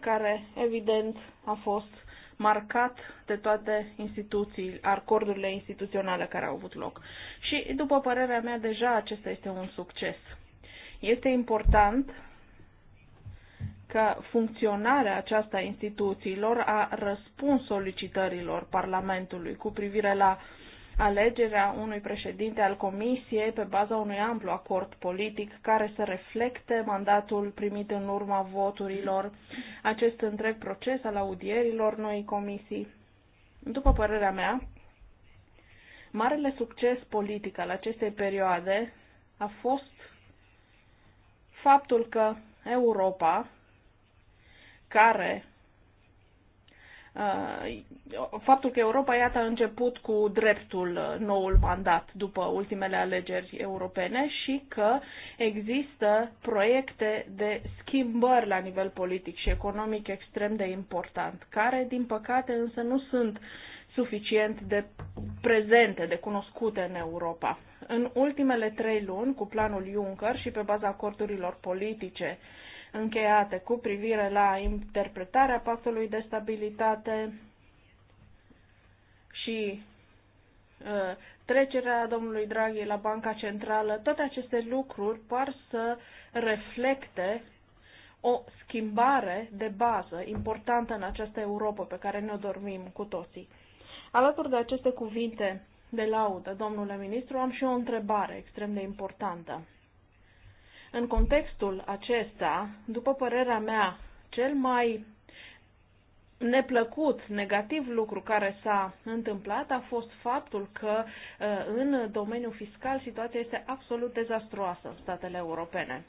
care evident a fost marcat de toate instituțiile, acordurile instituționale care au avut loc. Și, după părerea mea, deja acesta este un succes. Este important că funcționarea aceasta a instituțiilor a răspuns solicitărilor Parlamentului cu privire la alegerea unui președinte al Comisiei pe baza unui amplu acord politic care să reflecte mandatul primit în urma voturilor, acest întreg proces al audierilor noi comisii. După părerea mea, marele succes politic al acestei perioade a fost faptul că Europa care uh, faptul că Europa, iată, a început cu dreptul uh, noul mandat după ultimele alegeri europene și că există proiecte de schimbări la nivel politic și economic extrem de important, care, din păcate, însă nu sunt suficient de prezente, de cunoscute în Europa. În ultimele trei luni, cu planul Juncker și pe baza acordurilor politice uh, încheiate cu privire la interpretarea pactului de stabilitate și uh, trecerea domnului Draghi la Banca Centrală, toate aceste lucruri par să reflecte o schimbare de bază importantă în această Europa pe care ne-o dormim cu toții. Alături de aceste cuvinte de laudă, domnule ministru, am și o întrebare extrem de importantă. În contextul acesta, după părerea mea, cel mai neplăcut, negativ lucru care s-a întâmplat a fost faptul că uh, în domeniul fiscal situația este absolut dezastruoasă în statele europene.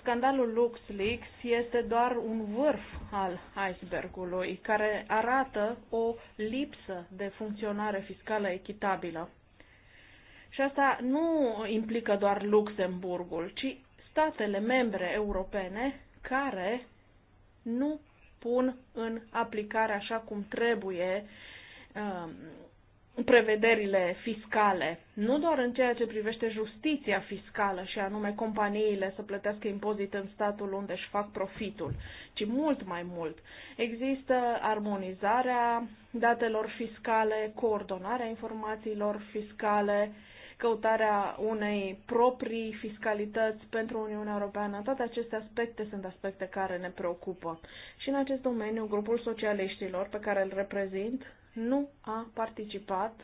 Scandalul LuxLeaks este doar un vârf al icebergului care arată o lipsă de funcționare fiscală echitabilă. Și asta nu implică doar Luxemburgul, ci statele membre europene care nu pun în aplicare așa cum trebuie uh, prevederile fiscale, nu doar în ceea ce privește justiția fiscală și anume companiile să plătească impozit în statul unde își fac profitul, ci mult mai mult. Există armonizarea datelor fiscale, coordonarea informațiilor fiscale, căutarea unei proprii fiscalități pentru Uniunea Europeană. Toate aceste aspecte sunt aspecte care ne preocupă. Și în acest domeniu, grupul socialiștilor pe care îl reprezint nu a participat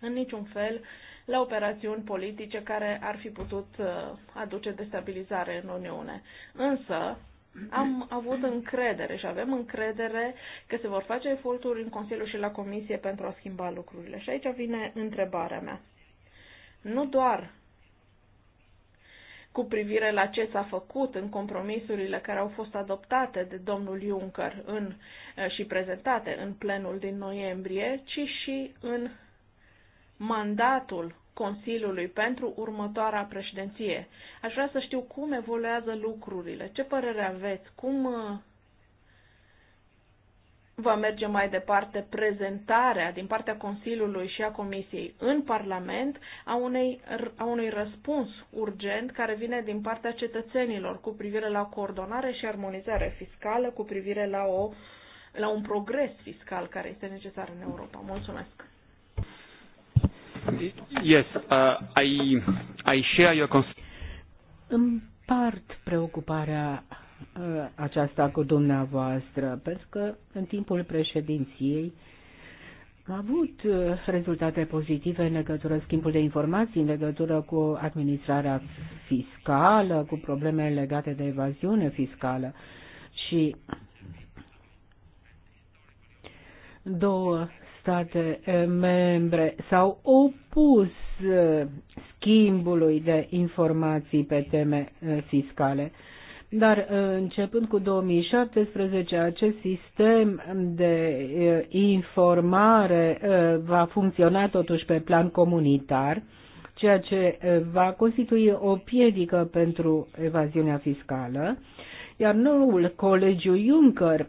în niciun fel la operațiuni politice care ar fi putut uh, aduce destabilizare în Uniune. Însă, am avut încredere și avem încredere că se vor face eforturi în Consiliu și la Comisie pentru a schimba lucrurile. Și aici vine întrebarea mea nu doar cu privire la ce s-a făcut în compromisurile care au fost adoptate de domnul Juncker în, eh, și prezentate în plenul din noiembrie, ci și în mandatul Consiliului pentru următoarea președinție. Aș vrea să știu cum evoluează lucrurile, ce părere aveți, cum eh, va merge mai departe prezentarea din partea Consiliului și a Comisiei în Parlament a, unei, a unui răspuns urgent care vine din partea cetățenilor cu privire la coordonare și armonizare fiscală, cu privire la, o, la un progres fiscal care este necesar în Europa. Mulțumesc! Yes, uh, I, I share your Împart preocuparea Uh, aceasta cu dumneavoastră, pentru că în timpul președinției am avut uh, rezultate pozitive în legătură schimbul de informații, în legătură cu administrarea fiscală, cu probleme legate de evaziune fiscală și două state eh, membre s-au opus eh, schimbului de informații pe teme eh, fiscale. Dar uh, începând cu 2017, acest sistem de uh, informare uh, va funcționa totuși pe plan comunitar, ceea ce va constitui o piedică pentru evaziunea fiscală, iar noul colegiu Juncker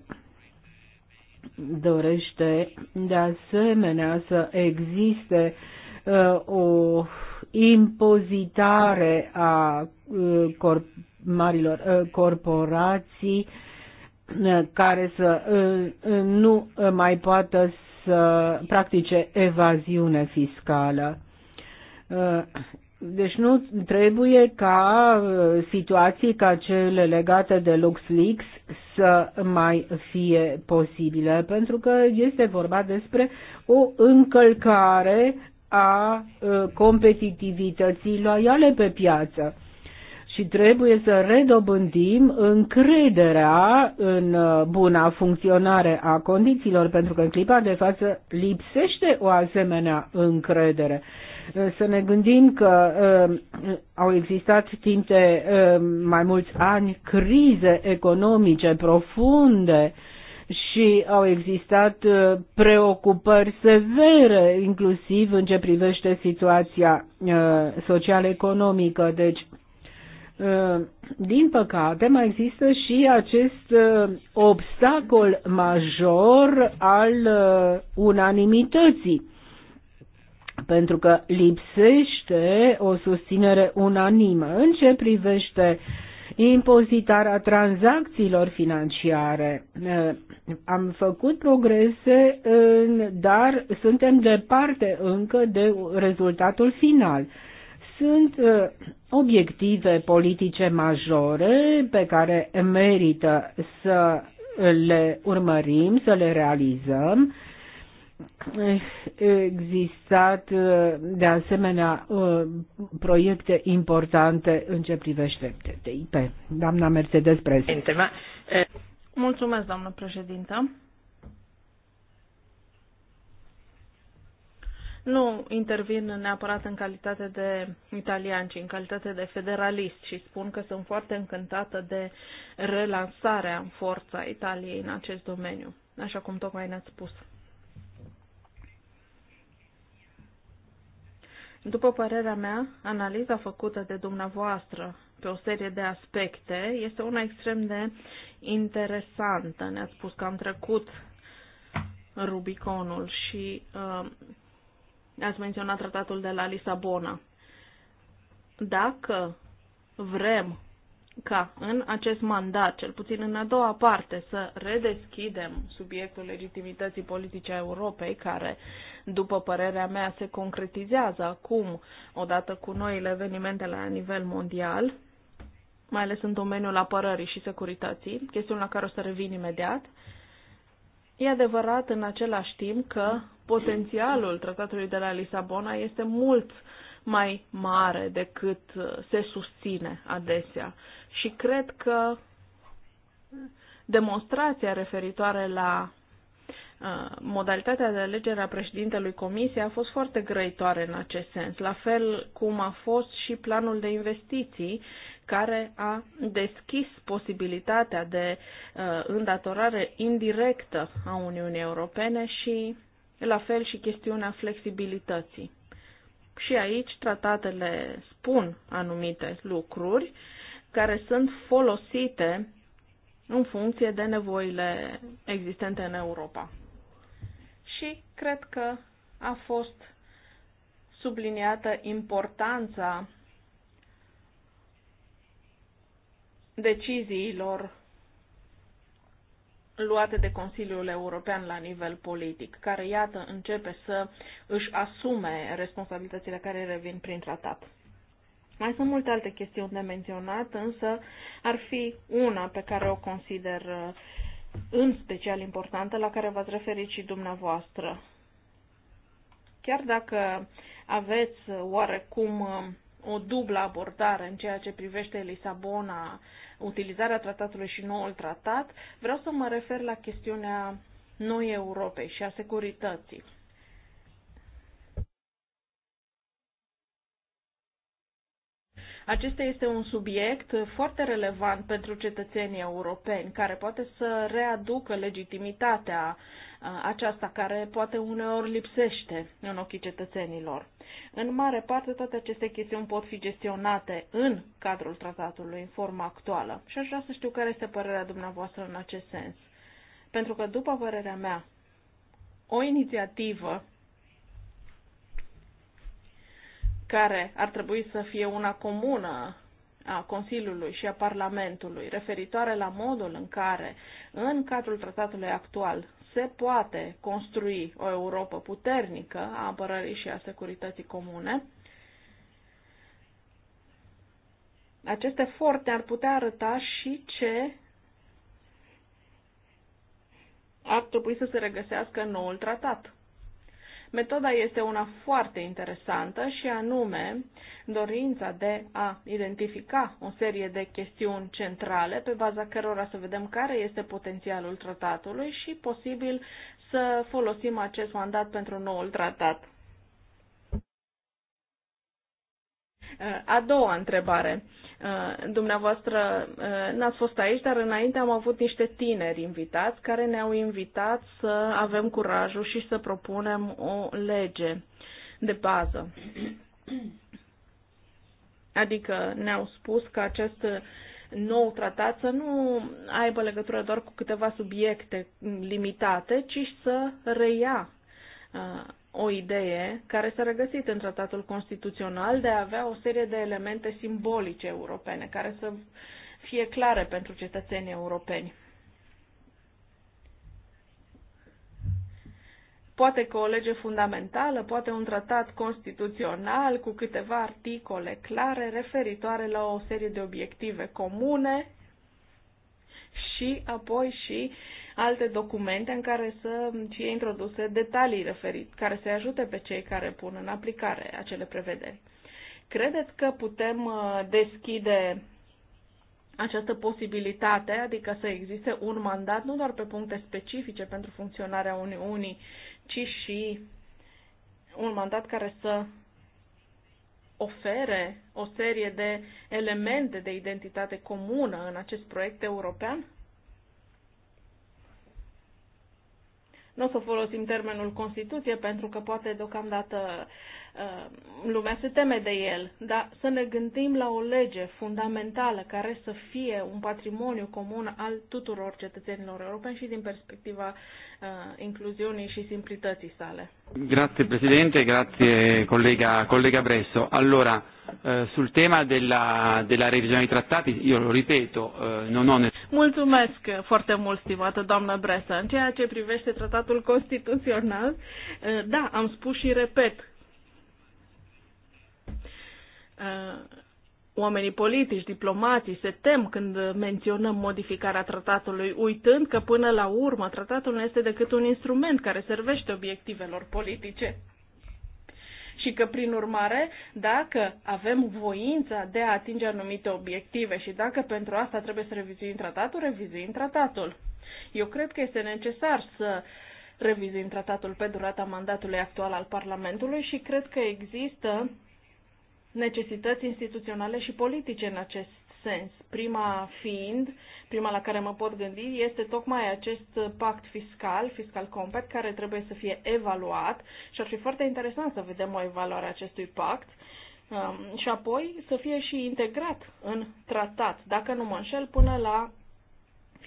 dorește de asemenea să existe o impozitare a marilor uh, corporații uh, care să uh, nu mai poată să practice evaziune fiscală. Deci nu trebuie ca situații ca cele legate de LuxLeaks să mai fie posibile, pentru că este vorba despre o încălcare a competitivității loiale pe piață și trebuie să redobândim încrederea în uh, buna funcționare a condițiilor, pentru că în clipa de față lipsește o asemenea încredere. Uh, să ne gândim că uh, au existat timp de mai mulți ani crize economice profunde, și au existat preocupări severe, inclusiv în ce privește situația social-economică. Deci, Uh, din păcate, mai există și acest uh, obstacol major al uh, unanimității, pentru că lipsește o susținere unanimă în ce privește impozitarea tranzacțiilor financiare. Am făcut progrese, dar suntem departe încă de rezultatul final. Sunt uh, obiective politice majore pe care merită să le urmărim, să le realizăm. Existat uh, de asemenea uh, proiecte importante în ce privește TTIP. Doamna Mercedes Prezident. Mulțumesc, doamnă președintă. nu intervin neapărat în calitate de italian, ci în calitate de federalist și spun că sunt foarte încântată de relansarea în forța Italiei în acest domeniu, așa cum tocmai ne-ați spus. După părerea mea, analiza făcută de dumneavoastră pe o serie de aspecte este una extrem de interesantă. Ne-ați spus că am trecut Rubiconul și uh, Ați menționat tratatul de la Lisabona. Dacă vrem ca în acest mandat, cel puțin în a doua parte, să redeschidem subiectul legitimității politice a Europei, care, după părerea mea, se concretizează acum, odată cu noile evenimente la nivel mondial, mai ales în domeniul apărării și securității, chestiune la care o să revin imediat. E adevărat în același timp că potențialul tratatului de la Lisabona este mult mai mare decât uh, se susține adesea. Și cred că demonstrația referitoare la uh, modalitatea de alegere a președintelui Comisiei a fost foarte grăitoare în acest sens, la fel cum a fost și planul de investiții care a deschis posibilitatea de uh, îndatorare indirectă a Uniunii Europene și la fel și chestiunea flexibilității. Și aici tratatele spun anumite lucruri care sunt folosite în funcție de nevoile existente în Europa. Și cred că a fost subliniată importanța deciziilor luate de Consiliul European la nivel politic, care, iată, începe să își asume responsabilitățile care revin prin tratat. Mai sunt multe alte chestiuni de menționat, însă ar fi una pe care o consider uh, în special importantă, la care v-ați referit și dumneavoastră. Chiar dacă aveți uh, oarecum uh, o dublă abordare în ceea ce privește Lisabona utilizarea tratatului și noul tratat, vreau să mă refer la chestiunea noi Europei și a securității. Acesta este un subiect foarte relevant pentru cetățenii europeni, care poate să readucă legitimitatea Uh, aceasta care poate uneori lipsește în ochii cetățenilor. În mare parte, toate aceste chestiuni pot fi gestionate în cadrul tratatului, în forma actuală. Și aș vrea să știu care este părerea dumneavoastră în acest sens. Pentru că, după părerea mea, o inițiativă care ar trebui să fie una comună a Consiliului și a Parlamentului referitoare la modul în care, în cadrul tratatului actual, se poate construi o Europa puternică a apărării și a securității comune. Acest efort ne-ar putea arăta și ce ar trebui să se regăsească în noul tratat. Metoda este una foarte interesantă și anume dorința de a identifica o serie de chestiuni centrale pe baza cărora să vedem care este potențialul tratatului și posibil să folosim acest mandat pentru noul tratat. A doua întrebare. Dumneavoastră n-ați fost aici, dar înainte am avut niște tineri invitați care ne-au invitat să avem curajul și să propunem o lege de bază. Adică ne-au spus că acest nou tratat să nu aibă legătură doar cu câteva subiecte limitate, ci să reia o idee care s-a regăsit în tratatul constituțional de a avea o serie de elemente simbolice europene care să fie clare pentru cetățenii europeni. Poate că o lege fundamentală, poate un tratat constituțional cu câteva articole clare referitoare la o serie de obiective comune și apoi și uh, alte documente în care să fie introduse detalii referit, care să ajute pe cei care pun în aplicare acele prevederi. Credeți că putem uh, deschide această posibilitate, adică să existe un mandat nu doar pe puncte specifice pentru funcționarea Uniunii, ci și un mandat care să ofere o serie de elemente de identitate comună în acest proiect european? Nu o să folosim termenul Constituție pentru că poate deocamdată uh, lumea se teme de el, dar să ne gândim la o lege fundamentală care să fie un patrimoniu comun al tuturor cetățenilor europeni și din perspectiva uh, incluziunii și simplității sale. Grazie Presidente, grazie collega, collega Bresso. Allora, uh, sul tema della, della revisione dei trattati, io lo ripeto, uh, non ho... Mulțumesc foarte mult, stimată doamnă Bresa. În ceea ce privește tratatul constituțional, eh, da, am spus și repet. Eh, oamenii politici, diplomații se tem când menționăm modificarea tratatului, uitând că până la urmă tratatul nu este decât un instrument care servește obiectivelor politice și că, prin urmare, dacă avem voința de a atinge anumite obiective și dacă pentru asta trebuie să revizuim tratatul, revizuim tratatul. Eu cred că este necesar să revizuim tratatul pe durata mandatului actual al Parlamentului și cred că există necesități instituționale și politice în acest sens. Prima fiind, prima la care mă pot gândi, este tocmai acest pact fiscal, fiscal compact, care trebuie să fie evaluat și ar fi foarte interesant să vedem o evaluare a acestui pact um, și apoi să fie și integrat în tratat, dacă nu mă înșel, până la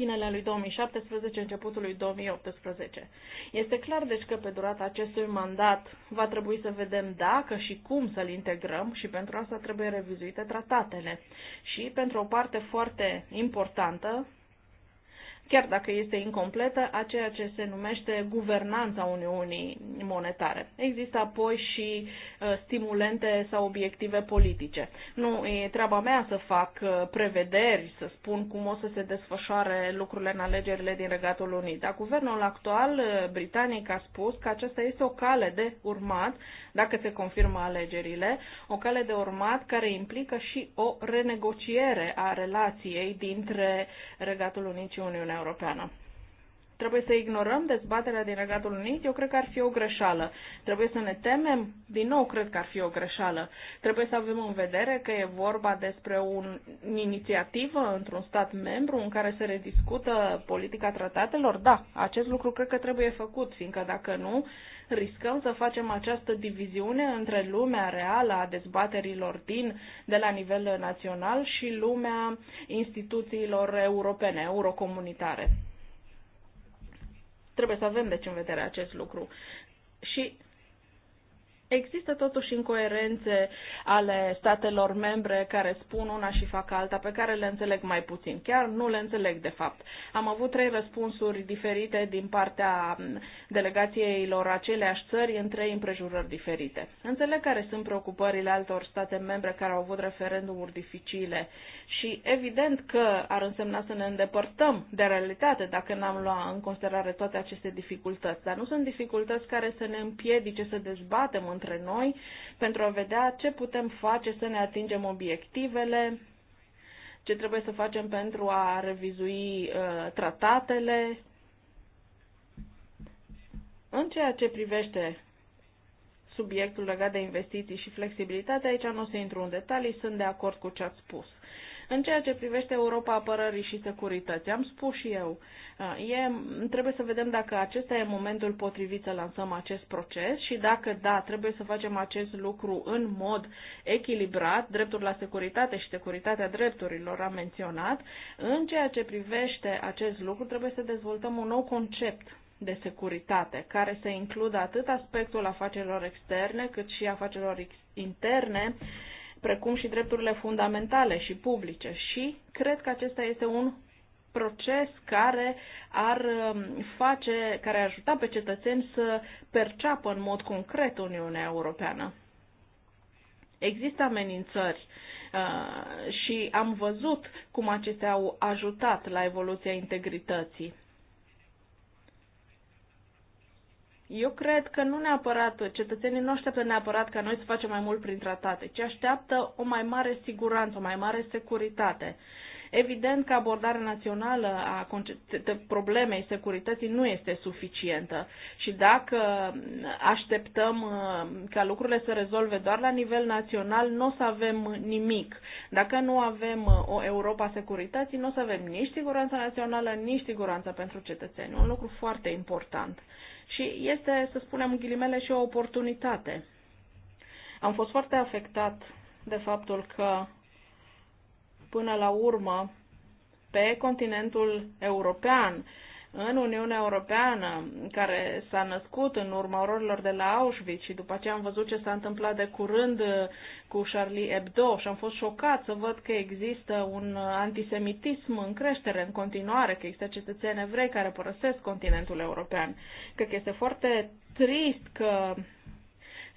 finele lui 2017, începutul lui 2018. Este clar, deci, că pe durata acestui mandat va trebui să vedem dacă și cum să-l integrăm și pentru asta trebuie revizuite tratatele. Și, pentru o parte foarte importantă, chiar dacă este incompletă, a ceea ce se numește guvernanța Uniunii Monetare. Există apoi și uh, stimulente sau obiective politice. Nu e treaba mea să fac uh, prevederi, să spun cum o să se desfășoare lucrurile în alegerile din Regatul Unit, dar guvernul actual uh, britanic a spus că aceasta este o cale de urmat, dacă se confirmă alegerile, o cale de urmat care implică și o renegociere a relației dintre Regatul Unit și Uniunea Europeană. Trebuie să ignorăm dezbaterea din Regatul Unit? Eu cred că ar fi o greșeală. Trebuie să ne temem? Din nou, cred că ar fi o greșeală. Trebuie să avem în vedere că e vorba despre un, o inițiativă într-un stat membru în care se rediscută politica tratatelor? Da, acest lucru cred că trebuie făcut, fiindcă dacă nu, riscăm să facem această diviziune între lumea reală a dezbaterilor din, de la nivel național și lumea instituțiilor europene, eurocomunitare. Trebuie să avem deci în vedere acest lucru. Și Există totuși incoerențe ale statelor membre care spun una și fac alta, pe care le înțeleg mai puțin. Chiar nu le înțeleg, de fapt. Am avut trei răspunsuri diferite din partea delegațiilor aceleași țări în trei împrejurări diferite. Înțeleg care sunt preocupările altor state membre care au avut referendumuri dificile și evident că ar însemna să ne îndepărtăm de realitate dacă n-am luat în considerare toate aceste dificultăți. Dar nu sunt dificultăți care să ne împiedice să dezbatem în între noi pentru a vedea ce putem face să ne atingem obiectivele, ce trebuie să facem pentru a revizui uh, tratatele. În ceea ce privește subiectul legat de investiții și flexibilitate, aici nu o să intru în detalii, sunt de acord cu ce ați spus. În ceea ce privește Europa apărării și securității, am spus și eu Uh, e, trebuie să vedem dacă acesta e momentul potrivit să lansăm acest proces și dacă da, trebuie să facem acest lucru în mod echilibrat, dreptul la securitate și securitatea drepturilor am menționat. În ceea ce privește acest lucru, trebuie să dezvoltăm un nou concept de securitate, care să includă atât aspectul afacerilor externe, cât și afacerilor interne, precum și drepturile fundamentale și publice. Și cred că acesta este un proces care ar um, face, care ar ajuta pe cetățeni să perceapă în mod concret Uniunea Europeană. Există amenințări uh, și am văzut cum acestea au ajutat la evoluția integrității. Eu cred că nu neapărat, cetățenii nu așteaptă neapărat ca noi să facem mai mult prin tratate, ci așteaptă o mai mare siguranță, o mai mare securitate. Uh, Evident că abordarea națională a problemei securității nu este suficientă și dacă așteptăm uh, ca lucrurile să rezolve doar la nivel național, nu o să avem nimic. Dacă nu avem uh, o Europa a securității, nu o să avem nici siguranța națională, nici siguranța pentru cetățeni. Un lucru foarte important. Și este, să spunem în ghilimele, și o oportunitate. Am fost foarte afectat de faptul că până la urmă pe continentul european, în Uniunea Europeană, care s-a născut în urma ororilor de la Auschwitz și după aceea am văzut ce s-a întâmplat de curând uh, cu Charlie Hebdo și am fost șocat să văd că există un uh, antisemitism în creștere în continuare, că există cetățeni evrei care părăsesc continentul european. Cred că este foarte trist că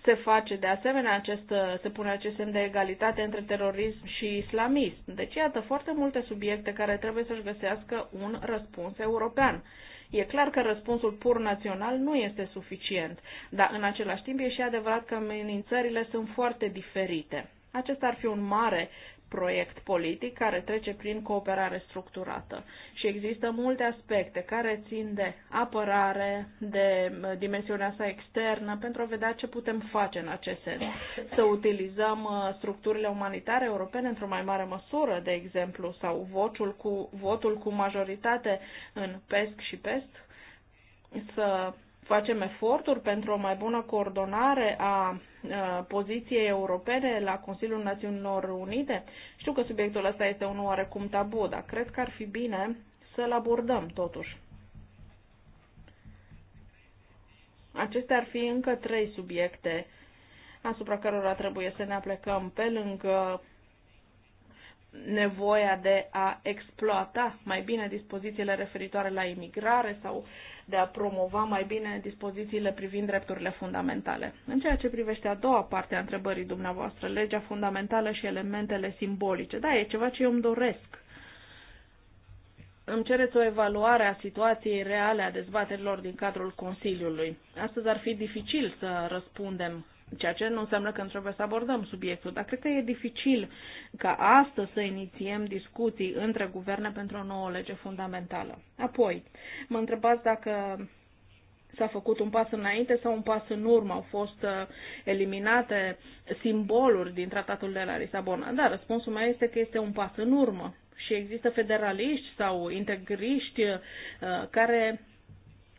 se face de asemenea acest, se pune acest semn de egalitate între terorism și islamism. Deci, iată, foarte multe subiecte care trebuie să-și găsească un răspuns european. E clar că răspunsul pur național nu este suficient, dar în același timp e și adevărat că amenințările sunt foarte diferite. Acesta ar fi un mare proiect politic care trece prin cooperare structurată. Și există multe aspecte care țin de apărare, de uh, dimensiunea sa externă, pentru a vedea ce putem face în acest sens. Să utilizăm uh, structurile umanitare europene într-o mai mare măsură, de exemplu, sau votul cu, votul cu majoritate în PESC și PESC, să facem eforturi pentru o mai bună coordonare a poziției europene la Consiliul Națiunilor Unite? Știu că subiectul ăsta este unul oarecum tabu, dar cred că ar fi bine să-l abordăm totuși. Acestea ar fi încă trei subiecte asupra cărora trebuie să ne aplecăm pe lângă nevoia de a exploata mai bine dispozițiile referitoare la imigrare sau de a promova mai bine dispozițiile privind drepturile fundamentale. În ceea ce privește a doua parte a întrebării dumneavoastră, legea fundamentală și elementele simbolice, da, e ceva ce eu îmi doresc. Îmi cereți o evaluare a situației reale a dezbaterilor din cadrul Consiliului. Astăzi ar fi dificil să răspundem Ceea ce nu înseamnă că nu trebuie să abordăm subiectul, dar cred că e dificil ca astăzi să inițiem discuții între guverne pentru o nouă lege fundamentală. Apoi, mă întrebați dacă s-a făcut un pas înainte sau un pas în urmă, au fost uh, eliminate simboluri din tratatul de la Lisabona. Da, răspunsul meu este că este un pas în urmă și există federaliști sau integriști uh, care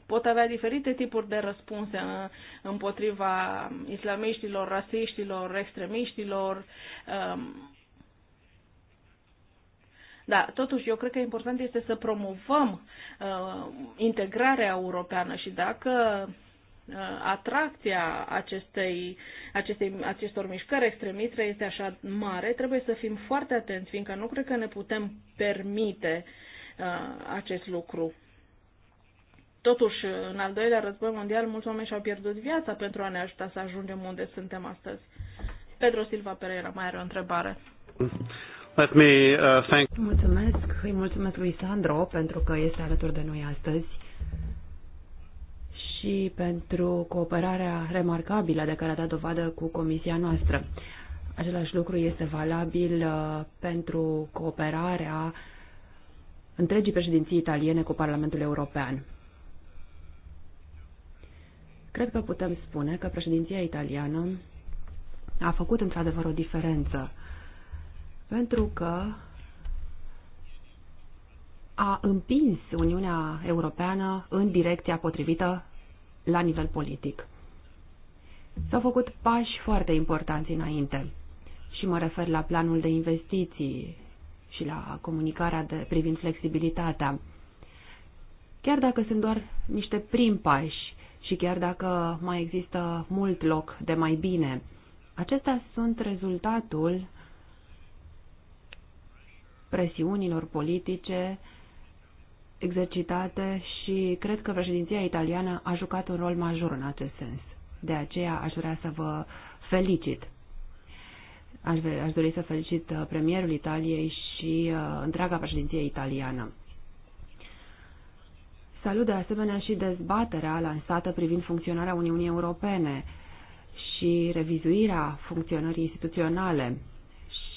pot avea diferite tipuri de răspunse uh, împotriva islamiștilor, rasiștilor, extremiștilor. Um, da, totuși eu cred că important este să promovăm uh, integrarea europeană și dacă uh, atracția acestei, acestei, acestor mișcări extremiste este așa mare, trebuie să fim foarte atenți, fiindcă nu cred că ne putem permite uh, acest lucru. Totuși, în al doilea război mondial, mulți oameni și-au pierdut viața pentru a ne ajuta să ajungem unde suntem astăzi. Pedro Silva Pereira mai are o întrebare. Let me, uh, thank... Mulțumesc, îi mulțumesc lui Sandro pentru că este alături de noi astăzi și pentru cooperarea remarcabilă de care a dat dovadă cu comisia noastră. Același lucru este valabil uh, pentru cooperarea întregii președinții italiene cu Parlamentul European. Cred că putem spune că președinția italiană a făcut într-adevăr o diferență, pentru că a împins Uniunea Europeană în direcția potrivită la nivel politic. S-au făcut pași foarte importanți înainte și mă refer la planul de investiții și la comunicarea de, privind flexibilitatea. Chiar dacă sunt doar niște prim pași, și chiar dacă mai există mult loc de mai bine. Acestea sunt rezultatul presiunilor politice exercitate și cred că președinția italiană a jucat un rol major în acest sens. De aceea aș vrea să vă felicit. Aș, aș dori să felicit uh, premierul Italiei și uh, întreaga președinție italiană. Salut de asemenea și dezbaterea lansată privind funcționarea Uniunii Europene și revizuirea funcționării instituționale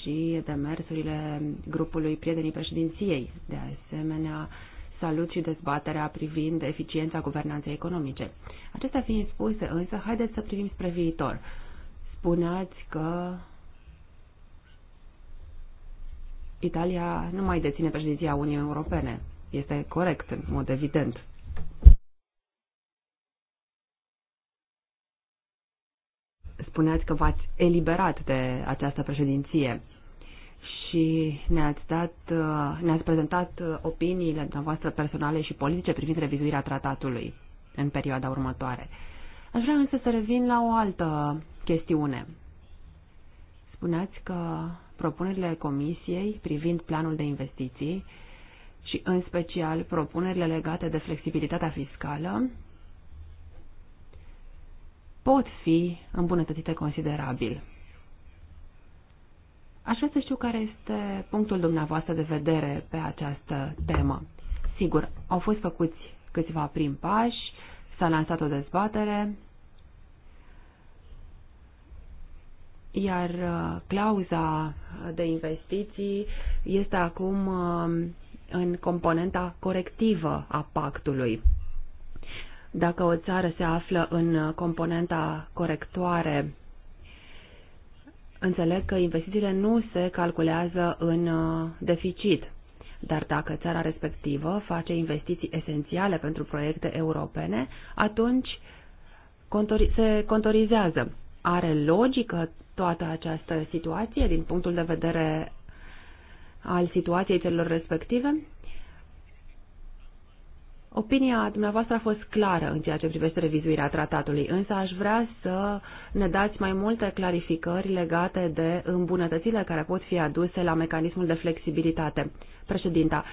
și demersurile grupului Prietenii Președinției. De asemenea, salut și dezbaterea privind eficiența guvernanței economice. Acestea fiind spuse, însă, haideți să privim spre viitor. Spuneați că Italia nu mai deține președinția Uniunii Europene este corect, în mod evident. Spuneați că v-ați eliberat de această președinție și ne-ați, dat, uh, ne-ați prezentat uh, opiniile dumneavoastră personale și politice privind revizuirea tratatului în perioada următoare. Aș vrea însă să revin la o altă chestiune. Spuneați că propunerile Comisiei privind planul de investiții și în special propunerile legate de flexibilitatea fiscală pot fi îmbunătățite considerabil. Aș vrea să știu care este punctul dumneavoastră de vedere pe această temă. Sigur, au fost făcuți câțiva prim pași, s-a lansat o dezbatere, iar uh, clauza de investiții este acum uh, în componenta corectivă a pactului. Dacă o țară se află în componenta corectoare, înțeleg că investițiile nu se calculează în uh, deficit, dar dacă țara respectivă face investiții esențiale pentru proiecte europene, atunci contori, se contorizează. Are logică toată această situație din punctul de vedere al situației celor respective? Opinia dumneavoastră a fost clară în ceea ce privește revizuirea tratatului, însă aș vrea să ne dați mai multe clarificări legate de îmbunătățile care pot fi aduse la mecanismul de flexibilitate. Președinta,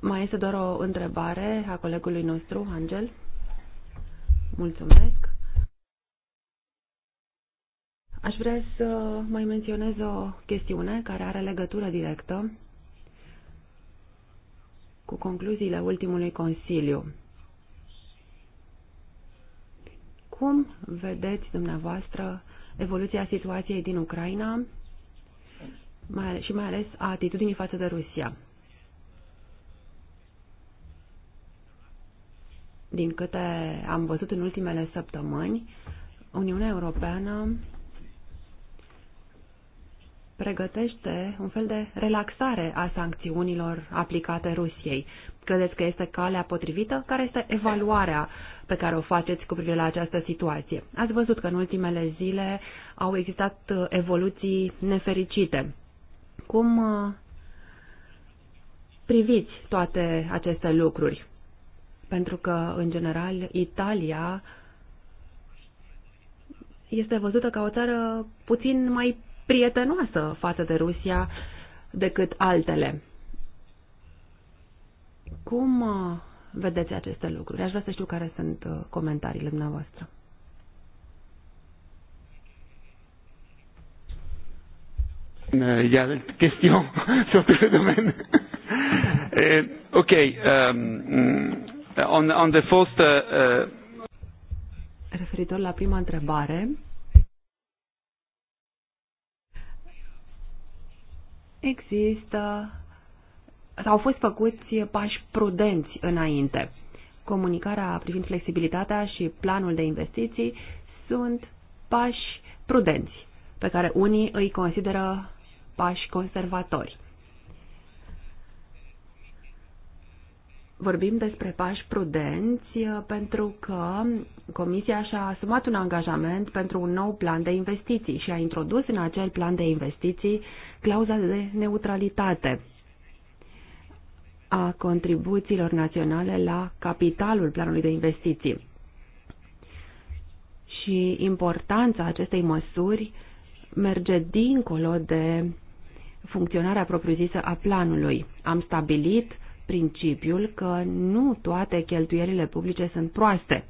mai este doar o întrebare a colegului nostru, Angel? Mulțumesc. Aș vrea să mai menționez o chestiune care are legătură directă cu concluziile ultimului Consiliu. Cum vedeți dumneavoastră evoluția situației din Ucraina mai, și mai ales a atitudinii față de Rusia? Din câte am văzut în ultimele săptămâni, Uniunea Europeană pregătește un fel de relaxare a sancțiunilor aplicate Rusiei. Credeți că este calea potrivită? Care este evaluarea pe care o faceți cu privire la această situație? Ați văzut că în ultimele zile au existat uh, evoluții nefericite. Cum uh, priviți toate aceste lucruri? Pentru că, în general, Italia este văzută ca o țară puțin mai prietenoasă față de Rusia decât altele. Cum uh, vedeți aceste lucruri? Aș vrea să știu care sunt uh, comentariile dumneavoastră. Il y a des questions ok. Um, mm, on, on the first, uh, uh Referitor la prima întrebare, există sau au fost făcuți pași prudenți înainte. Comunicarea privind flexibilitatea și planul de investiții sunt pași prudenți, pe care unii îi consideră pași conservatori. vorbim despre pași prudenți uh, pentru că Comisia și-a asumat un angajament pentru un nou plan de investiții și a introdus în acel plan de investiții clauza de neutralitate a contribuțiilor naționale la capitalul planului de investiții. Și importanța acestei măsuri merge dincolo de funcționarea propriu-zisă a planului. Am stabilit principiul că nu toate cheltuielile publice sunt proaste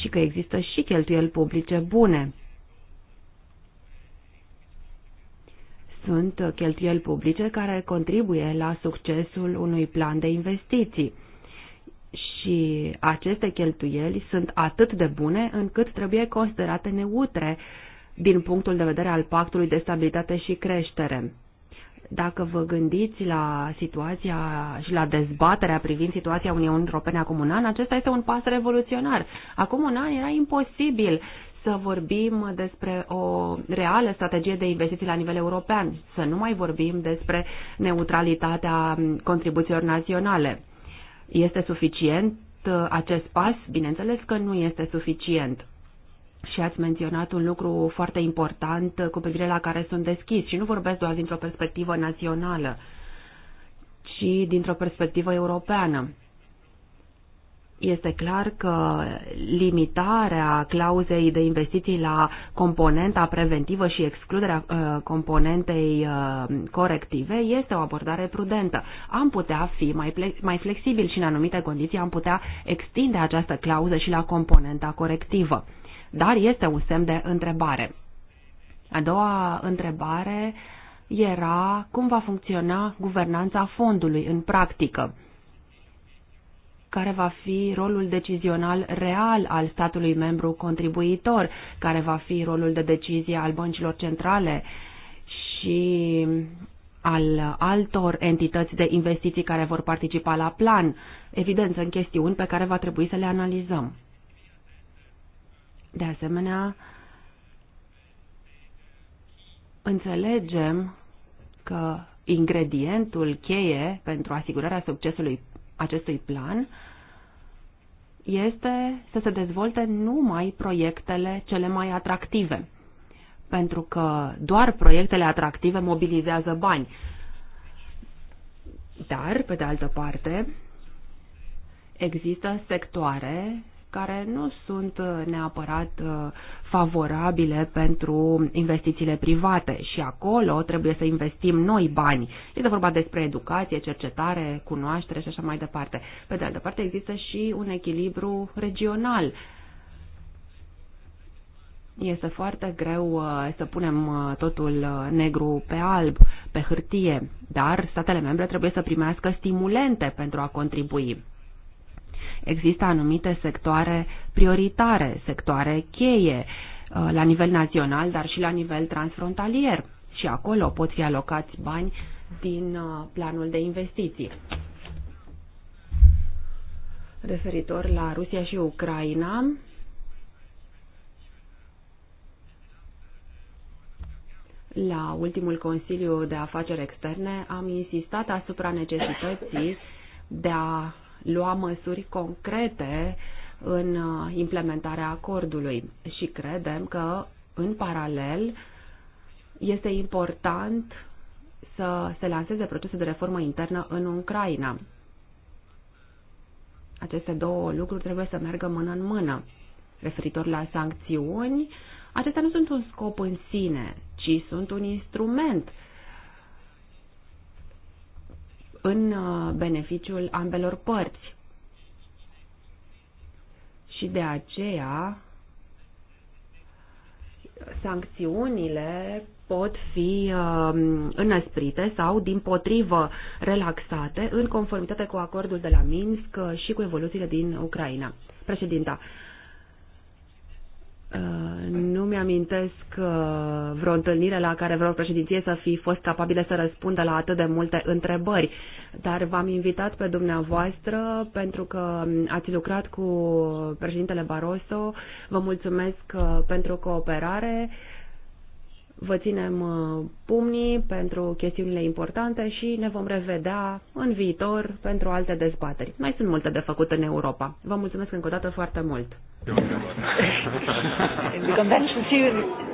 și că există și cheltuieli publice bune. Sunt cheltuieli publice care contribuie la succesul unui plan de investiții și aceste cheltuieli sunt atât de bune încât trebuie considerate neutre din punctul de vedere al Pactului de Stabilitate și Creștere. Dacă vă gândiți la situația și la dezbaterea privind situația Uniunii Europene acum un an, acesta este un pas revoluționar. Acum un an era imposibil să vorbim despre o reală strategie de investiții la nivel european, să nu mai vorbim despre neutralitatea contribuțiilor naționale. Este suficient uh, acest pas? Bineînțeles că nu este suficient și ați menționat un lucru foarte important cu privire la care sunt deschis și nu vorbesc doar dintr-o perspectivă națională, ci dintr-o perspectivă europeană. Este clar că limitarea clauzei de investiții la componenta preventivă și excluderea uh, componentei uh, corective este o abordare prudentă. Am putea fi mai, flex- mai flexibil și în anumite condiții am putea extinde această clauză și la componenta corectivă dar este un semn de întrebare. A doua întrebare era cum va funcționa guvernanța fondului în practică, care va fi rolul decizional real al statului membru contribuitor, care va fi rolul de decizie al băncilor centrale și al altor entități de investiții care vor participa la plan, evident, în chestiuni pe care va trebui să le analizăm. De asemenea, înțelegem că ingredientul cheie pentru asigurarea succesului acestui plan este să se dezvolte numai proiectele cele mai atractive, pentru că doar proiectele atractive mobilizează bani. Dar, pe de altă parte, există sectoare care nu sunt uh, neapărat uh, favorabile pentru investițiile private și acolo trebuie să investim noi bani. Este vorba despre educație, cercetare, cunoaștere și așa mai departe. Pe de altă parte există și un echilibru regional este foarte greu uh, să punem totul negru pe alb, pe hârtie, dar statele membre trebuie să primească stimulente pentru a contribui. Există anumite sectoare prioritare, sectoare cheie uh, la nivel național, dar și la nivel transfrontalier. Și acolo pot fi alocați bani din uh, planul de investiții. Referitor la Rusia și Ucraina, La ultimul Consiliu de Afaceri Externe am insistat asupra necesității de a lua măsuri concrete în uh, implementarea acordului și credem că, în paralel, este important să se lanseze procesul de reformă internă în Ucraina. Aceste două lucruri trebuie să meargă mână în mână. Referitor la sancțiuni, acestea nu sunt un scop în sine, ci sunt un instrument uh, în uh, beneficiul ambelor părți. Și de aceea sancțiunile pot fi uh, înăsprite sau, din potrivă, relaxate în conformitate cu acordul de la Minsk și cu evoluțiile din Ucraina. Președinta, Uh, nu mi-amintesc uh, vreo întâlnire la care vreo președinție să fi fost capabile să răspundă la atât de multe întrebări, dar v-am invitat pe dumneavoastră pentru că ați lucrat cu președintele Barroso. Vă mulțumesc uh, pentru cooperare Vă ținem uh, pumnii pentru chestiunile importante și ne vom revedea în viitor pentru alte dezbateri. Mai sunt multe de făcut în Europa. Vă mulțumesc încă o dată foarte mult.